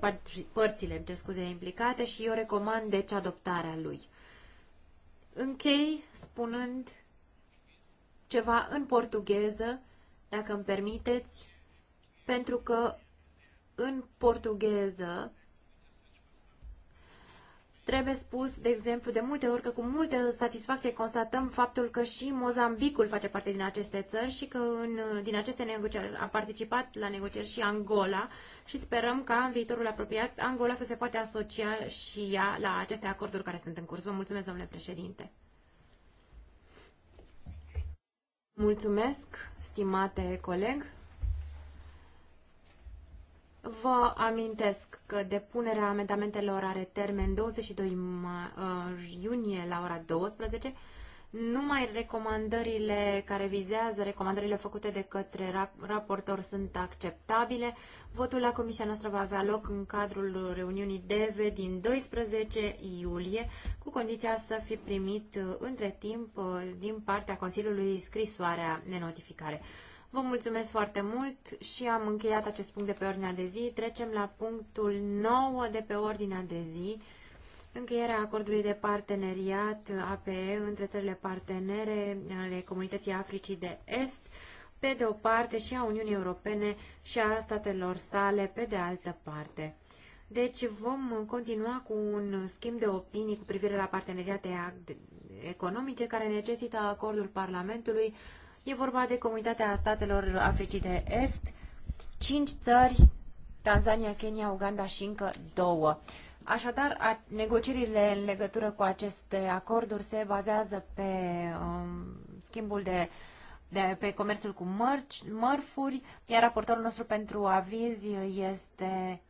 părțile ce scuze, implicate și eu recomand deci adoptarea lui. Închei spunând ceva în portugheză, dacă îmi permiteți, pentru că în portugheză Trebuie spus, de exemplu, de multe ori că cu multă satisfacție constatăm faptul că și Mozambicul face parte din aceste țări și că în, din aceste negocieri a participat la negocieri și Angola și sperăm ca în viitorul apropiat Angola să se poate asocia și ea la aceste acorduri care sunt în curs. Vă mulțumesc, domnule președinte. Mulțumesc, stimate coleg. Vă amintesc că depunerea amendamentelor are termen 22 uh, iunie la ora 12. Numai recomandările care vizează, recomandările făcute de către raportor sunt acceptabile. Votul la comisia noastră va avea loc în cadrul reuniunii DEVE din 12 iulie, cu condiția să fi primit uh, între timp uh, din partea Consiliului scrisoarea de notificare. Vă mulțumesc foarte mult și am încheiat acest punct de pe ordinea de zi. Trecem la punctul 9 de pe ordinea de zi. Încheierea acordului de parteneriat APE între țările partenere ale Comunității Africii de Est, pe de o parte, și a Uniunii Europene și a statelor sale, pe de altă parte. Deci vom continua cu un schimb de opinii cu privire la parteneriate economice care necesită acordul Parlamentului E vorba de Comunitatea Statelor Africii de Est, cinci țări, Tanzania, Kenya, Uganda și încă două. Așadar, negocierile în legătură cu aceste acorduri se bazează pe um, schimbul de, de pe comerțul cu mărci, mărfuri, iar raportorul nostru pentru aviz este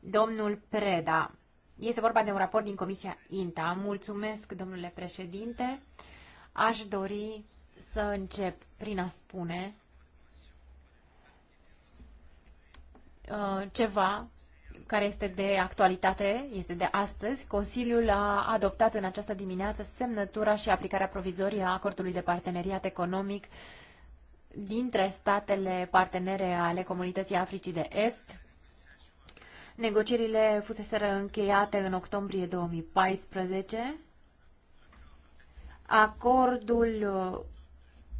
domnul Preda. Este vorba de un raport din Comisia INTA. Mulțumesc, domnule președinte. Aș dori să încep prin a spune uh, ceva care este de actualitate, este de astăzi. Consiliul a adoptat în această dimineață semnătura și aplicarea provizorie a acordului de parteneriat economic dintre statele partenere ale Comunității Africii de Est. Negocierile fuseseră încheiate în octombrie 2014. Acordul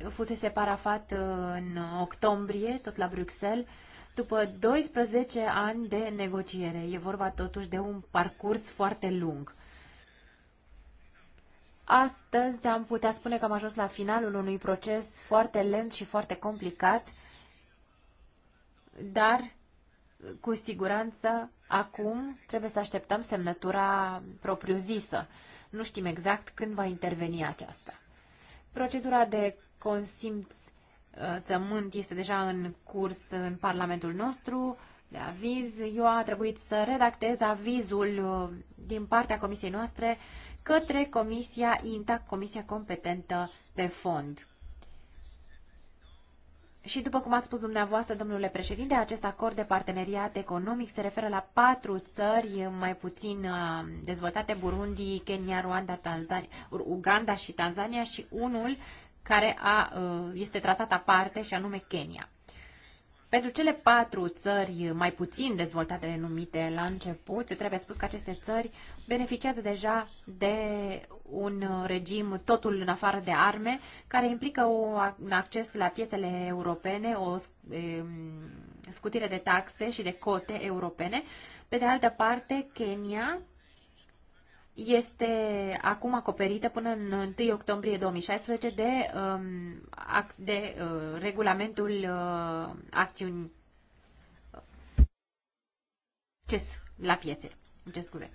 fusese parafat în octombrie, tot la Bruxelles, după 12 ani de negociere. E vorba totuși de un parcurs foarte lung. Astăzi am putea spune că am ajuns la finalul unui proces foarte lent și foarte complicat, dar cu siguranță acum trebuie să așteptăm semnătura propriu-zisă. Nu știm exact când va interveni aceasta. Procedura de țământ este deja în curs în Parlamentul nostru de aviz. Eu a trebuit să redactez avizul uh, din partea comisiei noastre către comisia INTA, comisia competentă pe fond. Și după cum ați spus dumneavoastră, domnule președinte, acest acord de parteneriat economic se referă la patru țări mai puțin uh, dezvoltate, Burundi, Kenya, Rwanda, Tanzania, Uganda și Tanzania și unul care a, uh, este tratat aparte și anume Kenya. Pentru cele patru țări mai puțin dezvoltate numite la început, trebuie spus că aceste țări beneficiază deja de un regim totul în afară de arme, care implică o, un acces la piețele europene, o scutire de taxe și de cote europene. Pe de altă parte, Kenya este acum acoperită până în 1 octombrie 2016 de, um, de uh, regulamentul uh, acțiuni la piețe. Ce scuze.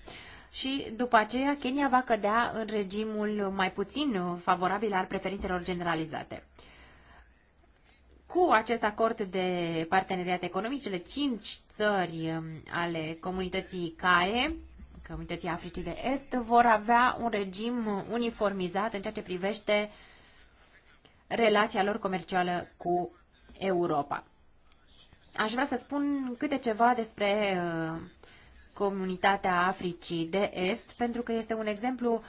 Și după aceea Kenya va cădea în regimul mai puțin favorabil al preferințelor generalizate. Cu acest acord de parteneriat economic, cele cinci țări um, ale comunității CAE Comunității Africii de Est vor avea un regim uniformizat în ceea ce privește relația lor comercială cu Europa. Aș vrea să spun câte ceva despre uh, comunitatea Africii de Est, pentru că este un exemplu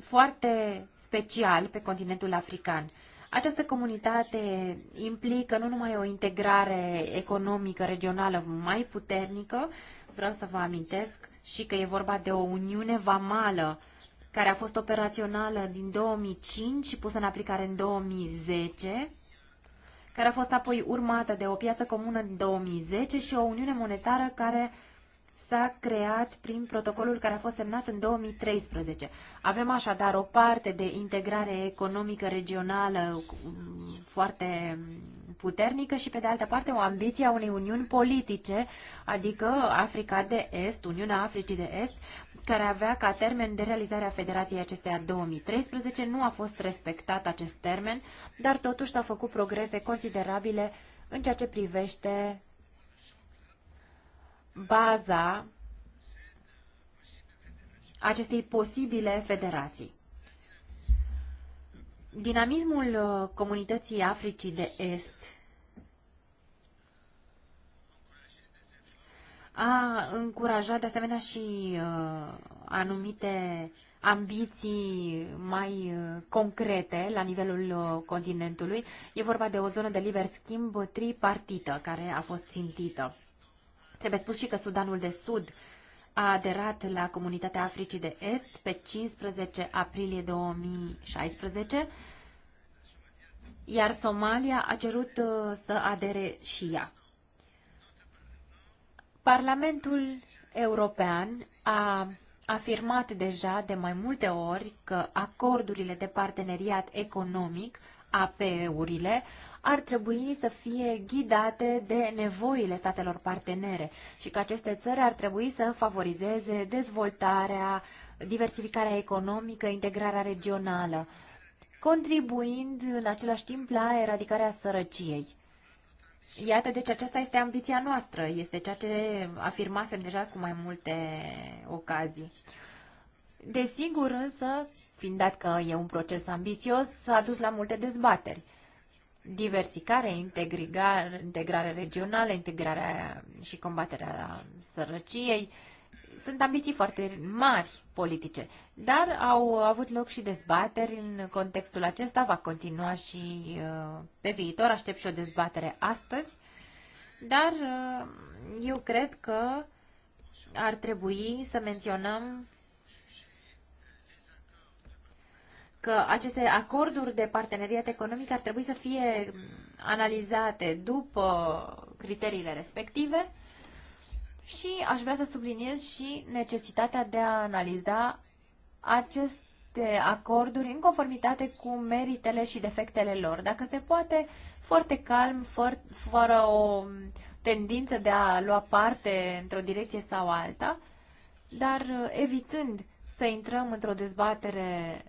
foarte special pe continentul african. Această comunitate implică nu numai o integrare economică regională mai puternică, vreau să vă amintesc și că e vorba de o uniune vamală care a fost operațională din 2005 și pusă în aplicare în 2010, care a fost apoi urmată de o piață comună din 2010 și o uniune monetară care s-a creat prin protocolul care a fost semnat în 2013. Avem așadar o parte de integrare economică regională um, foarte puternică și, pe de altă parte, o ambiție a unei uniuni politice, adică Africa de Est, Uniunea Africii de Est, care avea ca termen de realizare a Federației acesteia 2013. Nu a fost respectat acest termen, dar totuși s-au făcut progrese considerabile în ceea ce privește baza acestei posibile federații. Dinamismul uh, comunității Africii de Est a încurajat de asemenea și uh, anumite ambiții mai uh, concrete la nivelul uh, continentului. E vorba de o zonă de liber schimb tripartită care a fost țintită. Trebuie spus și că Sudanul de Sud a aderat la Comunitatea Africii de Est pe 15 aprilie 2016, iar Somalia a cerut uh, să adere și ea. Parlamentul European a afirmat deja de mai multe ori că acordurile de parteneriat economic, APE-urile, ar trebui să fie ghidate de nevoile statelor partenere și că aceste țări ar trebui să favorizeze dezvoltarea, diversificarea economică, integrarea regională, contribuind în același timp la eradicarea sărăciei. Iată, deci aceasta este ambiția noastră, este ceea ce afirmasem deja cu mai multe ocazii. Desigur, însă, fiind dat că e un proces ambițios, s-a dus la multe dezbateri diversificare, integrare, integrare regională, integrarea și combaterea sărăciei. Sunt ambiții foarte mari politice, dar au avut loc și dezbateri în contextul acesta, va continua și uh, pe viitor, aștept și o dezbatere astăzi, dar uh, eu cred că ar trebui să menționăm că aceste acorduri de parteneriat economic ar trebui să fie analizate după criteriile respective și aș vrea să subliniez și necesitatea de a analiza aceste acorduri în conformitate cu meritele și defectele lor. Dacă se poate, foarte calm, fără, fără o tendință de a lua parte într-o direcție sau alta, dar evitând să intrăm într-o dezbatere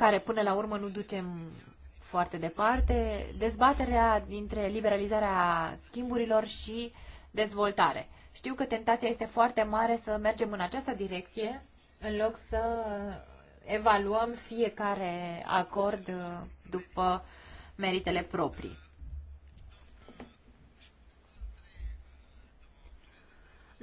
care până la urmă nu ducem foarte departe, dezbaterea dintre liberalizarea schimburilor și dezvoltare. Știu că tentația este foarte mare să mergem în această direcție, în loc să evaluăm fiecare acord uh, după meritele proprii.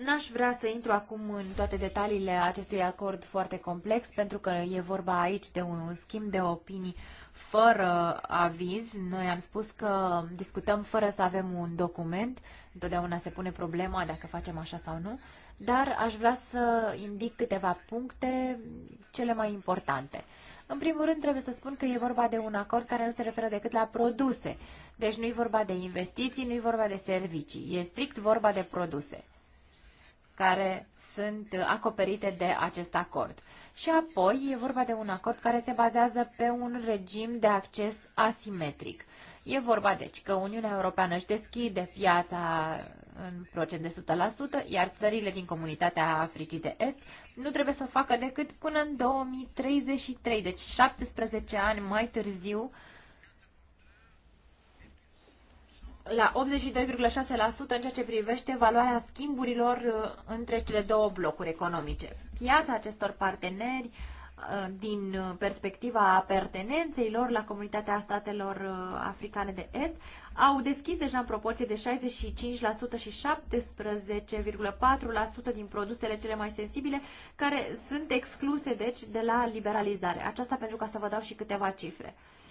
N-aș vrea să intru acum în toate detaliile acestui acord foarte complex, pentru că e vorba aici de un schimb de opinii fără aviz. Noi am spus că discutăm fără să avem un document, întotdeauna se pune problema dacă facem așa sau nu, dar aș vrea să indic câteva puncte cele mai importante. În primul rând, trebuie să spun că e vorba de un acord care nu se referă decât la produse. Deci nu e vorba de investiții, nu e vorba de servicii. E strict vorba de produse care sunt acoperite de acest acord. Și apoi e vorba de un acord care se bazează pe un regim de acces asimetric. E vorba deci că Uniunea Europeană își deschide piața în procent de 100%, iar țările din comunitatea Africii de Est nu trebuie să o facă decât până în 2033, deci 17 ani mai târziu, uh, la 82,6% în ceea ce privește valoarea schimburilor uh, între cele două blocuri economice. Piața acestor parteneri uh, din uh, perspectiva pertenenței lor la comunitatea statelor africane de est, au deschis deja în proporție de 65% și 17,4% din produsele cele mai sensibile, care sunt excluse, deci, de la liberalizare. Aceasta pentru ca să vă dau și câteva cifre. Uh,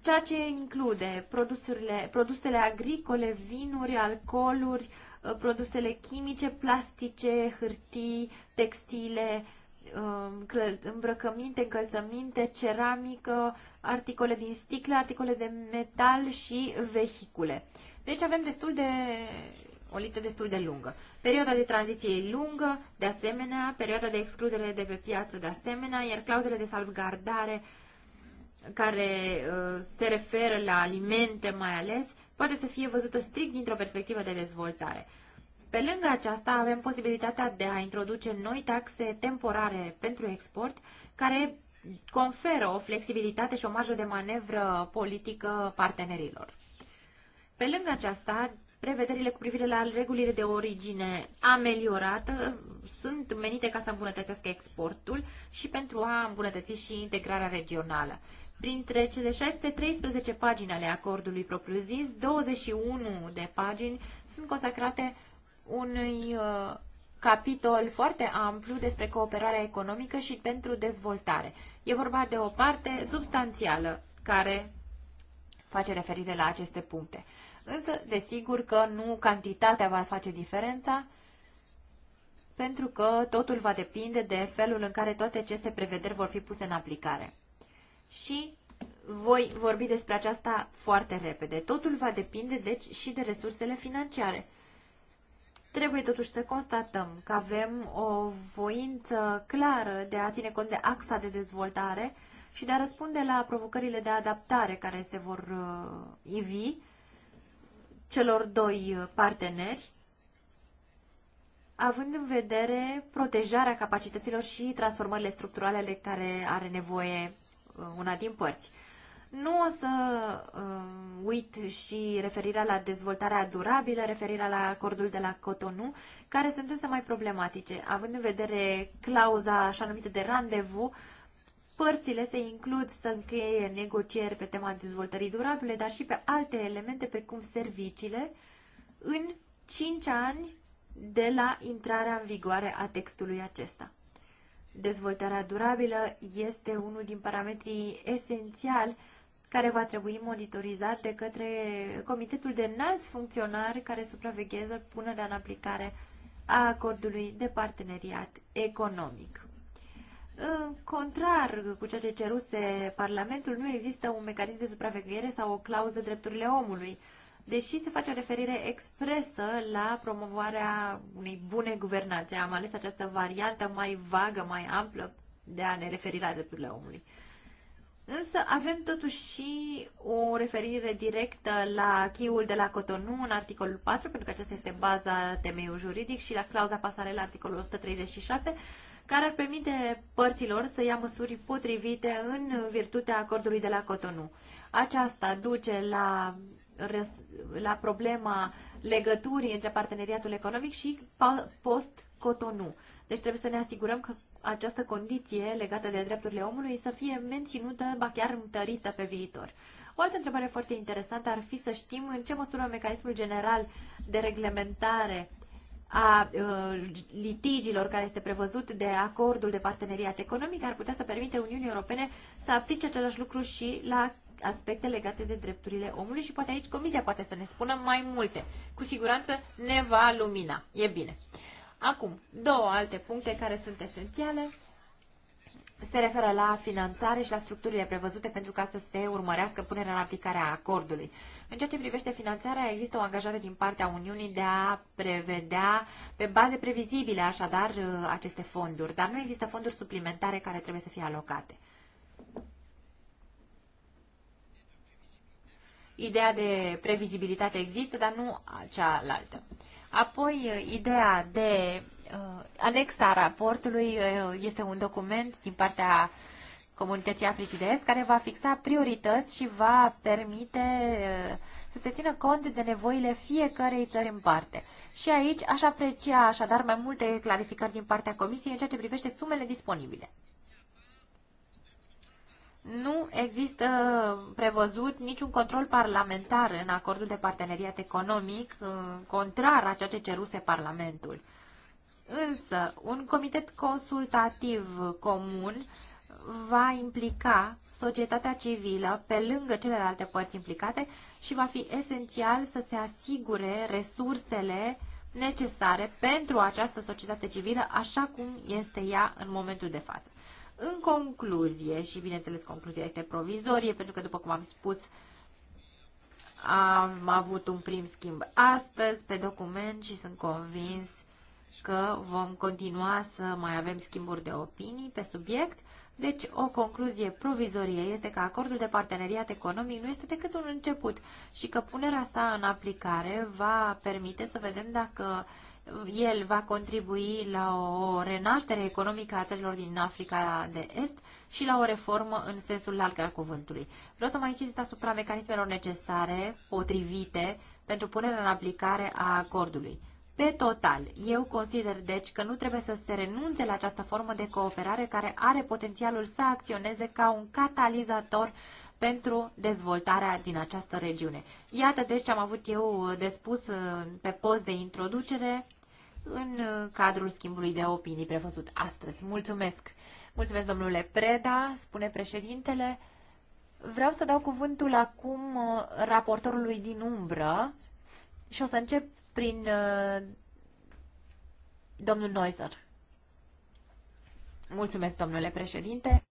ceea ce include produsurile, produsele agricole, vinuri, alcooluri, uh, produsele chimice, plastice, hârtii, textile, um, îmbrăcăminte, încălțăminte, ceramică, articole din sticlă, articole de metal și vehicule. Deci avem destul de o listă destul de lungă. Perioada de tranziție e lungă, de asemenea, perioada de excludere de pe piață, de asemenea, iar clauzele de salvgardare uh, care uh, se referă la alimente mai ales, poate să fie văzută strict dintr-o perspectivă de dezvoltare. Pe lângă aceasta, avem posibilitatea de a introduce noi taxe temporare pentru export, care conferă o flexibilitate și o marjă de manevră politică partenerilor. Pe lângă aceasta, prevederile cu privire la regulile de origine ameliorată sunt menite ca să îmbunătățească exportul și pentru a îmbunătăți și integrarea regională. Printre cele 613 pagini ale acordului propriu-zis, 21 de pagini sunt consacrate unui uh, capitol foarte amplu despre cooperarea economică și pentru dezvoltare. E vorba de o parte substanțială care face referire la aceste puncte. Însă, desigur că nu cantitatea va face diferența, pentru că totul va depinde de felul în care toate aceste prevederi vor fi puse în aplicare și voi vorbi despre aceasta foarte repede. Totul va depinde, deci, și de resursele financiare. Trebuie totuși să constatăm că avem o voință clară de a ține cont de axa de dezvoltare și de a răspunde la provocările de adaptare care se vor uh, ivi celor doi uh, parteneri, având în vedere protejarea capacităților și transformările structurale de care are nevoie Uh, una din părți. Nu o să uh, uit și referirea la dezvoltarea durabilă, referirea la acordul de la Cotonou, care sunt însă mai problematice. Având în vedere clauza așa numită de randevu, părțile se includ să încheie negocieri pe tema dezvoltării durabile, dar și pe alte elemente precum serviciile în 5 ani de la intrarea în vigoare a textului acesta. Dezvoltarea durabilă este unul din parametrii esențiali care va trebui monitorizat de către Comitetul de Înalți Funcționari care supraveghează punerea în aplicare a acordului de parteneriat economic. În contrar cu ceea ce ceruse Parlamentul, nu există un mecanism de supraveghere sau o clauză drepturile omului deși se face o referire expresă la promovarea unei bune guvernanțe. Am ales această variantă mai vagă, mai amplă de a ne referi la drepturile omului. Însă avem totuși și o referire directă la chiul de la Cotonou în articolul 4, pentru că aceasta este baza temeiul juridic și la clauza pasarelă la articolul 136, care ar permite părților să ia măsuri potrivite în virtutea acordului de la Cotonou. Aceasta duce la la problema legăturii între parteneriatul economic și post-Cotonou. Deci trebuie să ne asigurăm că această condiție legată de drepturile omului să fie menținută, ba chiar întărită pe viitor. O altă întrebare foarte interesantă ar fi să știm în ce măsură mecanismul general de reglementare a uh, litigiilor care este prevăzut de acordul de parteneriat economic ar putea să permite Uniunii Europene să aplice același lucru și la aspecte legate de drepturile omului și poate aici comisia poate să ne spună mai multe. Cu siguranță ne va lumina. E bine. Acum, două alte puncte care sunt esențiale se referă la finanțare și la structurile prevăzute pentru ca să se urmărească punerea în aplicare a acordului. În ceea ce privește finanțarea, există o angajare din partea Uniunii de a prevedea pe baze previzibile, așadar, aceste fonduri, dar nu există fonduri suplimentare care trebuie să fie alocate. Ideea de previzibilitate există, dar nu cealaltă. Apoi, ideea de uh, anexa raportului uh, este un document din partea comunității Africii de Est care va fixa priorități și va permite uh, să se țină cont de nevoile fiecarei țări în parte. Și aici aș aprecia așadar mai multe clarificări din partea Comisiei în ceea ce privește sumele disponibile nu există prevăzut niciun control parlamentar în acordul de parteneriat economic, uh, contrar a ceea ce ceruse Parlamentul. Însă, un comitet consultativ comun va implica societatea civilă pe lângă celelalte părți implicate și va fi esențial să se asigure resursele necesare pentru această societate civilă așa cum este ea în momentul de față. În concluzie, și bineînțeles concluzia este provizorie, pentru că după cum am spus, am avut un prim schimb astăzi pe document și sunt convins că vom continua să mai avem schimburi de opinii pe subiect. Deci, o concluzie provizorie este că acordul de parteneriat economic nu este decât un început și că punerea sa în aplicare va permite să vedem dacă uh, el va contribui la o renaștere economică a țărilor din Africa de Est și la o reformă în sensul larg al cuvântului. Vreau să mai insist asupra mecanismelor necesare, potrivite, pentru punerea în aplicare a acordului. Pe total, eu consider deci că nu trebuie să se renunțe la această formă de cooperare care are potențialul să acționeze ca un catalizator uh, pentru dezvoltarea din această regiune. Iată deci ce am avut eu de spus uh, pe post de introducere în uh, cadrul schimbului de opinii prevăzut astăzi. Mulțumesc! Mulțumesc, domnule Preda, spune președintele. Vreau să dau cuvântul acum uh, raportorului din umbră și o să încep prin domnul Noiser. Mulțumesc, domnule președinte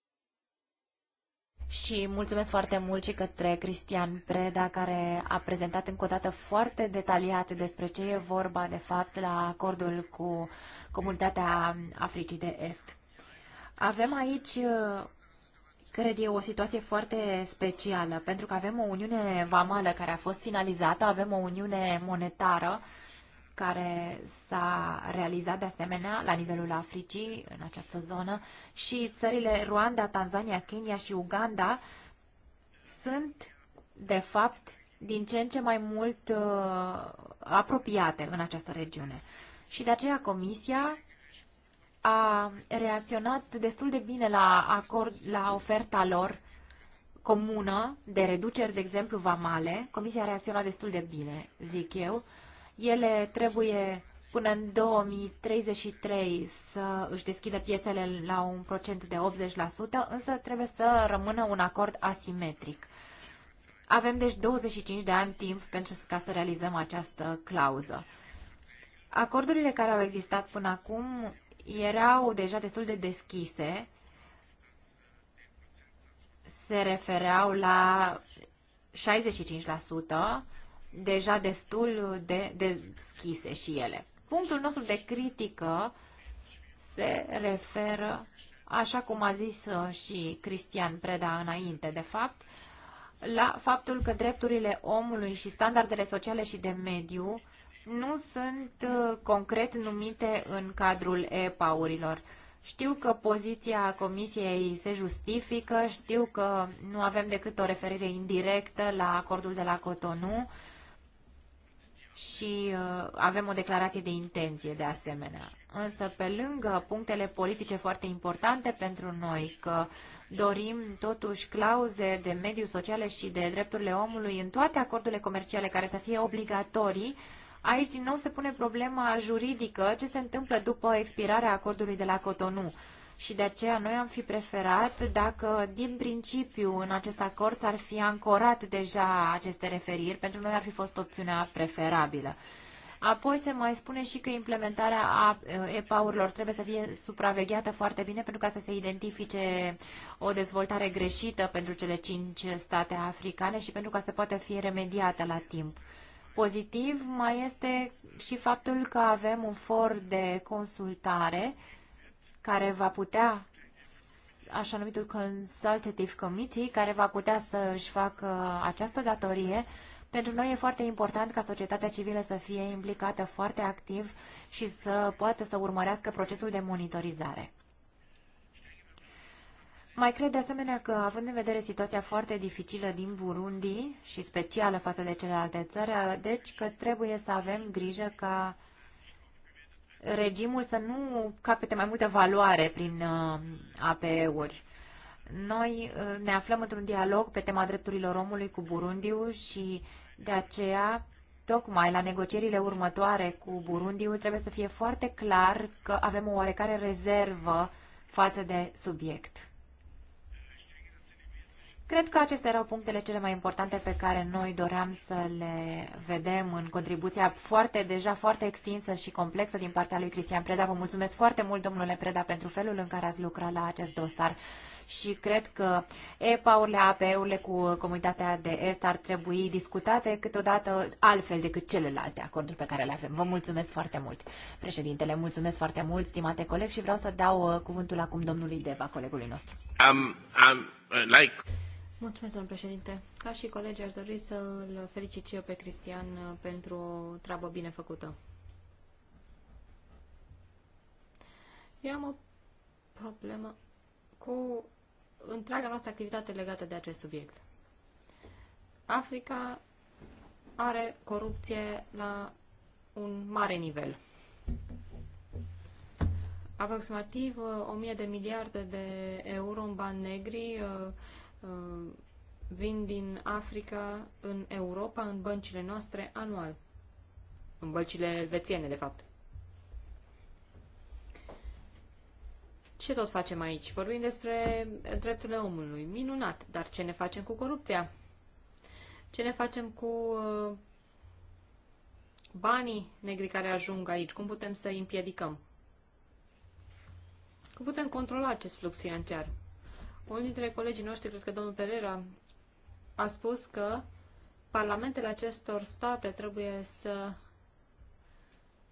și mulțumesc foarte mult și către Cristian Preda, care a prezentat încă o dată foarte detaliat despre ce e vorba, de fapt, la acordul cu comunitatea Africii de Est. Avem aici, cred eu, o situație foarte specială, pentru că avem o uniune vamală care a fost finalizată, avem o uniune monetară, uh, care s-a realizat de asemenea la nivelul Africii, în această zonă, și țările Rwanda, Tanzania, Kenya și Uganda sunt, de fapt, din ce în ce mai mult uh, apropiate în această regiune. Și de aceea Comisia a reacționat destul de bine la, acord, la oferta lor comună de reduceri, de exemplu, vamale. Comisia a reacționat destul de bine, zic eu, ele trebuie până în 2033 să își deschidă piețele la un procent de 80%, însă trebuie să rămână un acord asimetric. Avem deci 25 de ani timp pentru ca să realizăm această clauză. Acordurile care au existat până acum erau deja destul de deschise, se refereau la 65%, deja destul de deschise și ele. Punctul nostru de critică se referă, așa cum a zis uh, și Cristian Preda înainte, de fapt, la faptul că drepturile omului și standardele sociale și de mediu nu sunt uh, concret numite în cadrul EPA-urilor. Știu că poziția Comisiei se justifică, știu că nu avem decât o referire indirectă la acordul de la Cotonou și uh, avem o declarație de intenție de asemenea. Însă, pe lângă punctele politice foarte importante pentru noi, că dorim totuși clauze de mediu sociale și de drepturile omului în toate acordurile comerciale care să fie obligatorii, aici din nou se pune problema juridică ce se întâmplă după expirarea acordului de la Cotonou și de aceea noi am fi preferat dacă din principiu în acest acord s-ar fi ancorat deja aceste referiri, pentru noi ar fi fost opțiunea preferabilă. Apoi se mai spune și că implementarea a EPA-urilor trebuie să fie supravegheată foarte bine pentru ca să se identifice o dezvoltare greșită pentru cele cinci state africane și pentru ca să poată fi remediată la timp. Pozitiv mai este și faptul că avem un for de consultare care va putea așa numitul Consultative Committee, care va putea să își facă această datorie. Pentru noi e foarte important ca societatea civilă să fie implicată foarte activ și să poată să urmărească procesul de monitorizare. Mai cred de asemenea că, având în vedere situația foarte dificilă din Burundi și specială față de celelalte țări, deci că trebuie să avem grijă ca regimul să nu capete mai multă valoare prin uh, APE-uri. Noi uh, ne aflăm într-un dialog pe tema drepturilor omului cu Burundiu și de aceea, tocmai la negocierile următoare cu Burundiu, trebuie să fie foarte clar că avem o oarecare rezervă față de subiect. Cred că acestea erau punctele cele mai importante pe care noi doream să le vedem în contribuția foarte, deja foarte extinsă și complexă din partea lui Cristian Preda. Vă mulțumesc foarte mult, domnule Preda, pentru felul în care ați lucrat la acest dosar și cred că EPA-urile, APE-urile cu comunitatea de est ar trebui discutate câteodată altfel decât celelalte acorduri pe care le avem. Vă mulțumesc foarte mult, președintele, mulțumesc foarte mult, stimate coleg, și vreau să dau uh, cuvântul acum domnului Deva, colegului nostru. Um, um, like... Mulțumesc, domnul președinte. Ca și colegi, aș dori să îl felicit și eu pe Cristian uh, pentru o treabă bine făcută. Eu am o problemă cu întreaga noastră activitate legată de acest subiect. Africa are corupție la un mare nivel. Aproximativ 1000 uh, de miliarde de euro în bani negri uh, Uh, vin din Africa în Europa, în băncile noastre, anual. În băncile elvețiene, de fapt. Ce tot facem aici? Vorbim despre drepturile omului. Minunat, dar ce ne facem cu corupția? Ce ne facem cu uh, banii negri care ajung aici? Cum putem să îi împiedicăm? Cum putem controla acest flux financiar? Unul dintre colegii noștri, cred că domnul Pereira, a spus că parlamentele acestor state trebuie să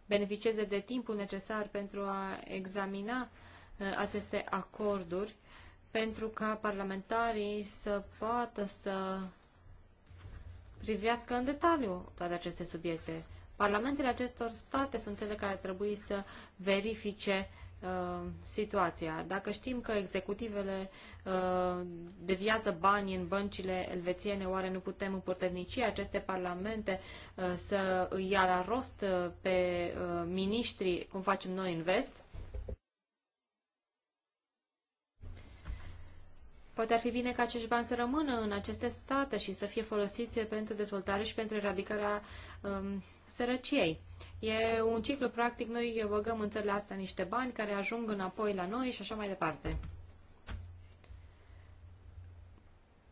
beneficieze de timpul necesar pentru a examina uh, aceste acorduri, pentru ca parlamentarii să poată să privească în detaliu toate aceste subiecte. Parlamentele acestor state sunt cele care trebuie să verifice Uh, situația. Dacă știm că executivele uh, deviază bani în băncile elvețiene, oare nu putem împărtănici aceste parlamente uh, să îi ia la rost uh, pe uh, miniștri, cum facem noi în vest? Poate ar fi bine ca acești bani să rămână în aceste state și să fie folosiți pentru dezvoltare și pentru eradicarea um, sărăciei. E un ciclu, practic, noi băgăm în țările astea niște bani care ajung înapoi la noi și așa mai departe.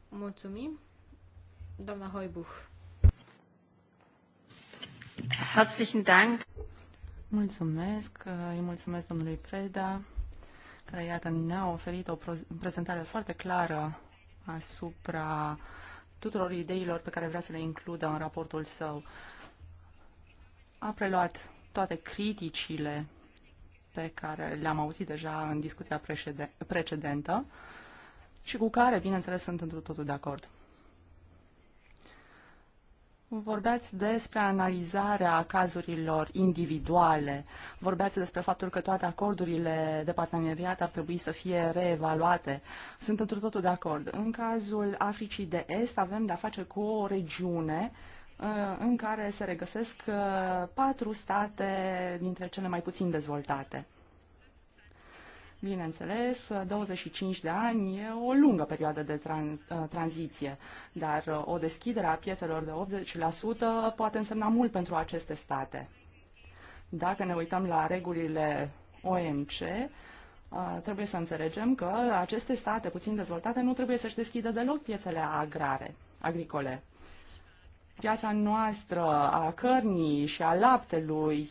Mulțumim. Doamna Hoibuch. Herzlichen Dank. Mulțumesc, îi mulțumesc domnului Preda care, iată, ne-a oferit o prezentare foarte clară asupra tuturor ideilor pe care vrea să le includă în raportul său. A preluat toate criticile pe care le-am auzit deja în discuția precedentă și cu care, bineînțeles, sunt într totul de acord. Vorbeați despre analizarea cazurilor individuale, vorbeați despre faptul că toate acordurile de parteneriat ar trebui să fie reevaluate. Sunt într totul de acord. În cazul Africii de Est avem de-a face cu o regiune uh, în care se regăsesc uh, patru state dintre cele mai puțin dezvoltate. Bineînțeles, 25 de ani e o lungă perioadă de tran- uh, tranziție, dar uh, o deschidere a piețelor de 80% poate însemna mult pentru aceste state. Dacă ne uităm la regulile OMC, uh, trebuie să înțelegem că aceste state puțin dezvoltate nu trebuie să-și deschidă deloc piețele agrare, agricole. Piața noastră a cărnii și a laptelui,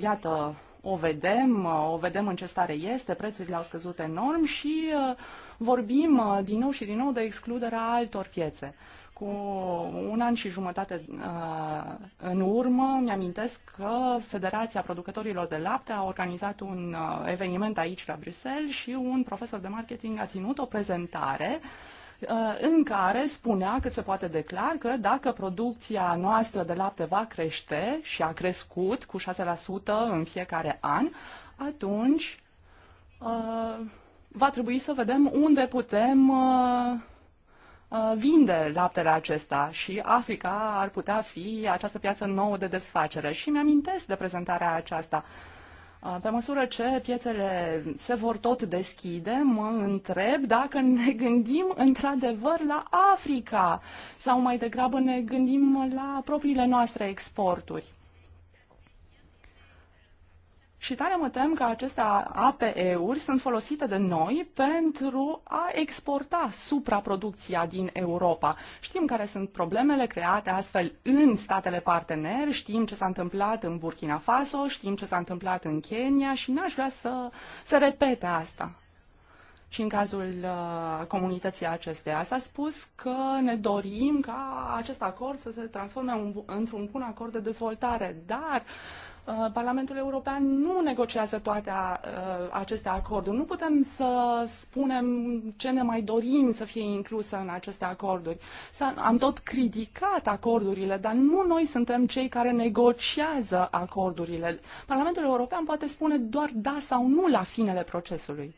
iată, o vedem, o vedem în ce stare este, prețurile au scăzut enorm și uh, vorbim uh, din nou și din nou de excluderea altor piețe. Cu un an și jumătate uh, în urmă, mi-amintesc că Federația Producătorilor de Lapte a organizat un eveniment aici la Bruxelles și un profesor de marketing a ținut o prezentare Uh, în care spunea cât se poate declar că dacă producția noastră de lapte va crește și a crescut cu 6% în fiecare an, atunci uh, va trebui să vedem unde putem uh, vinde laptele acesta și Africa ar putea fi această piață nouă de desfacere. Și mi-amintesc de prezentarea aceasta. Uh, Uh, pe măsură ce piețele se vor tot deschide, mă întreb dacă ne gândim într-adevăr la Africa sau mai degrabă ne gândim la propriile noastre exporturi. Și tare mă tem că aceste APE-uri sunt folosite de noi pentru a exporta supraproducția din Europa. Știm care sunt problemele create astfel în statele parteneri, știm ce s-a întâmplat în Burkina Faso, știm ce s-a întâmplat în Kenya și n-aș vrea să, să repete asta și în cazul uh, comunității acesteia. S-a spus că ne dorim ca acest acord să se transforme un, într-un bun acord de dezvoltare, dar Uh, Parlamentul European nu negociază toate uh, aceste acorduri. Nu putem să spunem ce ne mai dorim să fie inclusă în aceste acorduri. Am tot criticat acordurile, dar nu noi suntem cei care negociază acordurile. Parlamentul European poate spune doar da sau nu la finele procesului.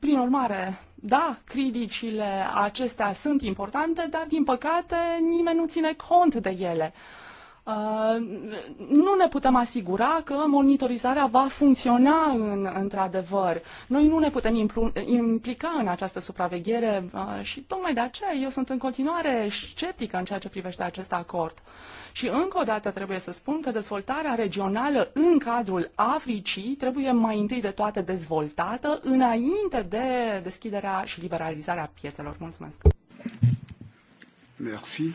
Prin urmare, da, criticile acestea sunt importante, dar din păcate nimeni nu ține cont de ele. Uh, Uh, nu ne putem asigura că monitorizarea va funcționa în, într-adevăr. Noi nu ne putem implica în această supraveghere uh, și tocmai de aceea eu sunt în continuare sceptică în ceea ce privește acest acord. Și încă o dată trebuie să spun că dezvoltarea regională în cadrul Africii trebuie mai întâi de toate dezvoltată înainte de deschiderea și liberalizarea piețelor. Mulțumesc! Merci.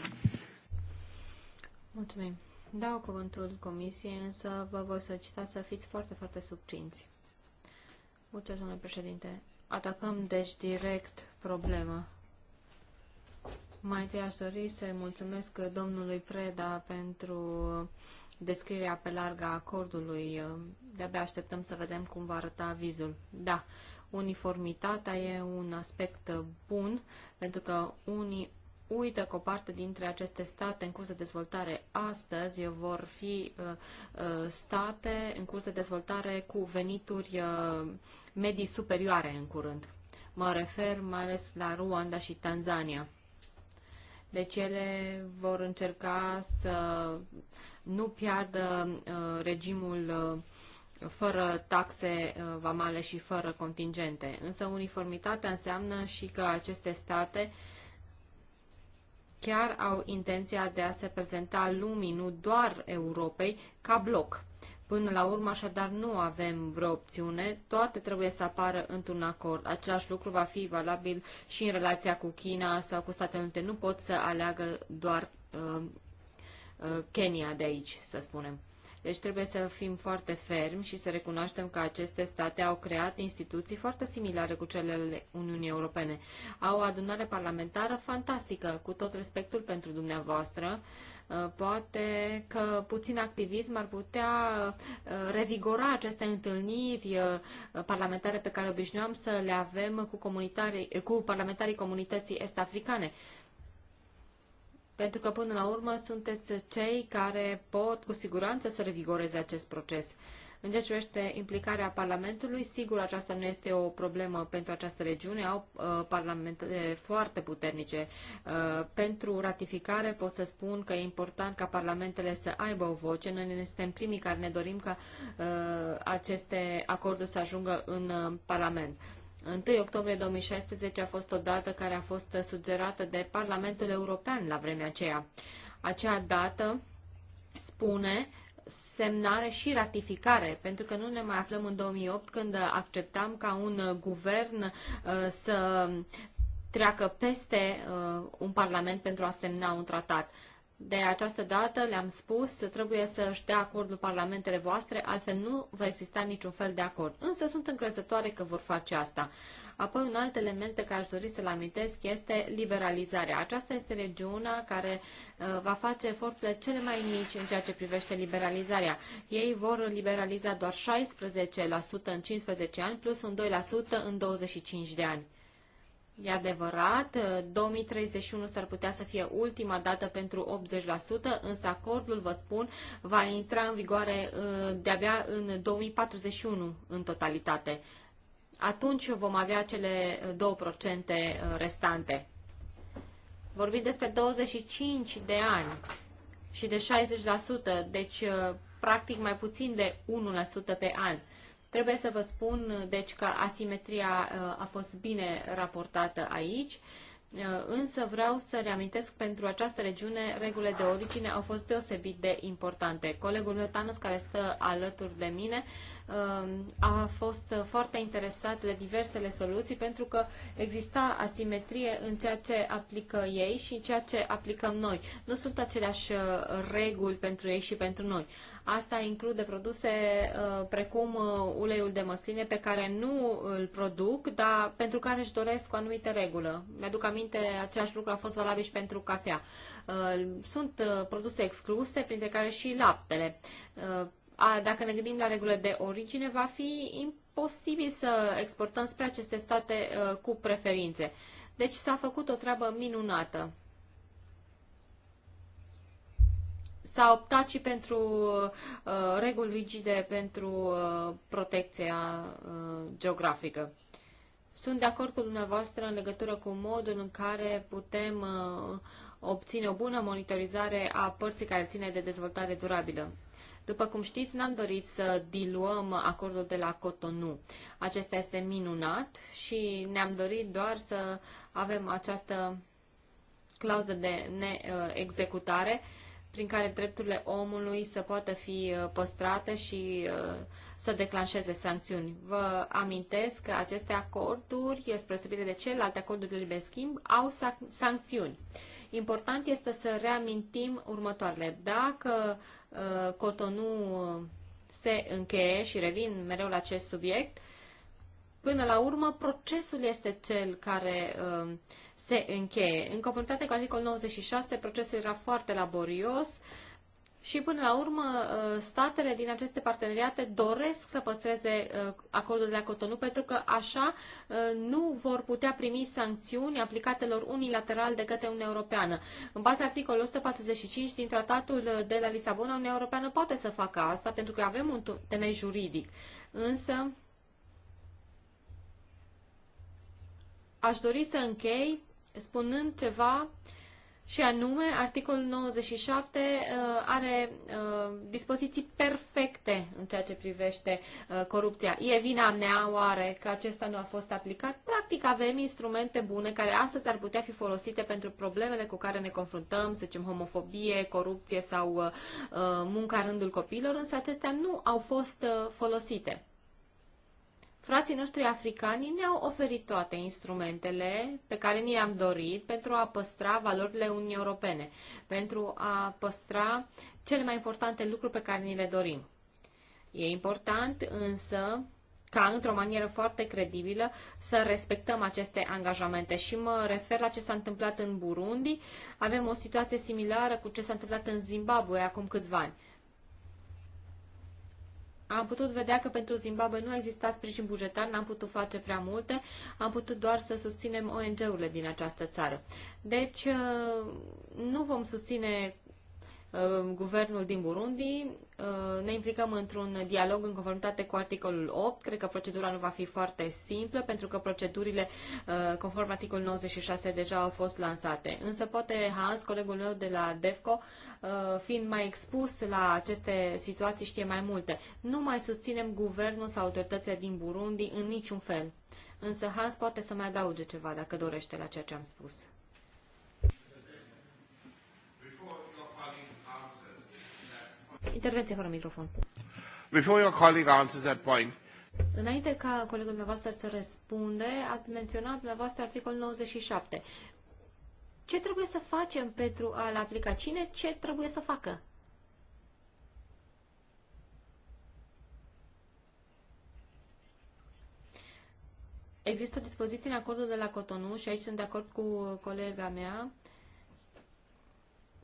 Mulțumim. Dau cuvântul comisiei, însă vă voi solicita să fiți foarte, foarte subcinți. Mulțumesc, domnule președinte. Atacăm, deci, direct problema. Mai întâi aș dori să mulțumesc domnului Preda pentru descrierea pe largă a acordului. De-abia așteptăm să vedem cum va arăta vizul. Da, uniformitatea e un aspect bun, pentru că unii uită că o parte dintre aceste state în curs de dezvoltare astăzi vor fi uh, uh, state în curs de dezvoltare cu venituri uh, medii superioare în curând. Mă refer mai ales la Ruanda și Tanzania. Deci ele vor încerca să nu piardă regimul fără taxe vamale și fără contingente. Însă uniformitatea înseamnă și că aceste state uh, chiar au intenția de a se prezenta lumii, nu doar Europei, ca bloc. Până la urmă, așadar, nu avem vreo opțiune, toate trebuie să apară într-un acord. Același lucru va fi valabil și în relația cu China sau cu Statele Unite. Nu pot să aleagă doar uh, uh, Kenya de aici, să spunem. Deci trebuie să fim foarte fermi și să recunoaștem că aceste state au creat instituții foarte similare cu cele ale Uniunii Europene. Au o adunare parlamentară fantastică, cu tot respectul pentru dumneavoastră. Uh, poate că puțin activism ar putea uh, revigora aceste întâlniri uh, parlamentare pe care obișnuiam să le avem cu, cu parlamentarii comunității est-africane pentru că până la urmă sunteți cei care pot cu siguranță să revigoreze acest proces. În ceea ce privește implicarea Parlamentului, sigur, aceasta nu este o problemă pentru această regiune. Au uh, parlamente foarte puternice. Uh, pentru ratificare pot să spun că e important ca parlamentele să aibă o voce. Noi ne suntem primii care ne dorim ca uh, aceste acorduri să ajungă în uh, Parlament. 1 octombrie 2016 a fost o dată care a fost sugerată de Parlamentul European la vremea aceea. Acea dată spune semnare și ratificare, pentru că nu ne mai aflăm în 2008 când acceptam ca un guvern uh, să treacă peste uh, un parlament pentru a semna un tratat. De această dată le-am spus, trebuie să își dea acordul parlamentele voastre, altfel nu va exista niciun fel de acord. Însă sunt încrezătoare că vor face asta. Apoi un alt element pe care aș dori să-l amintesc este liberalizarea. Aceasta este regiunea care uh, va face eforturile cele mai mici în ceea ce privește liberalizarea. Ei vor liberaliza doar 16% în 15 ani plus un 2% în 25 de ani. E adevărat, 2031 s-ar putea să fie ultima dată pentru 80%, însă acordul, vă spun, va intra în vigoare uh, de-abia în 2041 în totalitate. Atunci vom avea cele 2% uh, restante. Vorbim despre 25 de ani și de 60%, deci uh, practic mai puțin de 1% pe an. Trebuie să vă spun, deci, că asimetria uh, a fost bine raportată aici, uh, însă vreau să reamintesc pentru această regiune regulile de origine au fost deosebit de importante. Colegul meu, Tanus care stă alături de mine, Um, a fost foarte interesat de diversele soluții pentru că exista asimetrie în ceea ce aplică ei și în ceea ce aplicăm noi. Nu sunt aceleași uh, reguli pentru ei și pentru noi. Asta include produse uh, precum uh, uleiul de măsline pe care nu îl produc, dar pentru care își doresc o anumită regulă. Mi-aduc aminte, același lucru a fost valabil și pentru cafea. Sunt produse excluse, printre care și laptele a, dacă ne gândim la regulile de origine, va fi imposibil să exportăm spre aceste state a, uh, cu preferințe. Deci s-a făcut o treabă minunată. S-a optat și pentru uh, reguli rigide pentru uh, protecția uh, geografică. Sunt de acord cu dumneavoastră în legătură cu modul în care putem uh, obține o bună monitorizare a părții care ține de dezvoltare durabilă. După cum știți, n-am dorit să diluăm acordul de la Cotonou. Acesta este minunat și ne-am dorit doar să avem această clauză de neexecutare prin care drepturile omului să poată fi uh, păstrate și uh, să declanșeze sancțiuni. Vă amintesc că aceste acorduri, spre osebire de celelalte acorduri de liber schimb, au sancțiuni. Important este să reamintim următoarele. Dacă Uh, Cotonou uh, se încheie și revin mereu la acest subiect, până la urmă procesul este cel care uh, se încheie. În comunitate cu articolul 96, procesul era foarte laborios, uh, și până la urmă uh, statele din aceste parteneriate doresc să păstreze uh, acordul de la Cotonou pentru că așa uh, nu vor putea primi sancțiuni aplicate lor unilateral de către Uniunea Europeană. În baza articolului 145 din tratatul de la Lisabona, Uniunea Europeană poate să facă asta pentru că avem un temei juridic. Însă aș dori să închei spunând ceva uh, și anume articolul 97 uh, are uh, dispoziții perfecte în ceea ce privește uh, corupția. E vina mea oare că acesta nu a fost aplicat? Practic avem instrumente bune care astăzi ar putea fi folosite pentru problemele cu care ne confruntăm, să zicem homofobie, corupție sau munca rândul copiilor, însă acestea nu au fost folosite. Frații noștri africani ne-au oferit toate instrumentele pe care ni le-am dorit pentru a păstra valorile Uniunii Europene, pentru a păstra cele mai importante lucruri pe care ni le dorim. E important însă ca, într-o manieră foarte credibilă, să respectăm aceste angajamente. Și mă refer la ce s-a întâmplat în Burundi. Avem o situație similară cu ce s-a întâmplat în Zimbabwe acum câțiva ani am putut vedea că pentru Zimbabwe nu exista sprijin bugetar, n-am putut face prea multe, am putut doar să susținem ONG-urile din această țară. Deci, uh, nu vom susține Ehm, guvernul din Burundi. Ehm, ne implicăm într-un dialog în conformitate cu articolul 8. Cred că procedura nu va fi foarte simplă, pentru că procedurile ehm, conform articolul 96 deja au fost lansate. Însă poate Hans, colegul meu de la DEFCO, fiind mai expus la aceste situații, știe mai multe. Nu mai susținem guvernul sau autoritățile din Burundi în niciun fel. Însă Hans poate să mai adauge ceva, dacă dorește, la ceea ce am spus. Intervenție fără microfon. Before your colleague answers that point, Înainte ca colegul dumneavoastră să răspunde, ați menționat dumneavoastră articolul 97. Ce trebuie să facem pentru a-l aplica? Cine ce trebuie să facă? Există o dispoziție în acordul de la Cotonou și aici sunt de acord cu colega mea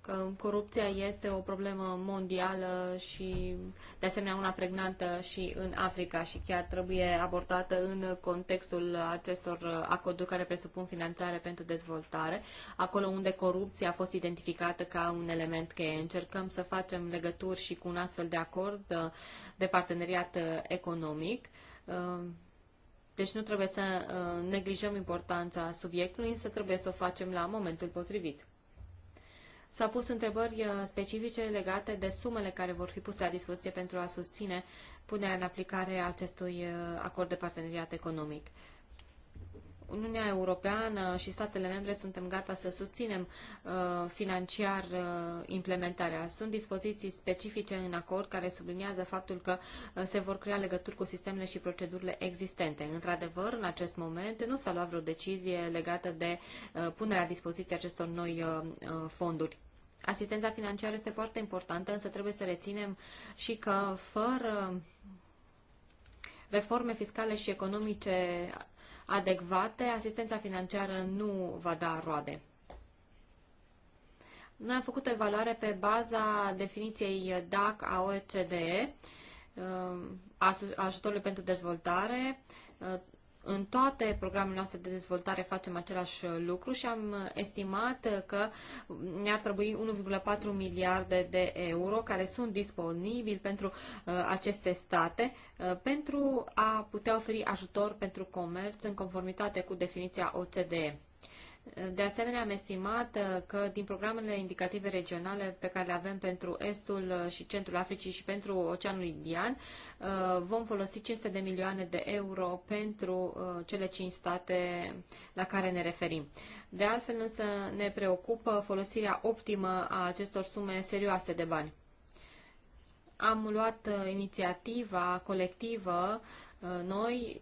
că corupția este o problemă mondială și de asemenea una pregnantă și în Africa și chiar trebuie abordată în contextul acestor acorduri care presupun finanțare pentru dezvoltare, acolo unde corupția a fost identificată ca un element că Încercăm să facem legături și cu un astfel de acord de parteneriat economic. Deci nu trebuie să uh, neglijăm importanța subiectului, însă trebuie să o facem la momentul potrivit. S-au pus întrebări uh, specifice legate de sumele care vor fi puse la dispoziție pentru a susține punerea în aplicare a acestui uh, acord de parteneriat economic. Uniunea Europeană și statele membre suntem gata să susținem uh, financiar uh, implementarea. Sunt dispoziții specifice în acord care subliniază faptul că uh, se vor crea legături cu sistemele și procedurile existente. Într-adevăr, în acest moment nu s-a luat vreo decizie legată de punerea dispoziției acestor noi fonduri. Asistența financiară este foarte importantă, însă trebuie să reținem și că fără reforme fiscale și economice adecvate, asistența financiară nu va da roade. Noi am făcut o evaluare pe baza definiției DAC a OECD, uh, ajutorului pentru dezvoltare, uh, în toate programele noastre de dezvoltare facem același lucru și am estimat că ne-ar trebui 1,4 miliarde de euro care sunt disponibili pentru uh, aceste state uh, pentru a putea oferi ajutor pentru comerț în conformitate cu definiția OCDE. De asemenea, am estimat uh, că din programele indicative regionale pe care le avem pentru Estul uh, și Centrul Africii și pentru Oceanul Indian, uh, vom folosi 500 de milioane de euro pentru cele 5 state la care ne referim. De altfel, însă, ne preocupă folosirea optimă a acestor sume serioase de bani. Am luat inițiativa colectivă noi,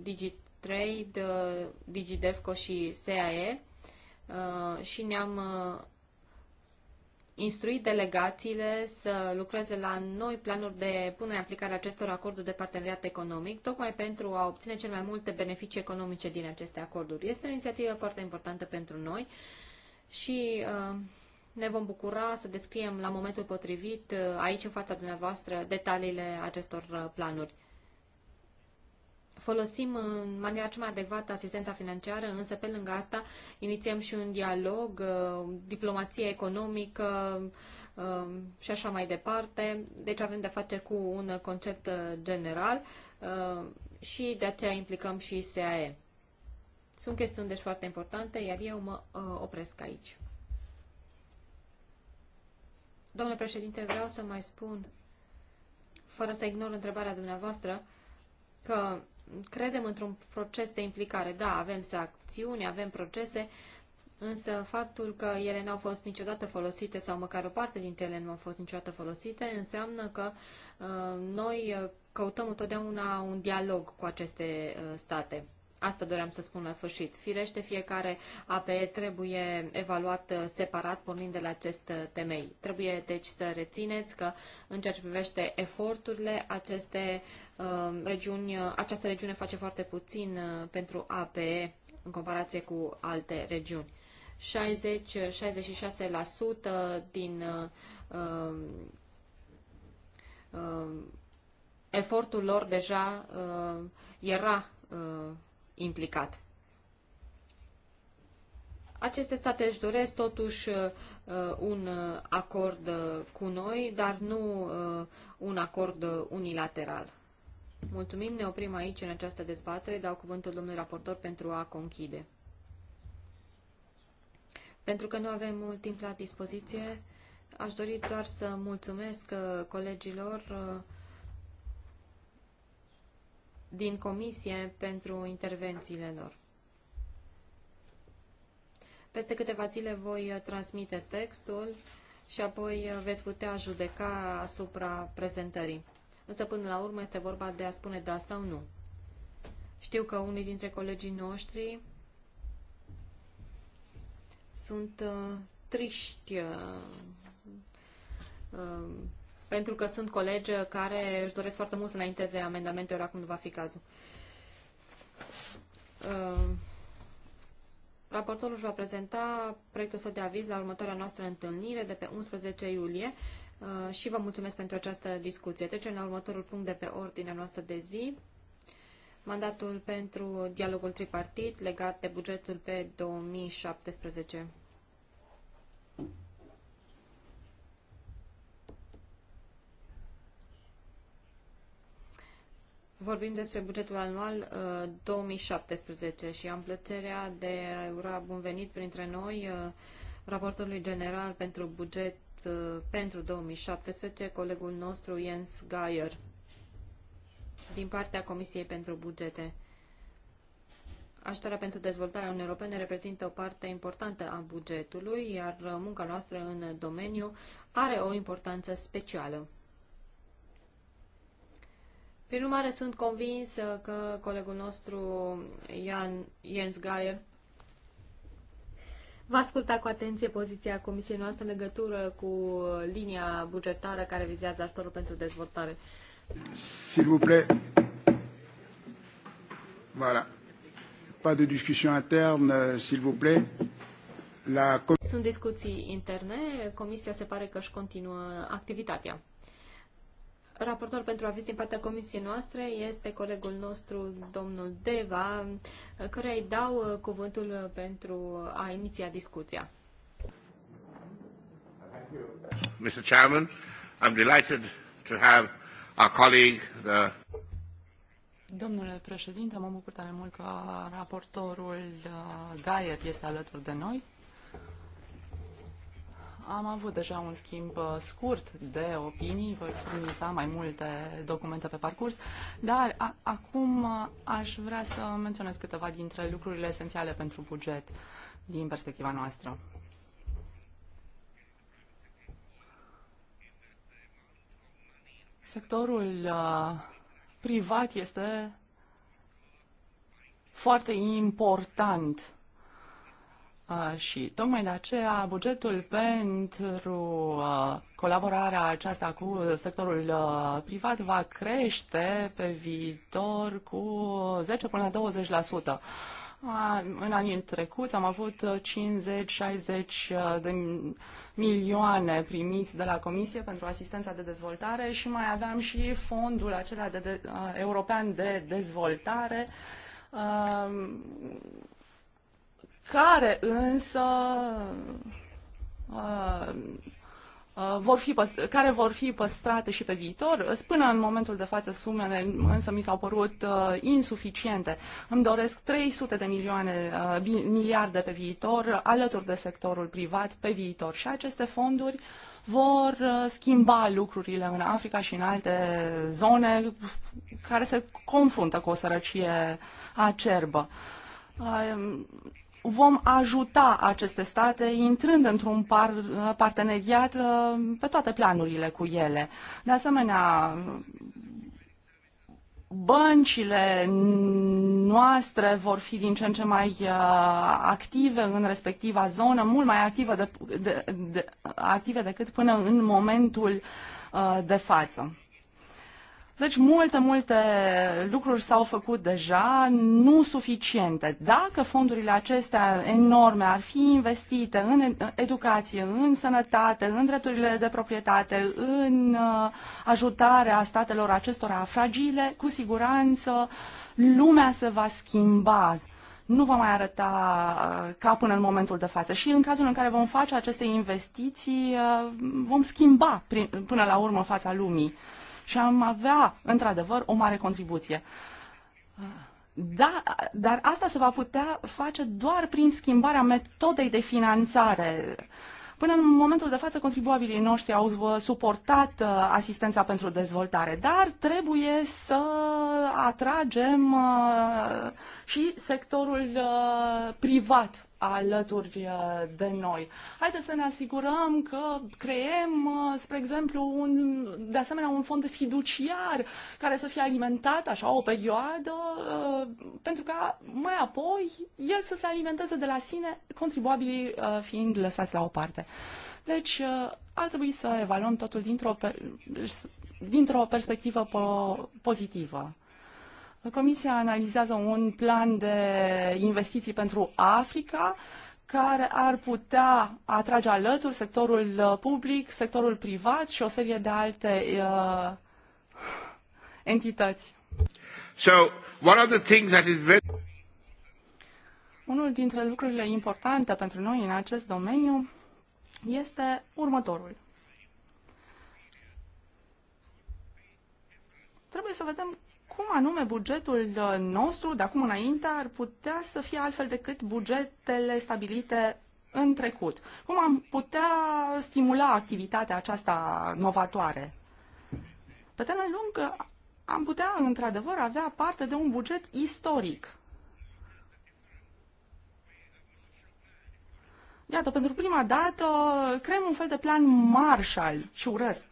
digit Trade, uh, Digidevco și SAE uh, și ne-am uh, instruit delegațiile să lucreze la noi planuri de punere în aplicare acestor acorduri de parteneriat economic, tocmai pentru a obține cel mai multe beneficii economice din aceste acorduri. Este o inițiativă foarte importantă pentru noi și ne vom bucura să descriem la momentul potrivit aici în fața dumneavoastră detaliile acestor planuri folosim în maniera cea mai adecvată asistența financiară, însă pe lângă asta inițiem și un dialog, uh, diplomație economică uh, și așa mai departe. Deci avem de face cu un concept uh, general și de aceea implicăm și SAE. Sunt chestiuni deci foarte importante, iar eu mă opresc aici. Domnule președinte, vreau să mai spun, fără să ignor întrebarea dumneavoastră, că credem într-un proces de implicare. Da, avem să acțiuni, avem procese, însă faptul că ele n-au fost niciodată folosite sau măcar o parte dintre ele nu au fost niciodată folosite înseamnă că uh, noi uh, căutăm întotdeauna un dialog cu aceste uh, state. Asta doream să spun la sfârșit. Firește, fiecare APE trebuie evaluat uh, separat, pornind de la acest uh, temei. Trebuie, deci, să rețineți că, în ceea ce privește eforturile, aceste uh, regiuni, uh, această regiune face foarte puțin uh, pentru APE în comparație cu alte regiuni. 60-66% din uh, uh, efortul lor deja uh, era uh, implicat. Aceste state își doresc totuși uh, un uh, acord uh, cu noi, dar nu un acord unilateral. Mulțumim, ne oprim aici în această dezbatere. Dau cuvântul domnului raportor pentru a conchide. Pentru că nu avem mult timp la dispoziție, aș dori doar să mulțumesc colegilor din comisie pentru intervențiile lor. Peste câteva zile voi transmite textul și apoi veți putea judeca asupra prezentării. Însă până la urmă este vorba de a spune da sau nu. Știu că unii dintre colegii noștri sunt uh, triști uh, uh, pentru că sunt colegi care își doresc foarte mult să înainteze amendamente, ori acum nu va fi cazul. Uh, raportorul își va prezenta proiectul său de aviz la următoarea noastră întâlnire de pe 11 iulie uh, și vă mulțumesc pentru această discuție. Trecem la următorul punct de pe ordinea noastră de zi. Mandatul pentru dialogul tripartit legat de bugetul pe 2017. Vorbim despre bugetul anual 2017 uh, și am plăcerea de a ura bun venit printre noi uh, raportorului general pentru buget uh, pentru 2017, colegul nostru Jens Geier, din partea Comisiei pentru Bugete. Ajutorarea pentru dezvoltarea Uniunii Europene reprezintă o parte importantă a bugetului, iar munca noastră în domeniu are o importanță specială. Prin urmare, sunt convins că colegul nostru, Jan, Jens Geier, va asculta cu atenție poziția Comisiei noastre în legătură cu linia bugetară care vizează ajutorul pentru dezvoltare. S'il vous plaît. Voilà. Pas de discussion interne, s'il vous plaît. La... Sunt discuții interne. Comisia se pare că își continuă activitatea. Raportor pentru aviz din partea comisiei noastre este colegul nostru, domnul Deva, căruia îi dau uh, cuvântul uh, pentru a iniția discuția. Mr. Chairman, I'm delighted to have our colleague, the Domnule președinte, mă bucur tare mult că raportorul uh, Gaier este alături de noi. Am avut deja un schimb uh, scurt de opinii, voi furniza mai multe documente pe parcurs, dar a, acum uh, aș vrea să menționez câteva dintre lucrurile esențiale pentru buget din perspectiva noastră. Sectorul uh, privat este foarte important și tocmai de aceea bugetul pentru colaborarea aceasta cu sectorul privat va crește pe viitor cu 10 până la 20%. În anii trecuți am avut 50-60 de milioane primiți de la Comisie pentru asistența de dezvoltare și mai aveam și fondul acela de de, european de dezvoltare care însă uh, uh, vor fi care vor fi păstrate și pe viitor. Până în momentul de față sumele însă mi s-au părut uh, insuficiente. Îmi doresc 300 de milioane, uh, miliarde pe viitor alături de sectorul privat pe viitor și aceste fonduri vor schimba lucrurile în Africa și în alte zone care se confruntă cu o sărăcie acerbă vom ajuta aceste state intrând într-un par, parteneriat uh, pe toate planurile cu ele. De asemenea, băncile noastre vor fi din ce în ce mai uh, active în respectiva zonă, mult mai active, de, de, de, active decât până în momentul uh, de față. Deci multe, multe lucruri s-au făcut deja, nu suficiente. Dacă fondurile acestea enorme ar fi investite în educație, în sănătate, în drepturile de proprietate, în uh, ajutarea statelor acestora fragile, cu siguranță lumea se va schimba nu va mai arăta uh, ca până în momentul de față. Și în cazul în care vom face aceste investiții, uh, vom schimba prin, până la urmă fața lumii și am avea, într-adevăr, o mare contribuție. Da, dar asta se va putea face doar prin schimbarea metodei de finanțare. Până în momentul de față, contribuabilii noștri au uh, suportat uh, asistența pentru dezvoltare, dar trebuie să atragem uh, și sectorul privat alături uh, de noi. Haideți să ne asigurăm că creem, uh, spre exemplu, un, de asemenea un fond fiduciar care să fie alimentat așa o perioadă uh, pentru ca mai apoi el să se alimenteze de la sine, contribuabilii fiind lăsați la o parte. Deci ar trebui să evaluăm totul dintr-o, dintr-o perspectivă po- pozitivă. Comisia analizează un plan de investiții pentru Africa care ar putea atrage alături sectorul uh, public, sectorul privat și o serie de alte uh, entități. So, one of the things that is very... Unul dintre lucrurile importante pentru noi în acest domeniu este următorul. Trebuie să vedem cum anume bugetul uh, nostru de acum înainte ar putea să fie altfel decât bugetele stabilite în trecut. Cum am putea stimula activitatea aceasta novatoare? Pe termen lung am putea, într-adevăr, avea parte de un buget istoric. Iată, pentru prima dată creăm un fel de plan Marshall și urăsc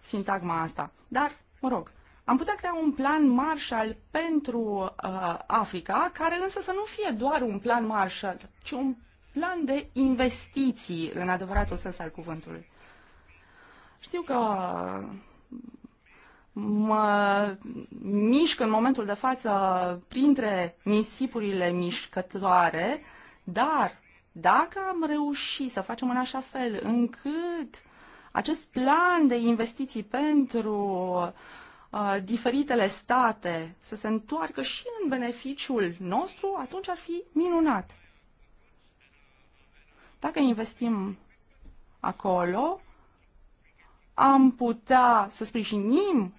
sintagma asta. Dar, mă rog, am putea crea un plan Marshall pentru uh, Africa, care însă să nu fie doar un plan Marshall, ci un plan de investiții în adevăratul sens al cuvântului. Știu că uh, mă mișc în momentul de față printre nisipurile mișcătoare, dar dacă am reușit să facem în așa fel încât acest plan de investiții pentru uh, Uh, diferitele state să se întoarcă și în beneficiul nostru, atunci ar fi minunat. Dacă investim acolo, am putea să sprijinim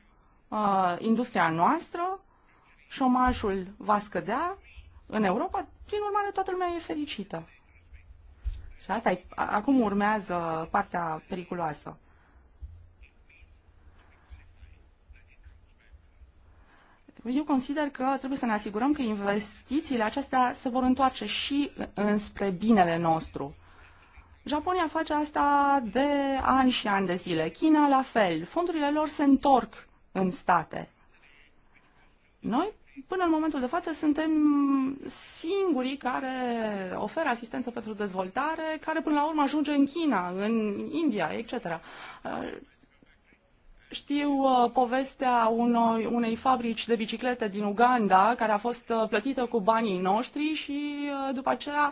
uh, industria noastră, șomajul va scădea în Europa, prin urmare toată lumea e fericită. Și asta e, acum urmează partea periculoasă. Eu consider că trebuie să ne asigurăm că investițiile acestea se vor întoarce și înspre binele nostru. Japonia face asta de ani și ani de zile. China la fel. Fondurile lor se întorc în state. Noi, până în momentul de față, suntem singurii care oferă asistență pentru dezvoltare, care până la urmă ajunge în China, în India, etc. Știu uh, povestea unui, unei fabrici de biciclete din Uganda care a fost uh, plătită cu banii noștri și uh, după aceea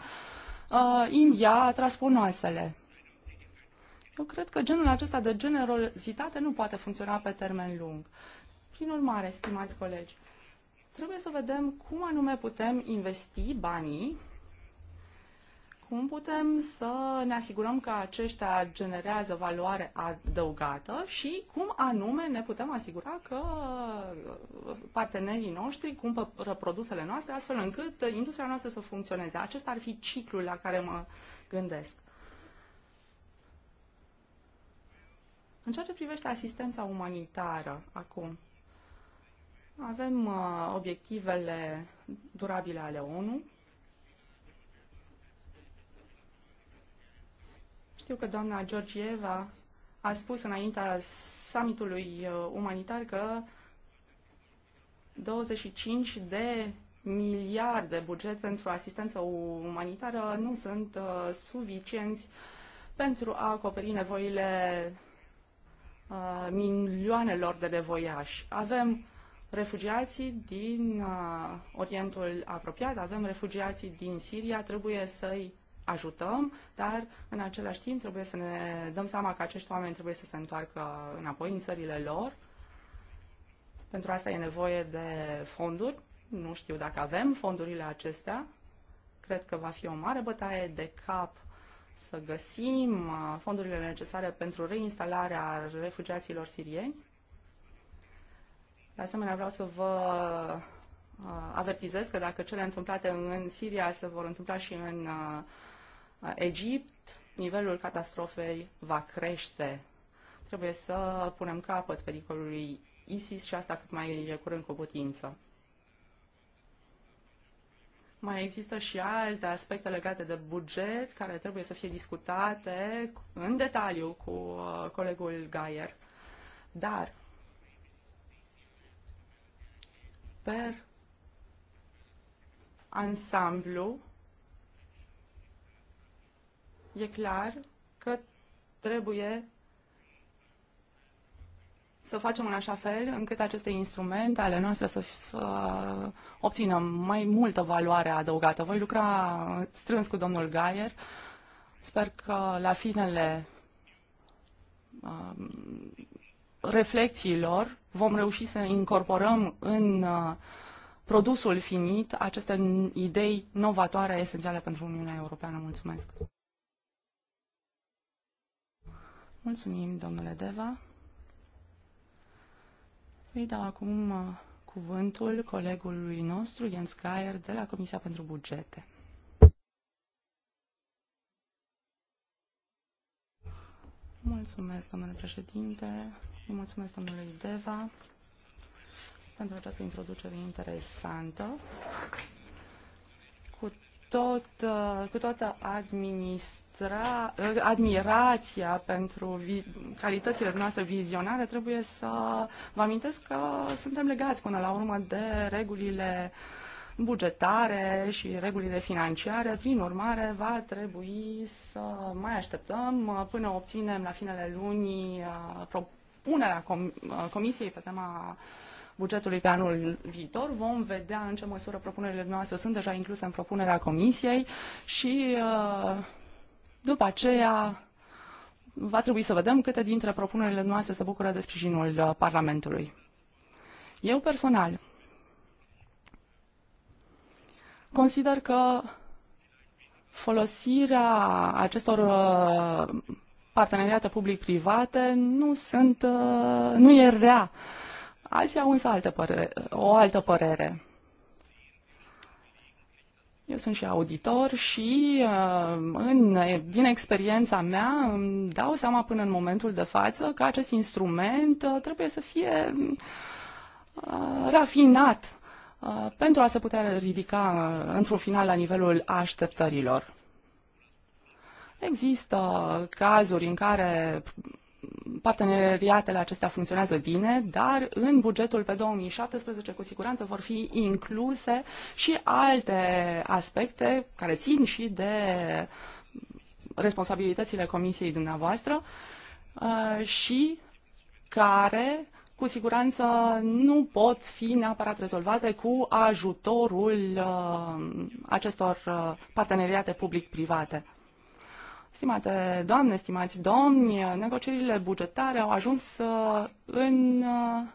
uh, India a tras ponoasele. Eu cred că genul acesta de generozitate nu poate funcționa pe termen lung. Prin urmare, stimați colegi, trebuie să vedem cum anume putem investi banii cum putem să ne asigurăm că aceștia generează valoare adăugată și cum anume ne putem asigura că partenerii noștri cumpără produsele noastre astfel încât industria noastră să funcționeze. Acesta ar fi ciclul la care mă gândesc. În ceea ce privește asistența umanitară acum, avem uh, obiectivele durabile ale ONU, Știu că doamna Georgieva a spus înaintea summitului uh, umanitar că 25 de miliarde buget pentru asistență umanitară nu sunt uh, suficienți pentru a acoperi nevoile uh, milioanelor de devoiași. Avem refugiații din uh, Orientul apropiat, avem refugiații din Siria, trebuie să-i ajutăm, dar în același timp trebuie să ne dăm seama că acești oameni trebuie să se întoarcă înapoi în țările lor. Pentru asta e nevoie de fonduri. Nu știu dacă avem fondurile acestea. Cred că va fi o mare bătaie de cap să găsim uh, fondurile necesare pentru reinstalarea refugiaților sirieni. De asemenea, vreau să vă uh, avertizez că dacă cele întâmplate în Siria se vor întâmpla și în uh, Egipt, nivelul catastrofei va crește. Trebuie să punem capăt pericolului ISIS și asta cât mai curând cu putință. Mai există și alte aspecte legate de buget care trebuie să fie discutate în detaliu cu uh, colegul Gaier. Dar, per ansamblu, e clar că trebuie să facem în așa fel încât aceste instrumente ale noastre să obțină mai multă valoare adăugată. Voi lucra strâns cu domnul Gaier. Sper că la finele uh, um, reflecțiilor vom reuși să incorporăm în uh, produsul finit aceste idei novatoare esențiale pentru Uniunea Europeană. Mulțumesc! Mulțumim, domnule Deva. Îi dau acum uh, cuvântul colegului nostru, Jens Geier, de la Comisia pentru Bugete. Mulțumesc, domnule președinte. mulțumesc domnule Deva pentru această introducere interesantă. Cu, tot, uh, cu toată administrația admira, ă, admirația pentru vi, calitățile noastre vizionare, trebuie să vă amintesc că suntem legați până la urmă de regulile bugetare și regulile financiare. Prin urmare, va trebui să mai așteptăm până obținem la finele lunii uh, propunerea com uh, Comisiei pe tema bugetului pe anul viitor. Vom vedea în ce măsură propunerile noastre sunt deja incluse în propunerea Comisiei și uh, după aceea, va trebui să vedem câte dintre propunerile noastre se bucură de sprijinul uh, Parlamentului. Eu personal consider că folosirea acestor uh, parteneriate public-private nu sunt, uh, nu e rea. Alții au însă altă părere, o altă părere. Eu sunt și auditor și uh, în, din experiența mea îmi dau seama până în momentul de față că acest instrument uh, trebuie să fie uh, rafinat pentru a se putea ridica într-un final la nivelul așteptărilor. Există cazuri în care parteneriatele acestea funcționează bine, dar în bugetul pe 2017 cu siguranță vor fi incluse și alte aspecte care țin și de responsabilitățile comisiei dumneavoastră uh, și care cu siguranță nu pot fi neapărat rezolvate cu ajutorul uh, acestor uh, parteneriate public-private. Stimate doamne, stimați domni, negocierile bugetare au ajuns uh, în uh,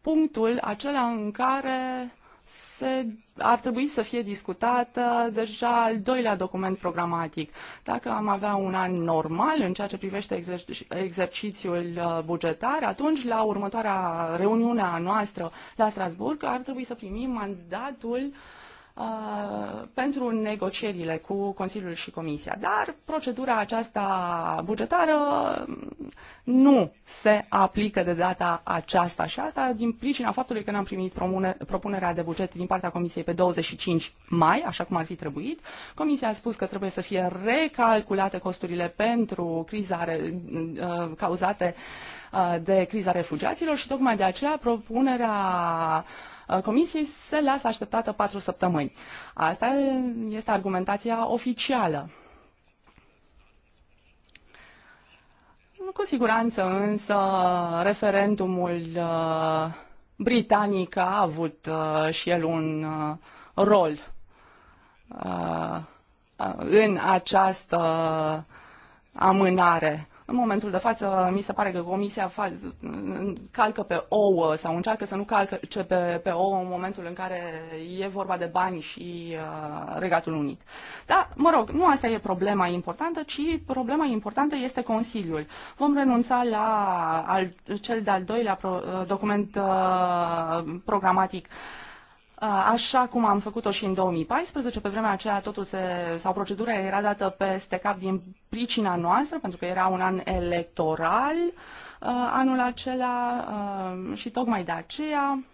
punctul acela în care se, ar trebui să fie discutată deja al doilea document programatic. Dacă am avea un an normal în ceea ce privește exer, exercițiul uh, bugetar, atunci la următoarea reuniune a noastră la Strasburg ar trebui să primim mandatul uh, Uh, pentru negocierile cu Consiliul și Comisia. Dar procedura aceasta bugetară mm, nu se aplică de data aceasta și asta din pricina faptului că n-am primit propunerea de buget din partea Comisiei pe 25 mai, așa cum ar fi trebuit. Comisia a spus că trebuie să fie recalculate costurile pentru criza mm, uh, cauzate uh, de criza refugiaților și tocmai de aceea propunerea Uh, comisiei se lasă așteptată patru săptămâni. Asta este argumentația oficială. Cu siguranță însă referendumul uh, britanic a avut uh, și el un rol în această amânare. În momentul de față, mi se pare că comisia calcă pe ouă sau încearcă să nu calce pe, pe ouă în momentul în care e vorba de bani și uh, Regatul Unit. Dar, mă rog, nu asta e problema importantă, ci problema importantă este Consiliul. Vom renunța la al, cel de-al doilea pro, uh, document uh, programatic uh, Uh, așa cum am făcut-o și în 2014, pe vremea aceea totul se, sau procedura era dată peste cap din pricina noastră, pentru că era un an electoral uh, anul acela uh, și tocmai de aceea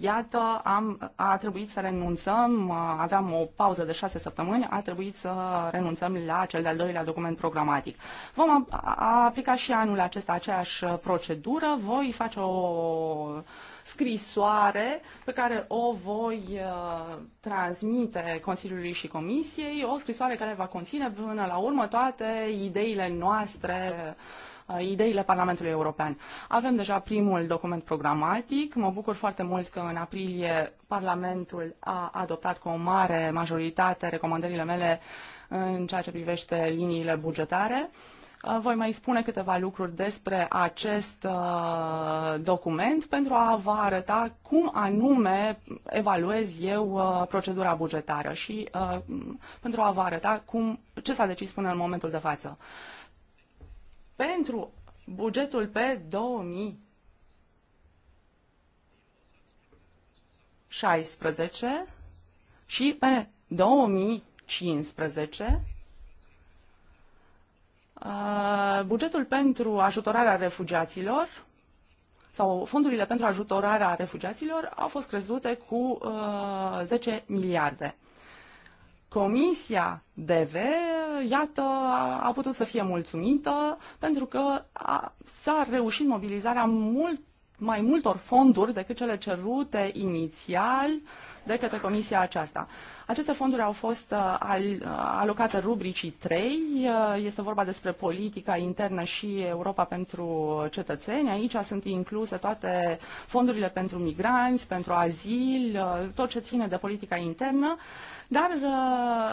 Iată, am, a trebuit să renunțăm, aveam o pauză de șase săptămâni, a trebuit să renunțăm la cel de-al doilea document programatic. Vom aplica și anul acesta aceeași procedură, voi face o scrisoare pe care o voi uh, transmite Consiliului și Comisiei, o scrisoare care va conține până la urmă toate ideile noastre uh, ideile Parlamentului European. Avem deja primul document programatic. Mă bucur foarte mult că în aprilie Parlamentul a adoptat cu o mare majoritate recomandările mele în ceea ce privește liniile bugetare. Uh, Uh, voi mai spune câteva lucruri despre acest uh, document pentru a vă arăta cum anume evaluez eu uh, procedura bugetară și pentru a vă arăta cum, ce s-a decis până în momentul de față. Pentru bugetul pe 2016 și pe 2015 Uh, bugetul pentru ajutorarea refugiaților sau fondurile pentru ajutorarea refugiaților au fost crezute cu uh, 10 miliarde. Comisia DV, iată, a putut să fie mulțumită pentru că s-a reușit mobilizarea mult mai multor fonduri decât cele cerute inițial de către comisia aceasta. Aceste fonduri au fost uh, uh, alocate rubricii 3, uh, este vorba despre politica internă și Europa pentru cetățeni. Aici sunt incluse toate fondurile pentru migranți, pentru azil, tot ce ține de politica internă, dar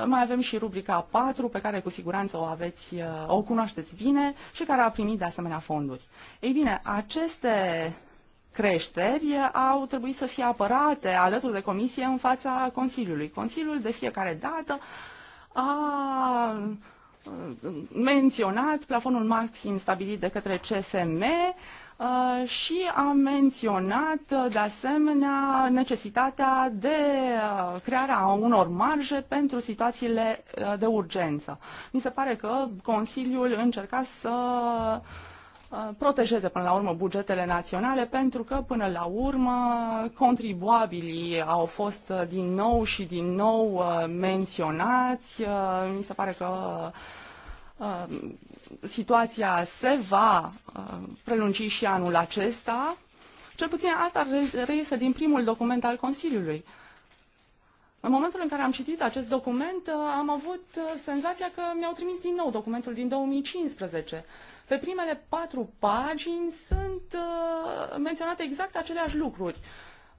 mai avem și rubrica 4 pe care cu siguranță o aveți, o cunoașteți bine și care a primit de asemenea fonduri. Ei bine, aceste creșteri au trebuit să fie apărate alături de Comisie în fața Consiliului. Consiliul de fiecare dată a uh, menționat plafonul maxim stabilit de către CFM uh, și a menționat uh, de asemenea necesitatea de crearea unor marje pentru situațiile de urgență. Mi se pare că Consiliul încerca să uh, Uh, protejeze până la urmă bugetele naționale pentru că până la urmă contribuabilii au fost uh, din nou și din nou uh, menționați. Mi se pare că situația se va prelungi și anul acesta. Cel puțin asta reiese din primul document al Consiliului. În momentul în care am citit acest document, am avut senzația că mi-au trimis din nou documentul din 2015. Pe primele patru pagini sunt uh, menționate exact aceleași lucruri.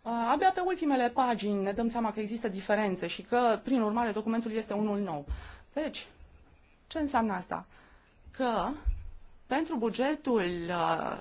Uh, abia pe ultimele pagini ne dăm seama că există diferențe și că, prin urmare, documentul este unul nou. Deci, ce înseamnă asta? Că pentru bugetul uh,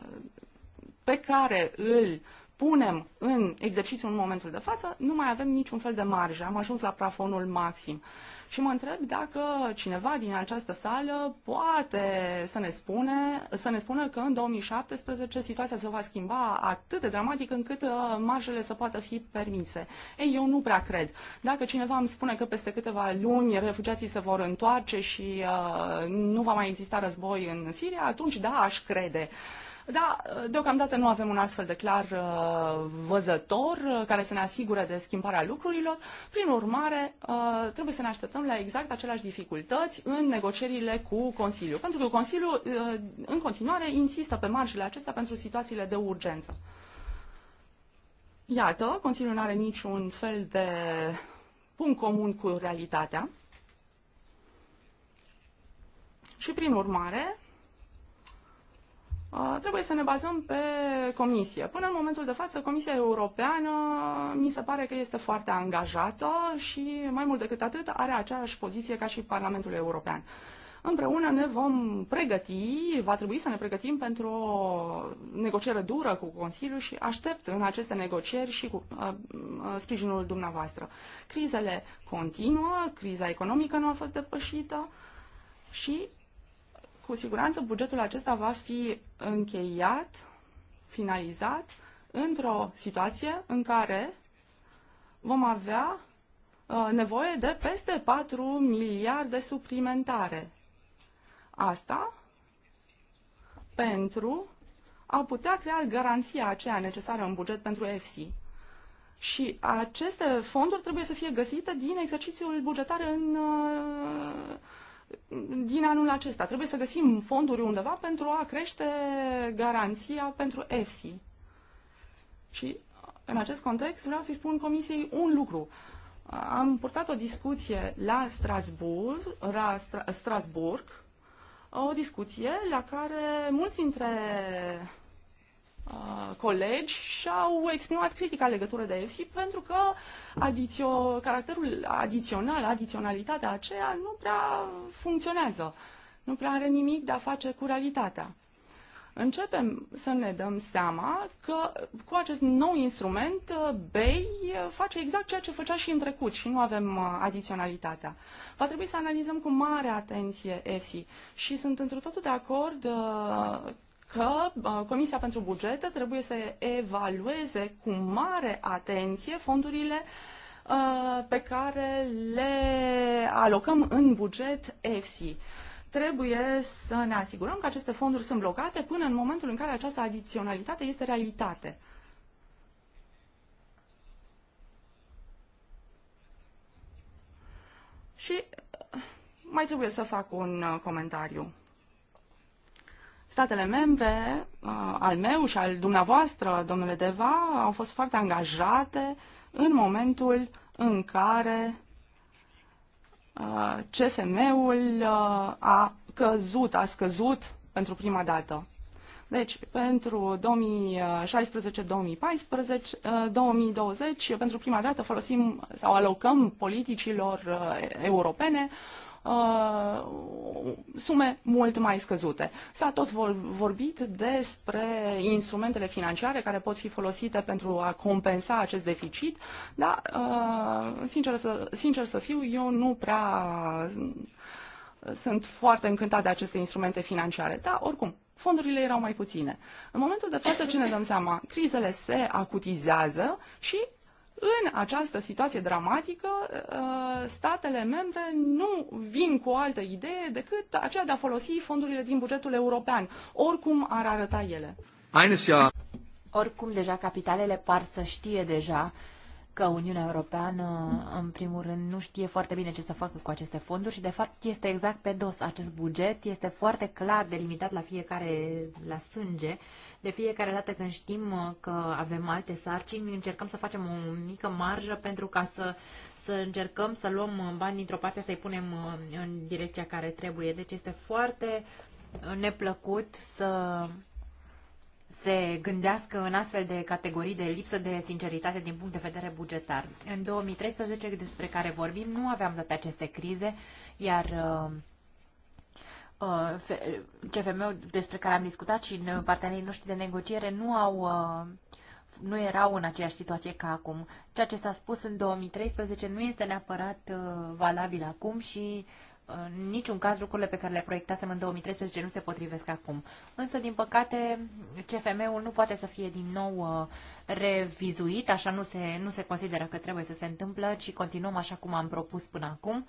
pe care îl punem în exercițiu în momentul de față, nu mai avem niciun fel de marjă. Am ajuns la plafonul maxim. Uh, și mă întreb dacă cineva din această sală poate să ne, spune, să ne spună că în 2017 situația se va schimba atât de dramatic încât uh, marjele să poată fi permise. Ei, eu nu prea cred. Dacă cineva îmi spune că peste câteva luni refugiații se vor întoarce și uh, nu va mai exista război în Siria, atunci da, aș crede. Uh, da, deocamdată nu avem un astfel de clar uh, văzător uh, care să ne asigure de schimbarea lucrurilor. Prin urmare, uh, trebuie să ne așteptăm la exact aceleași dificultăți în negocierile cu Consiliul. Pentru că Consiliul în continuare insistă pe marjile acestea pentru situațiile de urgență. Iată, Consiliul nu are niciun fel de punct comun cu realitatea. Și prin urmare, trebuie să ne bazăm pe Comisie. Până în momentul de față, Comisia Europeană mi se pare că este foarte angajată și, mai mult decât atât, are aceeași poziție ca și Parlamentul European. Împreună ne vom pregăti, va trebui să ne pregătim pentru o negociere dură cu Consiliul și aștept în aceste negocieri și cu a, sprijinul dumneavoastră. Crizele continuă, criza economică nu a fost depășită și cu siguranță bugetul acesta va fi încheiat, finalizat, într-o situație în care vom avea uh, nevoie de peste 4 miliarde suplimentare. Asta pentru a putea crea garanția aceea necesară în buget pentru EFSI. Și aceste fonduri trebuie să fie găsite din exercițiul bugetar în, uh, din anul acesta. Trebuie să găsim fonduri undeva pentru a crește garanția pentru EFSI. Și în acest context vreau să-i spun Comisiei un lucru. Am purtat o discuție la Strasburg, la Stra- Strasburg o discuție la care mulți dintre Uh, colegi și-au exprimat critica legătură de EFSI pentru că adițio, caracterul adițional, adiționalitatea aceea nu prea funcționează, nu prea are nimic de a face cu realitatea. Începem să ne dăm seama că cu acest nou instrument uh, BEI face exact ceea ce făcea și în trecut și nu avem uh, adiționalitatea. Va trebui să analizăm cu mare atenție EFSI și sunt într totul de acord că uh, Comisia pentru Bugete trebuie să evalueze cu mare atenție fondurile uh, pe care le alocăm în buget EFSI. Trebuie să ne asigurăm că aceste fonduri sunt blocate până în momentul în care această adiționalitate este realitate. Și uh, mai trebuie să fac un comentariu statele membre, uh, al meu și al dumneavoastră, domnule Deva, au fost foarte angajate în momentul în care uh, CFM-ul uh, a căzut, a scăzut pentru prima dată. Deci, pentru 2016-2020, pentru prima dată folosim sau alocăm politicilor europene Uh, sume mult mai scăzute. S-a tot vorbit despre instrumentele financiare care pot fi folosite pentru a compensa acest deficit, dar, uh, sincer, să, sincer să fiu, eu nu prea sunt foarte încântat de aceste instrumente financiare. Dar, oricum, fondurile erau mai puține. În momentul de față, ce ne dăm seama? Crizele se acutizează și în această situație dramatică, uh, statele membre nu vin cu o altă idee decât aceea de a folosi fondurile din bugetul european, oricum ar arăta ele. Oricum, deja capitalele par să știe deja că Uniunea Europeană, în primul rând, nu știe foarte bine ce să facă cu aceste fonduri și, de fapt, este exact pe dos acest buget, este foarte clar delimitat la fiecare, la sânge de fiecare dată când știm uh, că avem alte sarcini, încercăm să facem o mică marjă pentru ca să, să încercăm să luăm uh, bani dintr-o parte, să-i punem uh, în direcția care trebuie. Deci este foarte neplăcut să se gândească în astfel de categorii de lipsă de sinceritate din punct de vedere bugetar. În 2013, despre care vorbim, nu aveam toate aceste crize, iar uh, Uh, CFM-ul despre care am discutat și în partenerii noștri de negociere nu au uh, nu erau în aceeași situație ca acum. Ceea ce s-a spus în 2013 nu este neapărat uh, valabil acum și în niciun caz lucrurile pe care le proiectasem în 2013 nu se potrivesc acum. Însă, din păcate, CFM-ul nu poate să fie din nou revizuit, așa nu se, nu se consideră că trebuie să se întâmplă, ci continuăm așa cum am propus până acum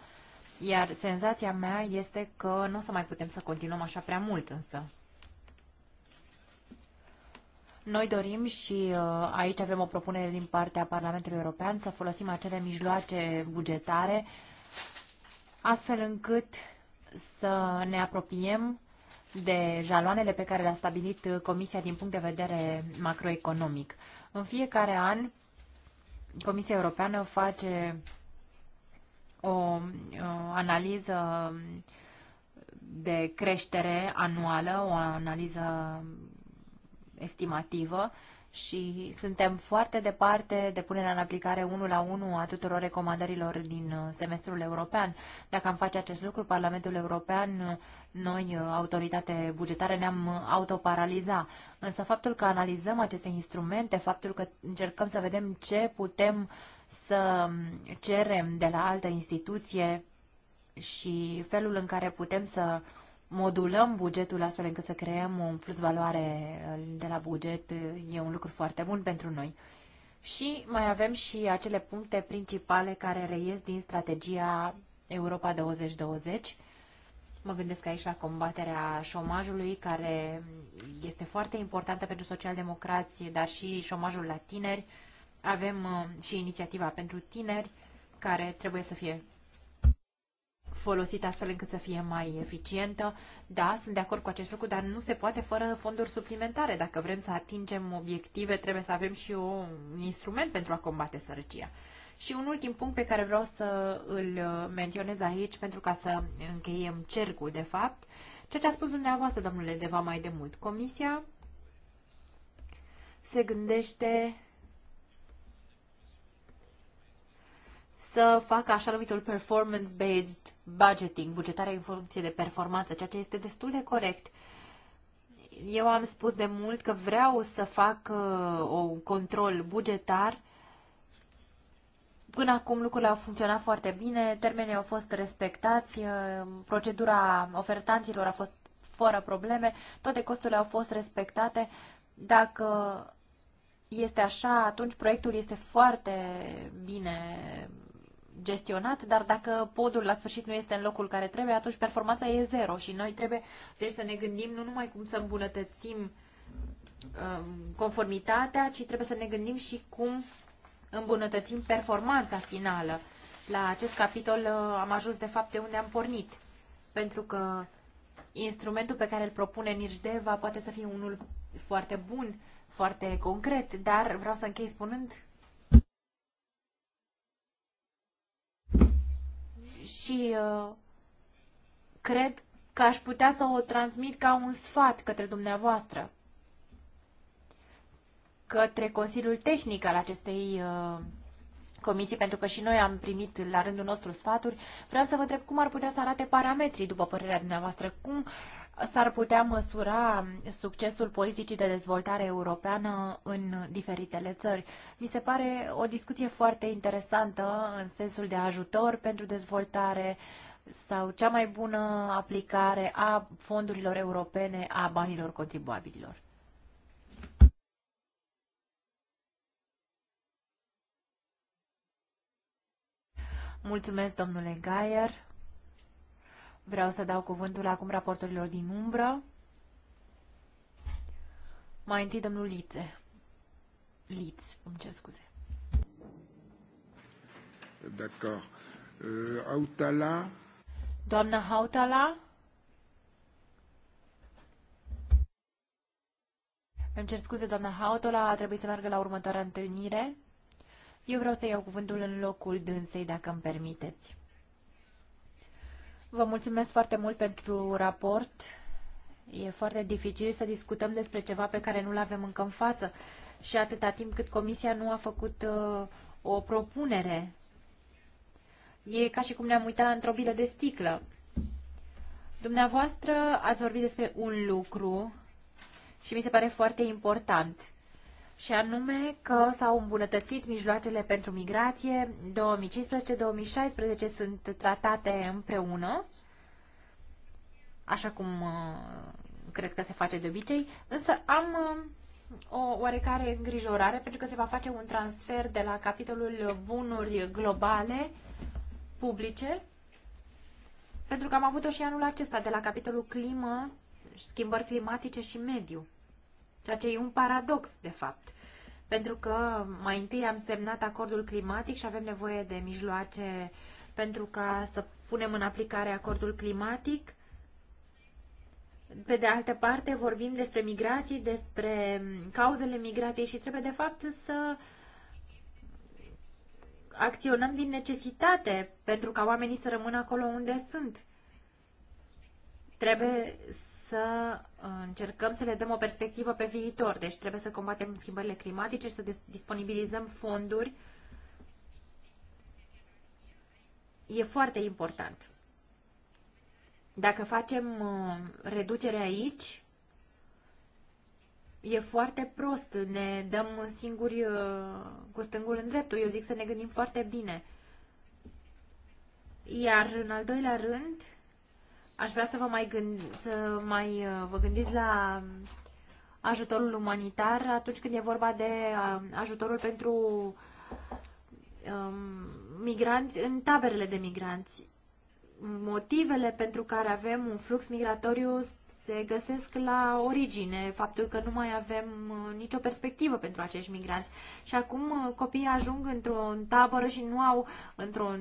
iar senzația mea este că nu o să mai putem să continuăm așa prea mult însă. Noi dorim și uh, aici avem o propunere din partea Parlamentului European să folosim acele mijloace bugetare astfel încât să ne apropiem de jaloanele pe care le-a stabilit Comisia din punct de vedere macroeconomic. În fiecare an, Comisia Europeană face o, o analiză de creștere anuală, o analiză estimativă și suntem foarte departe de punerea în aplicare 1 la 1 a tuturor recomandărilor din semestrul european. Dacă am face acest lucru, Parlamentul European, noi, autoritate bugetară, ne-am autoparaliza. Însă faptul că analizăm aceste instrumente, faptul că încercăm să vedem ce putem uh, să cerem de la altă instituție și felul în care putem să modulăm bugetul astfel încât să creăm un plus valoare uh, de la buget uh, e un lucru foarte bun pentru noi. Și mai avem și acele puncte principale care reies din strategia Europa 2020. Mă gândesc aici la combaterea șomajului, care este foarte importantă pentru socialdemocrație, dar și șomajul la tineri, avem uh, și inițiativa pentru tineri, care trebuie să fie folosită astfel încât să fie mai eficientă. Da, sunt de acord cu acest lucru, dar nu se poate fără fonduri suplimentare. Dacă vrem să atingem obiective, trebuie să avem și un instrument pentru a combate sărăcia. Și un ultim punct pe care vreau să îl uh, menționez aici, pentru ca să încheiem cercul, de fapt, ceea ce a spus dumneavoastră, domnule Deva, mai de mult. Comisia se gândește să facă așa numitul performance-based budgeting, bugetarea în funcție de performanță, ceea ce este destul de corect. Eu am spus de mult că vreau să fac uh, un control bugetar. Până acum lucrurile au funcționat foarte bine, termenii au fost respectați, uh, procedura ofertanților a fost fără probleme, toate costurile au fost respectate. Dacă este așa, atunci proiectul este foarte bine gestionat, dar dacă podul la sfârșit nu este în locul care trebuie, atunci performanța e zero și noi trebuie deci să ne gândim nu numai cum să îmbunătățim um, conformitatea, ci trebuie să ne gândim și cum îmbunătățim performanța finală. La acest capitol uh, am ajuns de fapt de unde am pornit, pentru că instrumentul pe care îl propune Nirjdeva poate să fie unul foarte bun, foarte concret, dar vreau să închei spunând și uh, cred că aș putea să o transmit ca un sfat către dumneavoastră, către Consiliul Tehnic al acestei uh, comisii, pentru că și noi am primit la rândul nostru sfaturi. Vreau să vă întreb cum ar putea să arate parametrii, după părerea dumneavoastră, cum s-ar putea măsura succesul politicii de dezvoltare europeană în diferitele țări. Mi se pare o discuție foarte interesantă în sensul de ajutor pentru dezvoltare sau cea mai bună aplicare a fondurilor europene a banilor contribuabililor. Mulțumesc, domnule Gaier. Vreau să dau cuvântul acum raportorilor din umbră. Mai întâi domnul Lițe. Liț, îmi cer scuze. D'accord. Uh, Autala. Doamna Hautala. Îmi cer scuze, doamna Hautala, a trebuit să meargă la următoarea întâlnire. Eu vreau să iau cuvântul în locul dânsei, dacă îmi permiteți. Vă mulțumesc foarte mult pentru raport. E foarte dificil să discutăm despre ceva pe care nu-l avem încă în față și atâta timp cât Comisia nu a făcut uh, o propunere. E ca și cum ne-am uitat într-o bilă de sticlă. Dumneavoastră ați vorbit despre un lucru și mi se pare foarte important și anume că s-au îmbunătățit mijloacele pentru migrație. 2015-2016 sunt tratate împreună, așa cum uh, cred că se face de obicei, însă am uh, o oarecare îngrijorare pentru că se va face un transfer de la capitolul bunuri globale publice, pentru că am avut-o și anul acesta de la capitolul climă, schimbări climatice și mediu ceea ce e un paradox, de fapt. Pentru că mai întâi am semnat acordul climatic și avem nevoie de mijloace pentru ca să punem în aplicare acordul climatic. Pe de altă parte, vorbim despre migrații, despre cauzele migrației și trebuie, de fapt, să acționăm din necesitate pentru ca oamenii să rămână acolo unde sunt. Trebuie să uh, încercăm să le dăm o perspectivă pe viitor. Deci trebuie să combatem schimbările climatice și să disponibilizăm fonduri. E foarte important. Dacă facem uh, reducere aici, e foarte prost. Ne dăm singuri uh, cu stângul în dreptul. Eu zic să ne gândim foarte bine. Iar în al doilea rând, Aș vrea să vă mai, gând, să mai uh, vă gândiți la um, ajutorul umanitar atunci când e vorba de um, ajutorul pentru um, migranți în taberele de migranți. Motivele pentru care avem un flux migratoriu se găsesc la origine, faptul că nu mai avem uh, nicio perspectivă pentru acești migranți. Și acum uh, copiii ajung într-o tabără și nu au într-un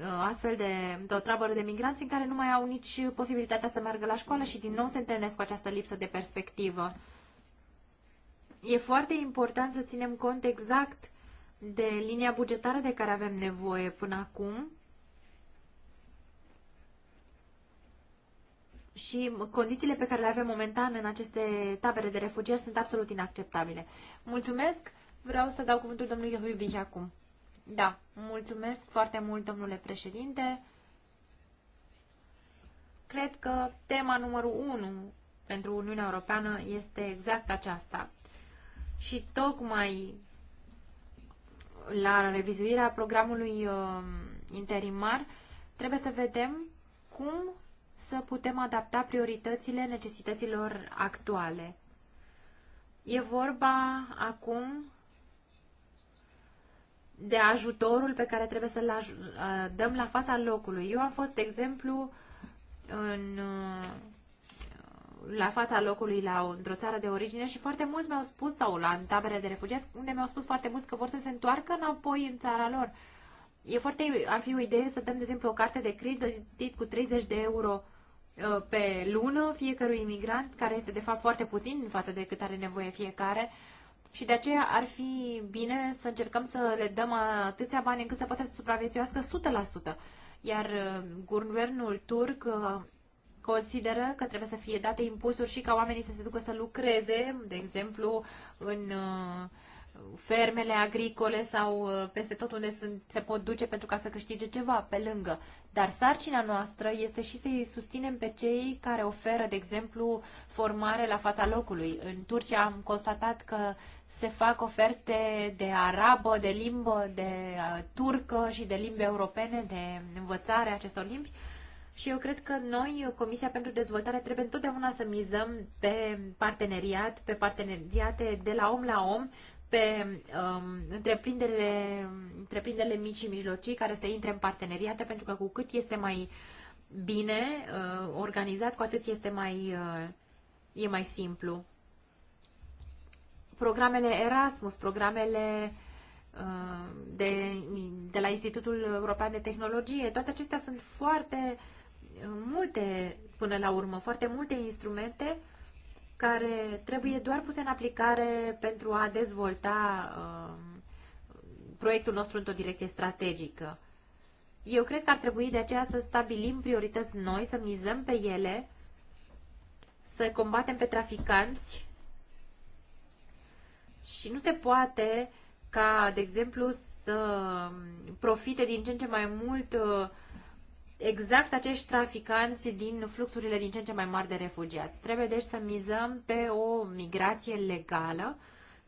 uh, astfel de într-o tabără de migranți în care nu mai au nici posibilitatea să meargă la școală și din nou se întâlnesc cu această lipsă de perspectivă. E foarte important să ținem cont exact de linia bugetară de care avem nevoie până acum și condițiile pe care le avem momentan în aceste tabere de refugiați sunt absolut inacceptabile. Mulțumesc! Vreau să dau cuvântul domnului Huibici acum. Da, mulțumesc foarte mult, domnule președinte. Cred că tema numărul 1 pentru Uniunea Europeană este exact aceasta. Și tocmai la revizuirea programului uh, interimar trebuie să vedem cum să putem adapta prioritățile necesităților actuale. E vorba acum de ajutorul pe care trebuie să-l dăm la fața locului. Eu am fost, de exemplu, în, uh, la fața locului la, într-o țară de origine și foarte mulți mi-au spus, sau la tabere de refugiați, unde mi-au spus foarte mulți că vor să se întoarcă înapoi în țara lor. Uh, E foarte, ar fi o idee să dăm, de exemplu, o carte de credit cu 30 de euro uh, pe lună fiecărui imigrant, care este de fapt foarte puțin în față de cât are nevoie fiecare. Și de aceea ar fi bine să încercăm să le dăm atâția bani încât să poată să supraviețuiască 100%. Iar uh, guvernul turc uh, consideră că trebuie să fie date impulsuri și ca oamenii să se ducă să lucreze, de exemplu, în uh, fermele agricole sau uh, peste tot unde sunt, se pot duce pentru ca să câștige ceva pe lângă. Dar sarcina noastră este și să-i susținem pe cei care oferă, de exemplu, formare la fața locului. În Turcia am constatat că se fac oferte de arabă, de limbă, de uh, turcă și de limbi europene, de învățare acestor limbi. Și eu cred că noi, Comisia pentru Dezvoltare, trebuie întotdeauna să mizăm pe parteneriat, pe parteneriate de la om la om, pe um, întreprinderile, întreprinderile mici și mijlocii care să intre în parteneriate, pentru că cu cât este mai bine uh, organizat, cu atât este mai, uh, e mai simplu. Programele Erasmus, programele uh, de, de la Institutul European de Tehnologie, toate acestea sunt foarte multe, până la urmă, foarte multe instrumente uh, care trebuie doar puse în aplicare pentru a dezvolta um, proiectul nostru într-o direcție strategică. Eu cred că ar trebui de aceea să stabilim priorități noi, să mizăm pe ele, să combatem pe traficanți și nu se poate ca, de exemplu, să profite din ce în ce mai mult uh, exact acești traficanți din fluxurile din ce în ce mai mari de refugiați. Trebuie deci să mizăm pe o migrație legală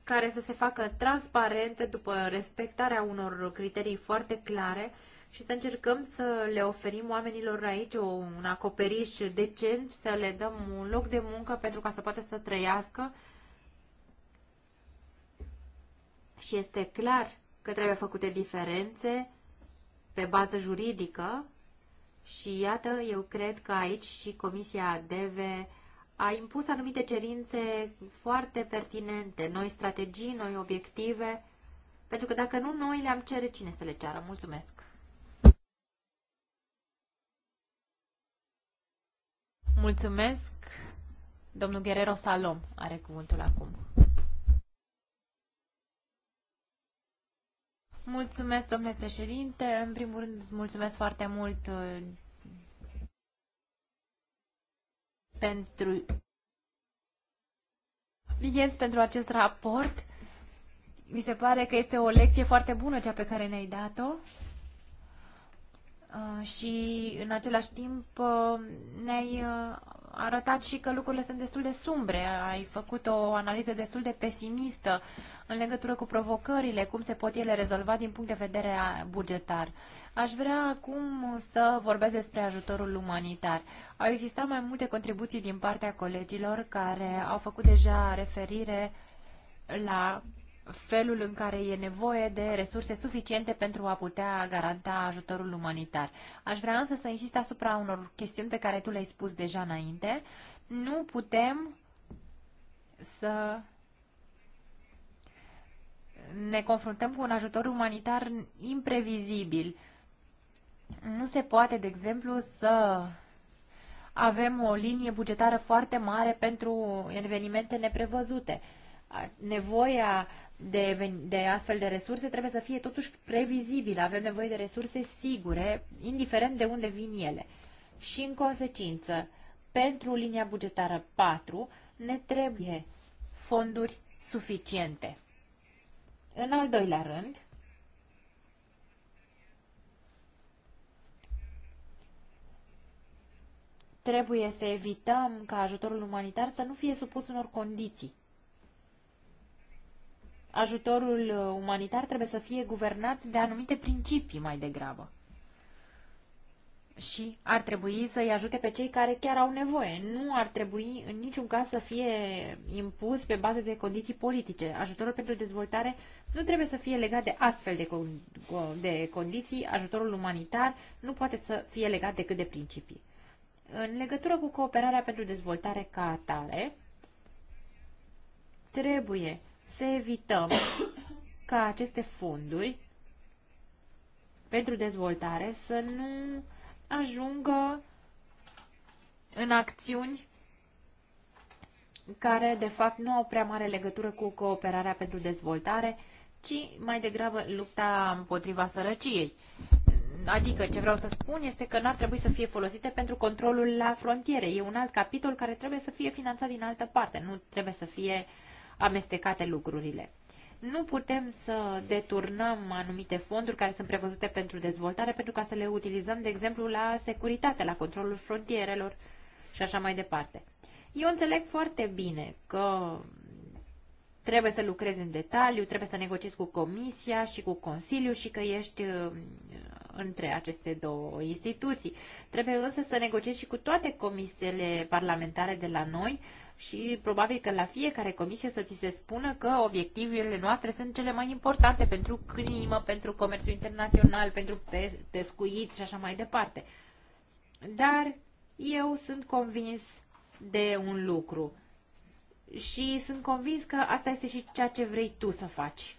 care să se facă transparentă după respectarea unor criterii foarte clare și să încercăm să le oferim oamenilor aici un acoperiș decent, să le dăm un loc de muncă pentru ca să poată să trăiască. Și este clar că trebuie făcute diferențe pe bază juridică și iată, eu cred că aici și Comisia DV a impus anumite cerințe foarte pertinente, noi strategii, noi obiective, pentru că dacă nu noi le-am cere, cine să le ceară? Mulțumesc! Mulțumesc! Domnul Guerrero Salom are cuvântul acum. Mulțumesc, domnule președinte. În primul rând, mulțumesc foarte mult uh, pentru Jens pentru acest raport. Mi se pare că este o lecție foarte bună cea pe care ne-ai dat-o Uh, și în același timp uh, ne-ai uh, arătat și că lucrurile sunt destul de sumbre. Ai făcut o analiză destul de pesimistă în legătură cu provocările, cum se pot ele rezolva din punct de vedere bugetar. Aș vrea acum să vorbesc despre ajutorul umanitar. Au existat mai multe contribuții din partea colegilor care au făcut deja referire la felul în care e nevoie de resurse suficiente pentru a putea garanta ajutorul umanitar. Aș vrea însă să insist asupra unor chestiuni pe care tu le-ai spus deja înainte. Nu putem să ne confruntăm cu un ajutor umanitar imprevizibil. Nu se poate, de exemplu, să avem o linie bugetară foarte mare pentru evenimente neprevăzute. Nevoia de, de astfel de resurse trebuie să fie totuși previzibile. Avem nevoie de resurse sigure, indiferent de unde vin ele. Și în consecință, pentru linia bugetară 4 ne trebuie fonduri suficiente. În al doilea rând, trebuie să evităm ca ajutorul umanitar să nu fie supus unor condiții ajutorul uh, umanitar trebuie să fie guvernat de anumite principii mai degrabă. Și ar trebui să-i ajute pe cei care chiar au nevoie. Nu ar trebui în niciun caz să fie impus pe bază de condiții politice. Ajutorul pentru dezvoltare nu trebuie să fie legat de astfel de, con- de condiții. Ajutorul umanitar nu poate să fie legat decât de principii. În legătură cu cooperarea pentru dezvoltare ca atare, trebuie să evităm ca aceste fonduri pentru dezvoltare să nu ajungă în acțiuni care, de fapt, nu au prea mare legătură cu cooperarea pentru dezvoltare, ci mai degrabă lupta împotriva sărăciei. Adică, ce vreau să spun este că n-ar trebui să fie folosite pentru controlul la frontiere. E un alt capitol care trebuie să fie finanțat din altă parte, nu trebuie să fie uh, amestecate lucrurile. Nu putem să deturnăm anumite fonduri care sunt prevăzute pentru dezvoltare pentru ca să le utilizăm, de exemplu, la securitate, la controlul frontierelor și așa mai departe. Eu înțeleg foarte bine că trebuie să lucrezi în detaliu, trebuie să negociezi cu Comisia și cu Consiliu și că ești între aceste două instituții. Trebuie însă să negociez și cu toate comisiile parlamentare de la noi și probabil că la fiecare comisie o să ți se spună că obiectivele noastre sunt cele mai importante pentru crimă, pentru comerțul internațional, pentru pescuit și așa mai departe. Dar eu sunt convins de un lucru și sunt convins că asta este și ceea ce vrei tu să faci.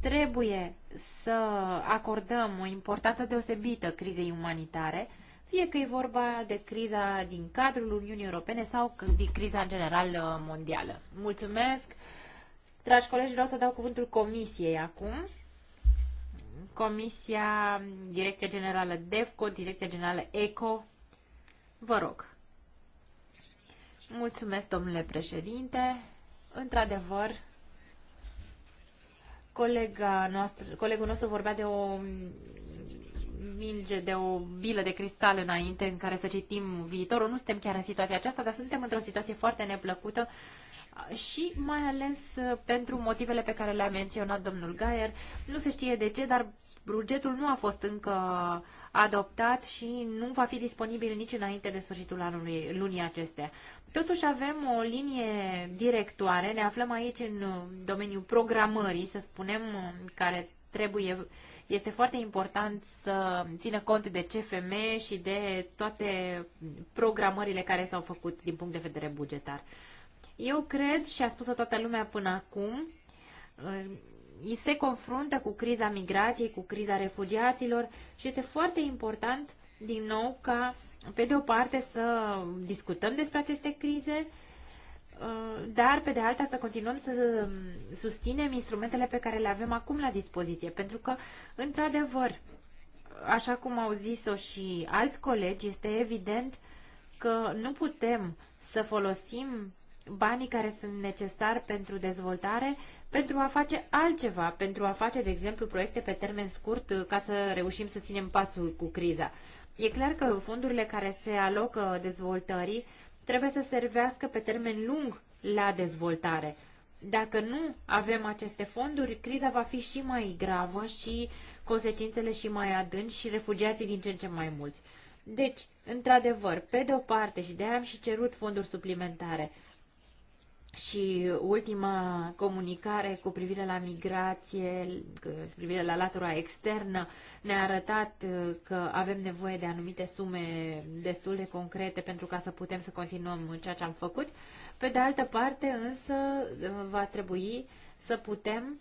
Trebuie să acordăm o importanță deosebită crizei umanitare, fie că e vorba de criza din cadrul Uniunii Europene sau de criza în general uh, mondială. Mulțumesc! Dragi colegi, vreau să dau cuvântul Comisiei acum. Comisia, Direcția Generală DEFCO, Direcția Generală ECO. Vă rog. Mulțumesc, domnule președinte. Într-adevăr, Colega noastră, colegul nostru vorbea de o minge, de o bilă de cristal înainte în care să citim viitorul. Nu suntem chiar în situația aceasta, dar suntem într-o situație foarte neplăcută și mai ales uh, pentru motivele pe care le-a menționat domnul Gaier. Nu se știe de ce, dar bugetul nu a fost încă adoptat și nu va fi disponibil nici înainte de sfârșitul anului, lunii acestea. Totuși avem o linie directoare, ne aflăm aici în uh, domeniul programării, să spunem, uh, care trebuie, este foarte important să țină cont de CFM și de toate programările care s-au făcut din punct de vedere bugetar. Eu cred, și a spus-o toată lumea până acum, îi se confruntă cu criza migrației, cu criza refugiaților și este foarte important din nou ca, pe de o parte, să discutăm despre aceste crize, dar, pe de alta, să continuăm să susținem instrumentele pe care le avem acum la dispoziție. Pentru că, într-adevăr, așa cum au zis-o și alți colegi, este evident că nu putem să folosim banii care sunt necesari pentru dezvoltare pentru a face altceva, pentru a face, de exemplu, proiecte pe termen scurt uh, ca să reușim să ținem pasul cu criza. E clar că fondurile care se alocă dezvoltării trebuie să servească pe termen lung la dezvoltare. Dacă nu avem aceste fonduri, criza va fi și mai gravă și consecințele și mai adânci și refugiații din ce în ce mai mulți. Deci, într-adevăr, pe de o parte, și de-aia am și cerut fonduri suplimentare, și ultima comunicare cu privire la migrație, cu privire la latura externă, ne-a arătat uh, că avem nevoie de anumite sume destul de concrete pentru ca să putem să continuăm ceea ce am făcut. Pe de altă parte, însă, uh, va trebui să putem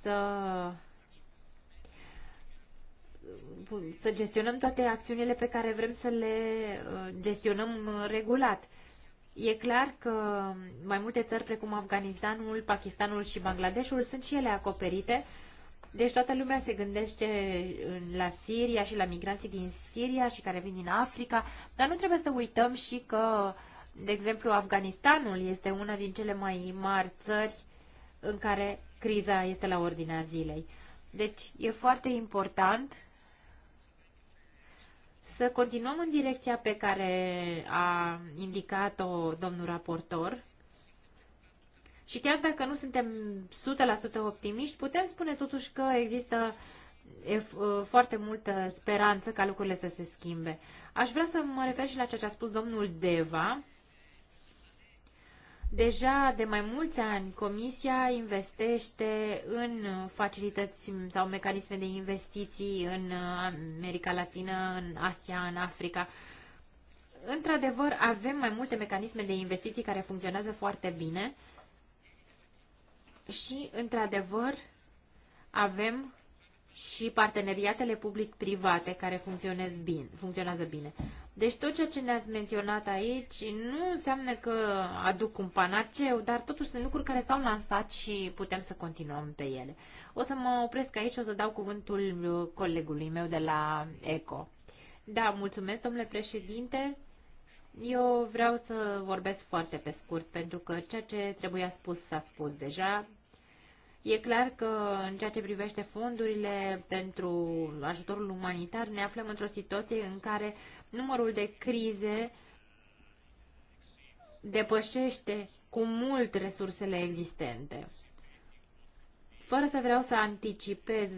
să uh, să gestionăm toate acțiunile pe care vrem să le gestionăm regulat. E clar că mai multe țări precum Afganistanul, Pakistanul și Bangladeshul sunt și ele acoperite, deci toată lumea se gândește la Siria și la migranții din Siria și care vin din Africa, dar nu trebuie să uităm și că, de exemplu, Afganistanul este una din cele mai mari țări în care criza este la ordinea zilei. Deci e foarte important să continuăm în direcția pe care a indicat-o domnul raportor. Și chiar dacă nu suntem 100% optimiști, putem spune totuși că există ă, foarte multă speranță ca lucrurile să se schimbe. Aș vrea să mă refer și la ceea ce a spus domnul Deva, Deja de mai mulți ani Comisia investește în facilități sau mecanisme de investiții în America Latină, în Asia, în Africa. Într-adevăr, avem mai multe mecanisme de investiții care funcționează foarte bine și, într-adevăr, avem și parteneriatele public-private care funcționează bine, funcționează bine. Deci tot ceea ce ne-ați menționat aici nu înseamnă că aduc un panaceu, dar totuși sunt lucruri care s-au lansat și putem să continuăm pe ele. O să mă opresc aici și o să dau cuvântul colegului meu de la ECO. Da, mulțumesc, domnule președinte. Eu vreau să vorbesc foarte pe scurt, pentru că ceea ce trebuia spus s-a spus deja. E clar că în ceea ce privește fondurile pentru ajutorul umanitar ne aflăm într-o situație în care numărul de crize depășește cu mult resursele existente. Fără să vreau să anticipez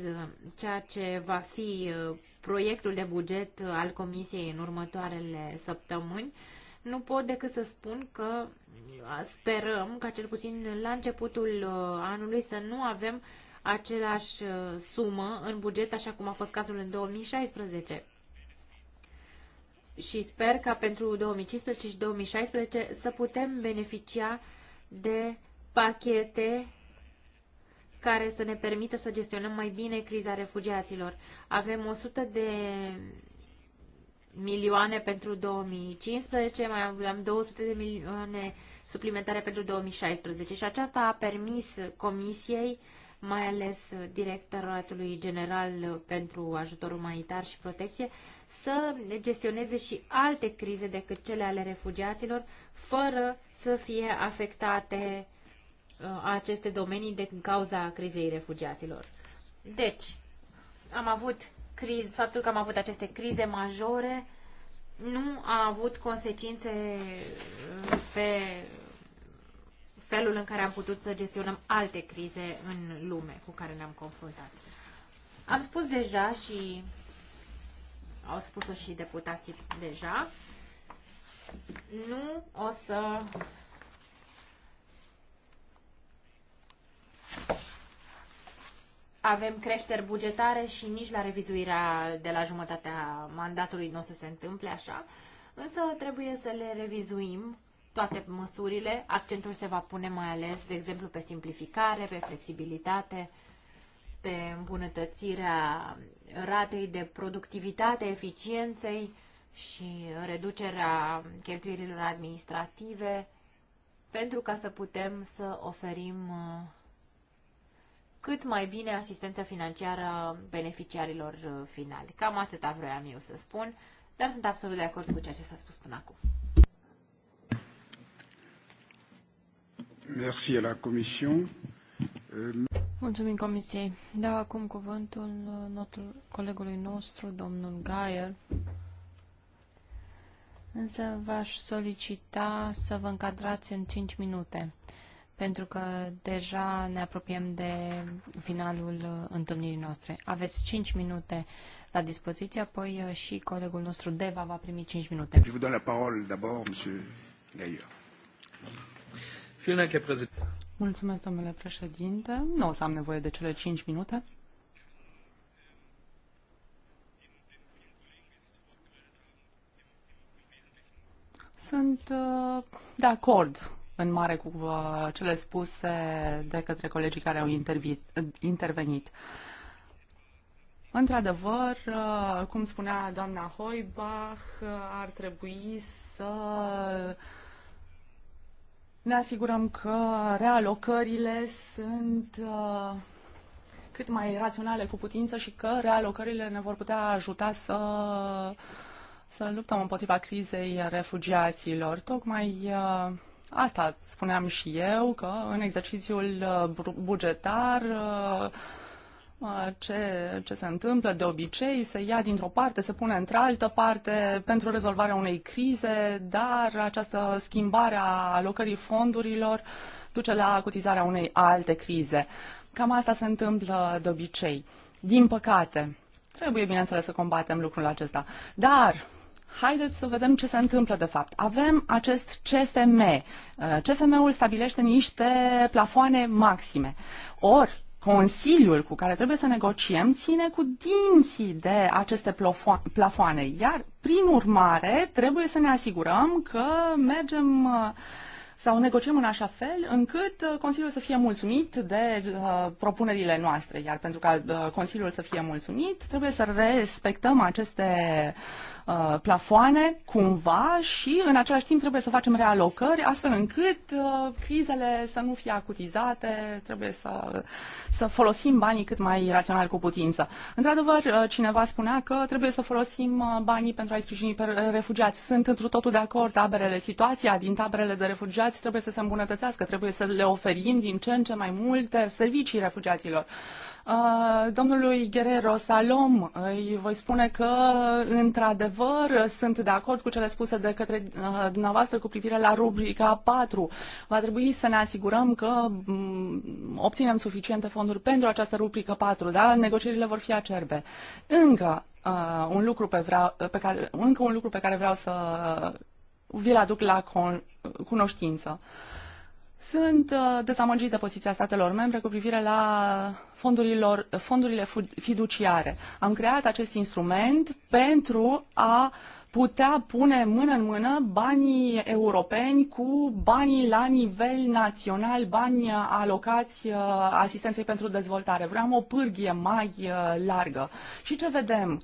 ceea ce va fi uh, proiectul de buget uh, al Comisiei în următoarele săptămâni, nu pot decât să spun că sperăm ca cel puțin la începutul uh, anului să nu avem același uh, sumă în buget, așa cum a fost cazul în 2016. Și sper ca pentru 2015 și 2016 să putem beneficia de pachete care să ne permită să gestionăm mai bine criza refugiaților. Avem 100 de milioane pentru 2015, mai avem 200 de milioane suplimentare pentru 2016 și aceasta a permis Comisiei, mai ales Directoratului General pentru Ajutor Umanitar și Protecție, să gestioneze și alte crize decât cele ale refugiaților, fără să fie afectate uh, aceste domenii din cauza crizei refugiaților. Deci, am avut criz, faptul că am avut aceste crize majore nu a avut consecințe uh, pe felul în care am putut să gestionăm alte crize în lume cu care ne-am confruntat. Am spus deja și au spus-o și deputații deja, nu o să avem creșteri bugetare și nici la revizuirea de la jumătatea mandatului nu o să se întâmple așa, însă trebuie să le revizuim toate măsurile. Accentul se va pune mai ales, de exemplu, pe simplificare, pe flexibilitate, pe îmbunătățirea ratei de productivitate, eficienței și reducerea cheltuielilor administrative pentru ca să putem să oferim uh, cât mai bine asistența financiară beneficiarilor uh, finali. Cam atâta vroiam eu să spun, dar sunt absolut de acord cu ceea ce s-a spus până acum. Merci la Commission. Euh, Mulțumim Comisiei. Da, acum cuvântul uh, notul colegului nostru, domnul Gaier. Însă v-aș solicita să vă încadrați în 5 minute pentru că deja ne apropiem de finalul întâlnirii noastre. Aveți 5 minute la dispoziție, apoi uh, și colegul nostru Deva va primi 5 minute. Je vous donne la parole d'abord, monsieur Gaillard. Mulțumesc, domnule președinte. Nu o să am nevoie de cele 5 minute. Sunt uh, de acord în mare cu uh, cele spuse de către colegii care au intervenit. Într-adevăr, uh, cum spunea doamna Hoibach, uh, ar trebui să ne asigurăm că realocările sunt cât mai raționale cu putință și că realocările ne vor putea ajuta să să luptăm împotriva crizei refugiaților. Tocmai uh, Asta spuneam și eu, că în exercițiul uh, bugetar uh, uh, ce, ce se întâmplă de obicei, se ia dintr-o parte, se pune într-altă parte pentru rezolvarea unei crize, dar această schimbare a alocării fondurilor duce la acutizarea unei alte crize. Cam asta se întâmplă de obicei. Din păcate, trebuie, bineînțeles, să combatem lucrul acesta. Dar Haideți să vedem ce se întâmplă de fapt. Avem acest CFM. Uh, CFM-ul stabilește niște plafoane maxime. Ori, Consiliul cu care trebuie să negociem ține cu dinții de aceste plafoane, iar prin urmare trebuie să ne asigurăm că mergem uh, sau negociem în așa fel încât uh, Consiliul să fie mulțumit de uh, propunerile noastre, iar pentru ca uh, Consiliul să fie mulțumit trebuie să respectăm aceste Uh, plafoane cumva și în același timp trebuie să facem realocări astfel încât uh, crizele să nu fie acutizate, trebuie să, să folosim banii cât mai rațional cu putință. Într-adevăr, uh, cineva spunea că trebuie să folosim uh, banii pentru a-i sprijini pe refugiați. Sunt într totul de acord, taberele, situația din taberele de refugiați trebuie să se îmbunătățească, trebuie să le oferim din ce în ce mai multe servicii refugiaților. Uh, domnului Guerrero Salom, îi voi spune că, într-adevăr, sunt de acord cu cele spuse de către uh, dumneavoastră cu privire la rubrica 4. Va trebui să ne asigurăm că mm, obținem suficiente fonduri pentru această rubrică 4, da? Negocierile vor fi acerbe. Încă, uh, un, lucru pe vreau, pe care, încă un lucru pe care vreau să vi-l aduc la cunoștință. Uh, sunt uh, dezamăgit de poziția statelor membre cu privire la fondurile fiduciare. Am creat acest instrument pentru a uh, putea pune mână în mână banii europeni cu banii la nivel național, bani alocați uh, asistenței pentru dezvoltare. Vreau o pârghie mai uh, largă. Și ce vedem?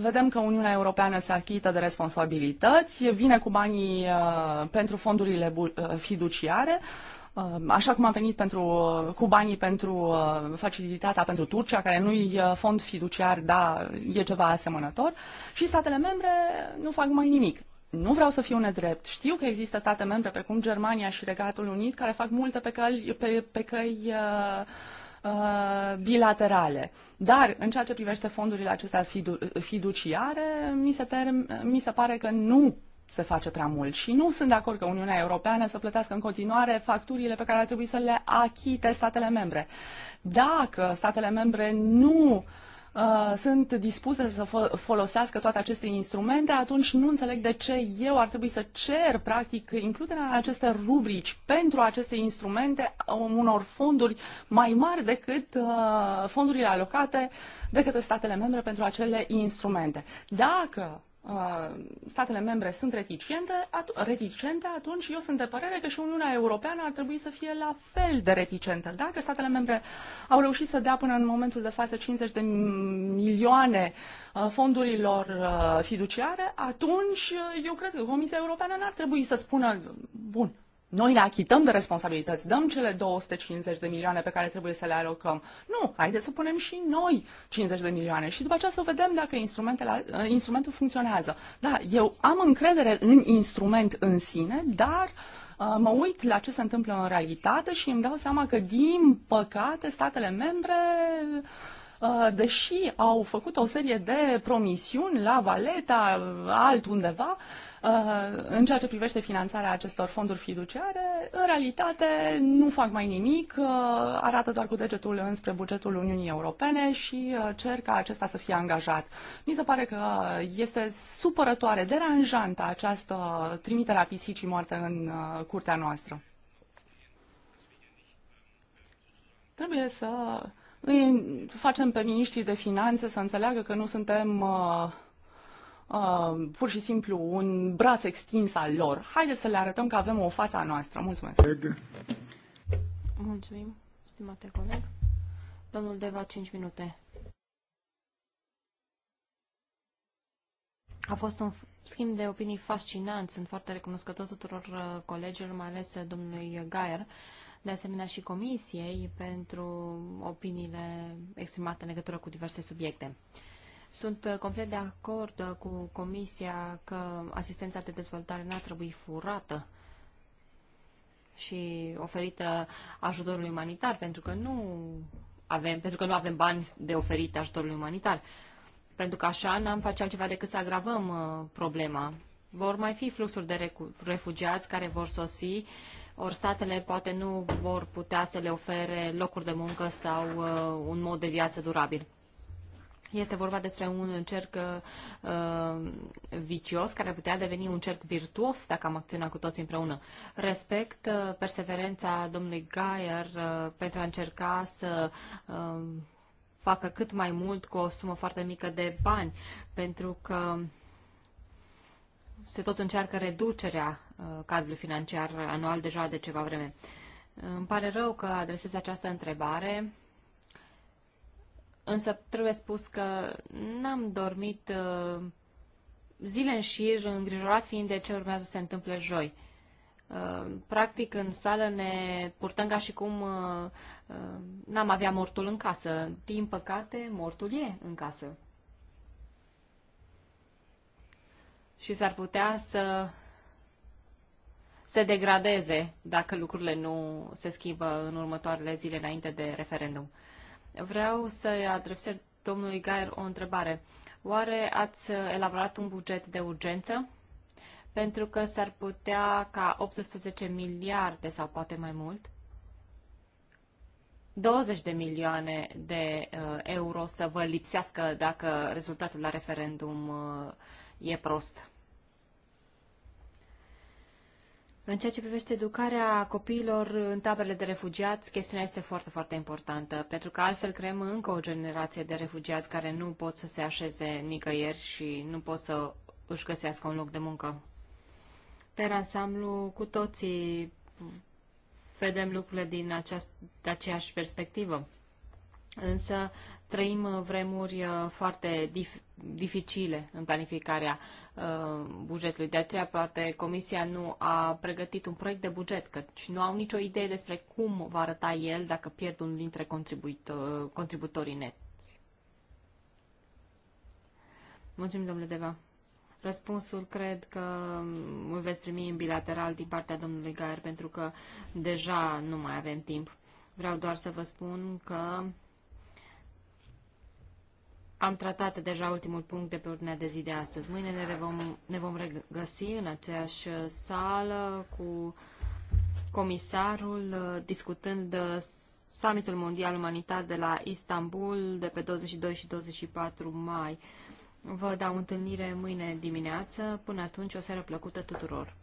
Vedem că Uniunea Europeană se achită de responsabilități, vine cu banii uh, pentru fondurile fiduciare, Ehm, așa cum am venit pentru, uh, cu banii pentru uh, facilitatea pentru Turcia, care nu e uh, fond fiduciar, dar e ceva asemănător, și statele membre nu fac mai nimic. Nu vreau să fiu nedrept. Știu că există state membre precum Germania și Regatul Unit care fac multe pe căi, pe, pe căi uh, bilaterale. Dar în ceea ce privește fondurile acestea fidu- fiduciare, mi se, term, mi se pare că nu se face prea mult și nu sunt de acord că Uniunea Europeană să plătească în continuare facturile pe care ar trebui să le achite statele membre. Dacă statele membre nu uh, sunt dispuse să fo- folosească toate aceste instrumente, atunci nu înțeleg de ce eu ar trebui să cer, practic, includerea în aceste rubrici pentru aceste instrumente unor fonduri mai mari decât uh, fondurile alocate de către statele membre pentru acele instrumente. Dacă Uh, statele membre sunt reticente, at- reticente, atunci eu sunt de părere că și Uniunea Europeană ar trebui să fie la fel de reticentă. Dacă statele membre au reușit să dea până în momentul de față 50 de milioane uh, fondurilor uh, fiduciare, atunci eu cred că Comisia Europeană n-ar trebui să spună, bun, noi le achităm de responsabilități, dăm cele 250 de milioane pe care trebuie să le alocăm. Nu, haideți să punem și noi 50 de milioane și după aceea să vedem dacă instrumentele, uh, instrumentul funcționează. Da, eu am încredere în instrument în sine, dar uh, mă uit la ce se întâmplă în realitate și îmi dau seama că, din păcate, statele membre uh, Uh, deși au făcut o serie de promisiuni la Valeta, altundeva, uh, în ceea ce privește finanțarea acestor fonduri fiduciare, în realitate nu fac mai nimic, uh, arată doar cu degetul înspre bugetul Uniunii Europene și cer ca acesta să fie angajat. Mi se pare că este supărătoare, deranjantă această trimitere a pisicii moarte în curtea noastră. Trebuie să îi facem pe miniștrii de finanțe să înțeleagă că nu suntem uh, uh, pur și simplu un braț extins al lor. Haideți să le arătăm că avem o față a noastră. Mulțumesc! Mulțumim, stimate coleg. Domnul Deva, 5 minute. A fost un schimb de opinii fascinant. Sunt foarte recunoscător tuturor uh, colegilor, mai ales uh, domnului Gaier. Uh, de asemenea și Comisiei pentru opiniile exprimate în legătură cu diverse subiecte. Sunt uh, complet de acord uh, cu Comisia că asistența de dezvoltare n-ar trebui furată și oferită ajutorului umanitar, pentru că nu avem, pentru că nu avem bani de oferit ajutorului umanitar. Pentru că așa n-am face altceva decât să agravăm uh, problema. Vor mai fi fluxuri de refugiați care vor sosi ori statele poate nu vor putea să le ofere locuri de muncă sau uh, un mod de viață durabil. Este vorba despre un cerc uh, vicios care ar putea deveni un cerc virtuos dacă am acționa cu toți împreună. Respect uh, perseverența domnului Gaier uh, pentru a încerca să uh, facă cât mai mult cu o sumă foarte mică de bani, pentru că uh, se tot încearcă reducerea uh, cadrului financiar anual deja de ceva vreme. Îmi pare rău că adresez această întrebare, însă trebuie spus că n-am dormit uh, zile în șir, îngrijorat fiind de ce urmează să se întâmple joi. Uh, practic, în sală ne purtăm ca și cum n-am avea mortul în casă. Din păcate, mortul e în casă. și s-ar putea să se degradeze dacă lucrurile nu se schimbă în următoarele zile înainte de referendum. Vreau să adresez domnului Gair o întrebare. Oare ați elaborat un buget de urgență? Pentru că s-ar putea ca 18 miliarde sau poate mai mult, 20 de milioane de uh, euro să vă lipsească dacă rezultatul la referendum uh, e prost. În ceea ce privește educarea copiilor în taberele de refugiați, chestiunea este foarte, foarte importantă, pentru că altfel creăm încă o generație de refugiați care nu pot să se așeze nicăieri și nu pot să își găsească un loc de muncă. Pe ansamblu, cu toții vedem lucrurile din aceeași perspectivă. Însă Trăim vremuri uh, foarte dif- dificile în planificarea uh, bugetului. De aceea, poate, Comisia nu a pregătit un proiect de buget, căci nu au nicio idee despre cum va arăta el dacă pierd unul dintre contribuito- uh, contributorii neți. Mulțumim, domnule Deva. Răspunsul cred că um, îl veți primi în bilateral din partea domnului Gaer, pentru că deja nu mai avem timp. Vreau doar să vă spun că am tratat deja ultimul punct de pe ordinea de zi de astăzi. Mâine ne vom, ne vom regăsi în aceeași uh, sală cu comisarul uh, discutând uh, summitul mondial umanitar de la Istanbul de pe 22 și 24 mai. Vă dau întâlnire mâine dimineață. Până atunci, o seară plăcută tuturor!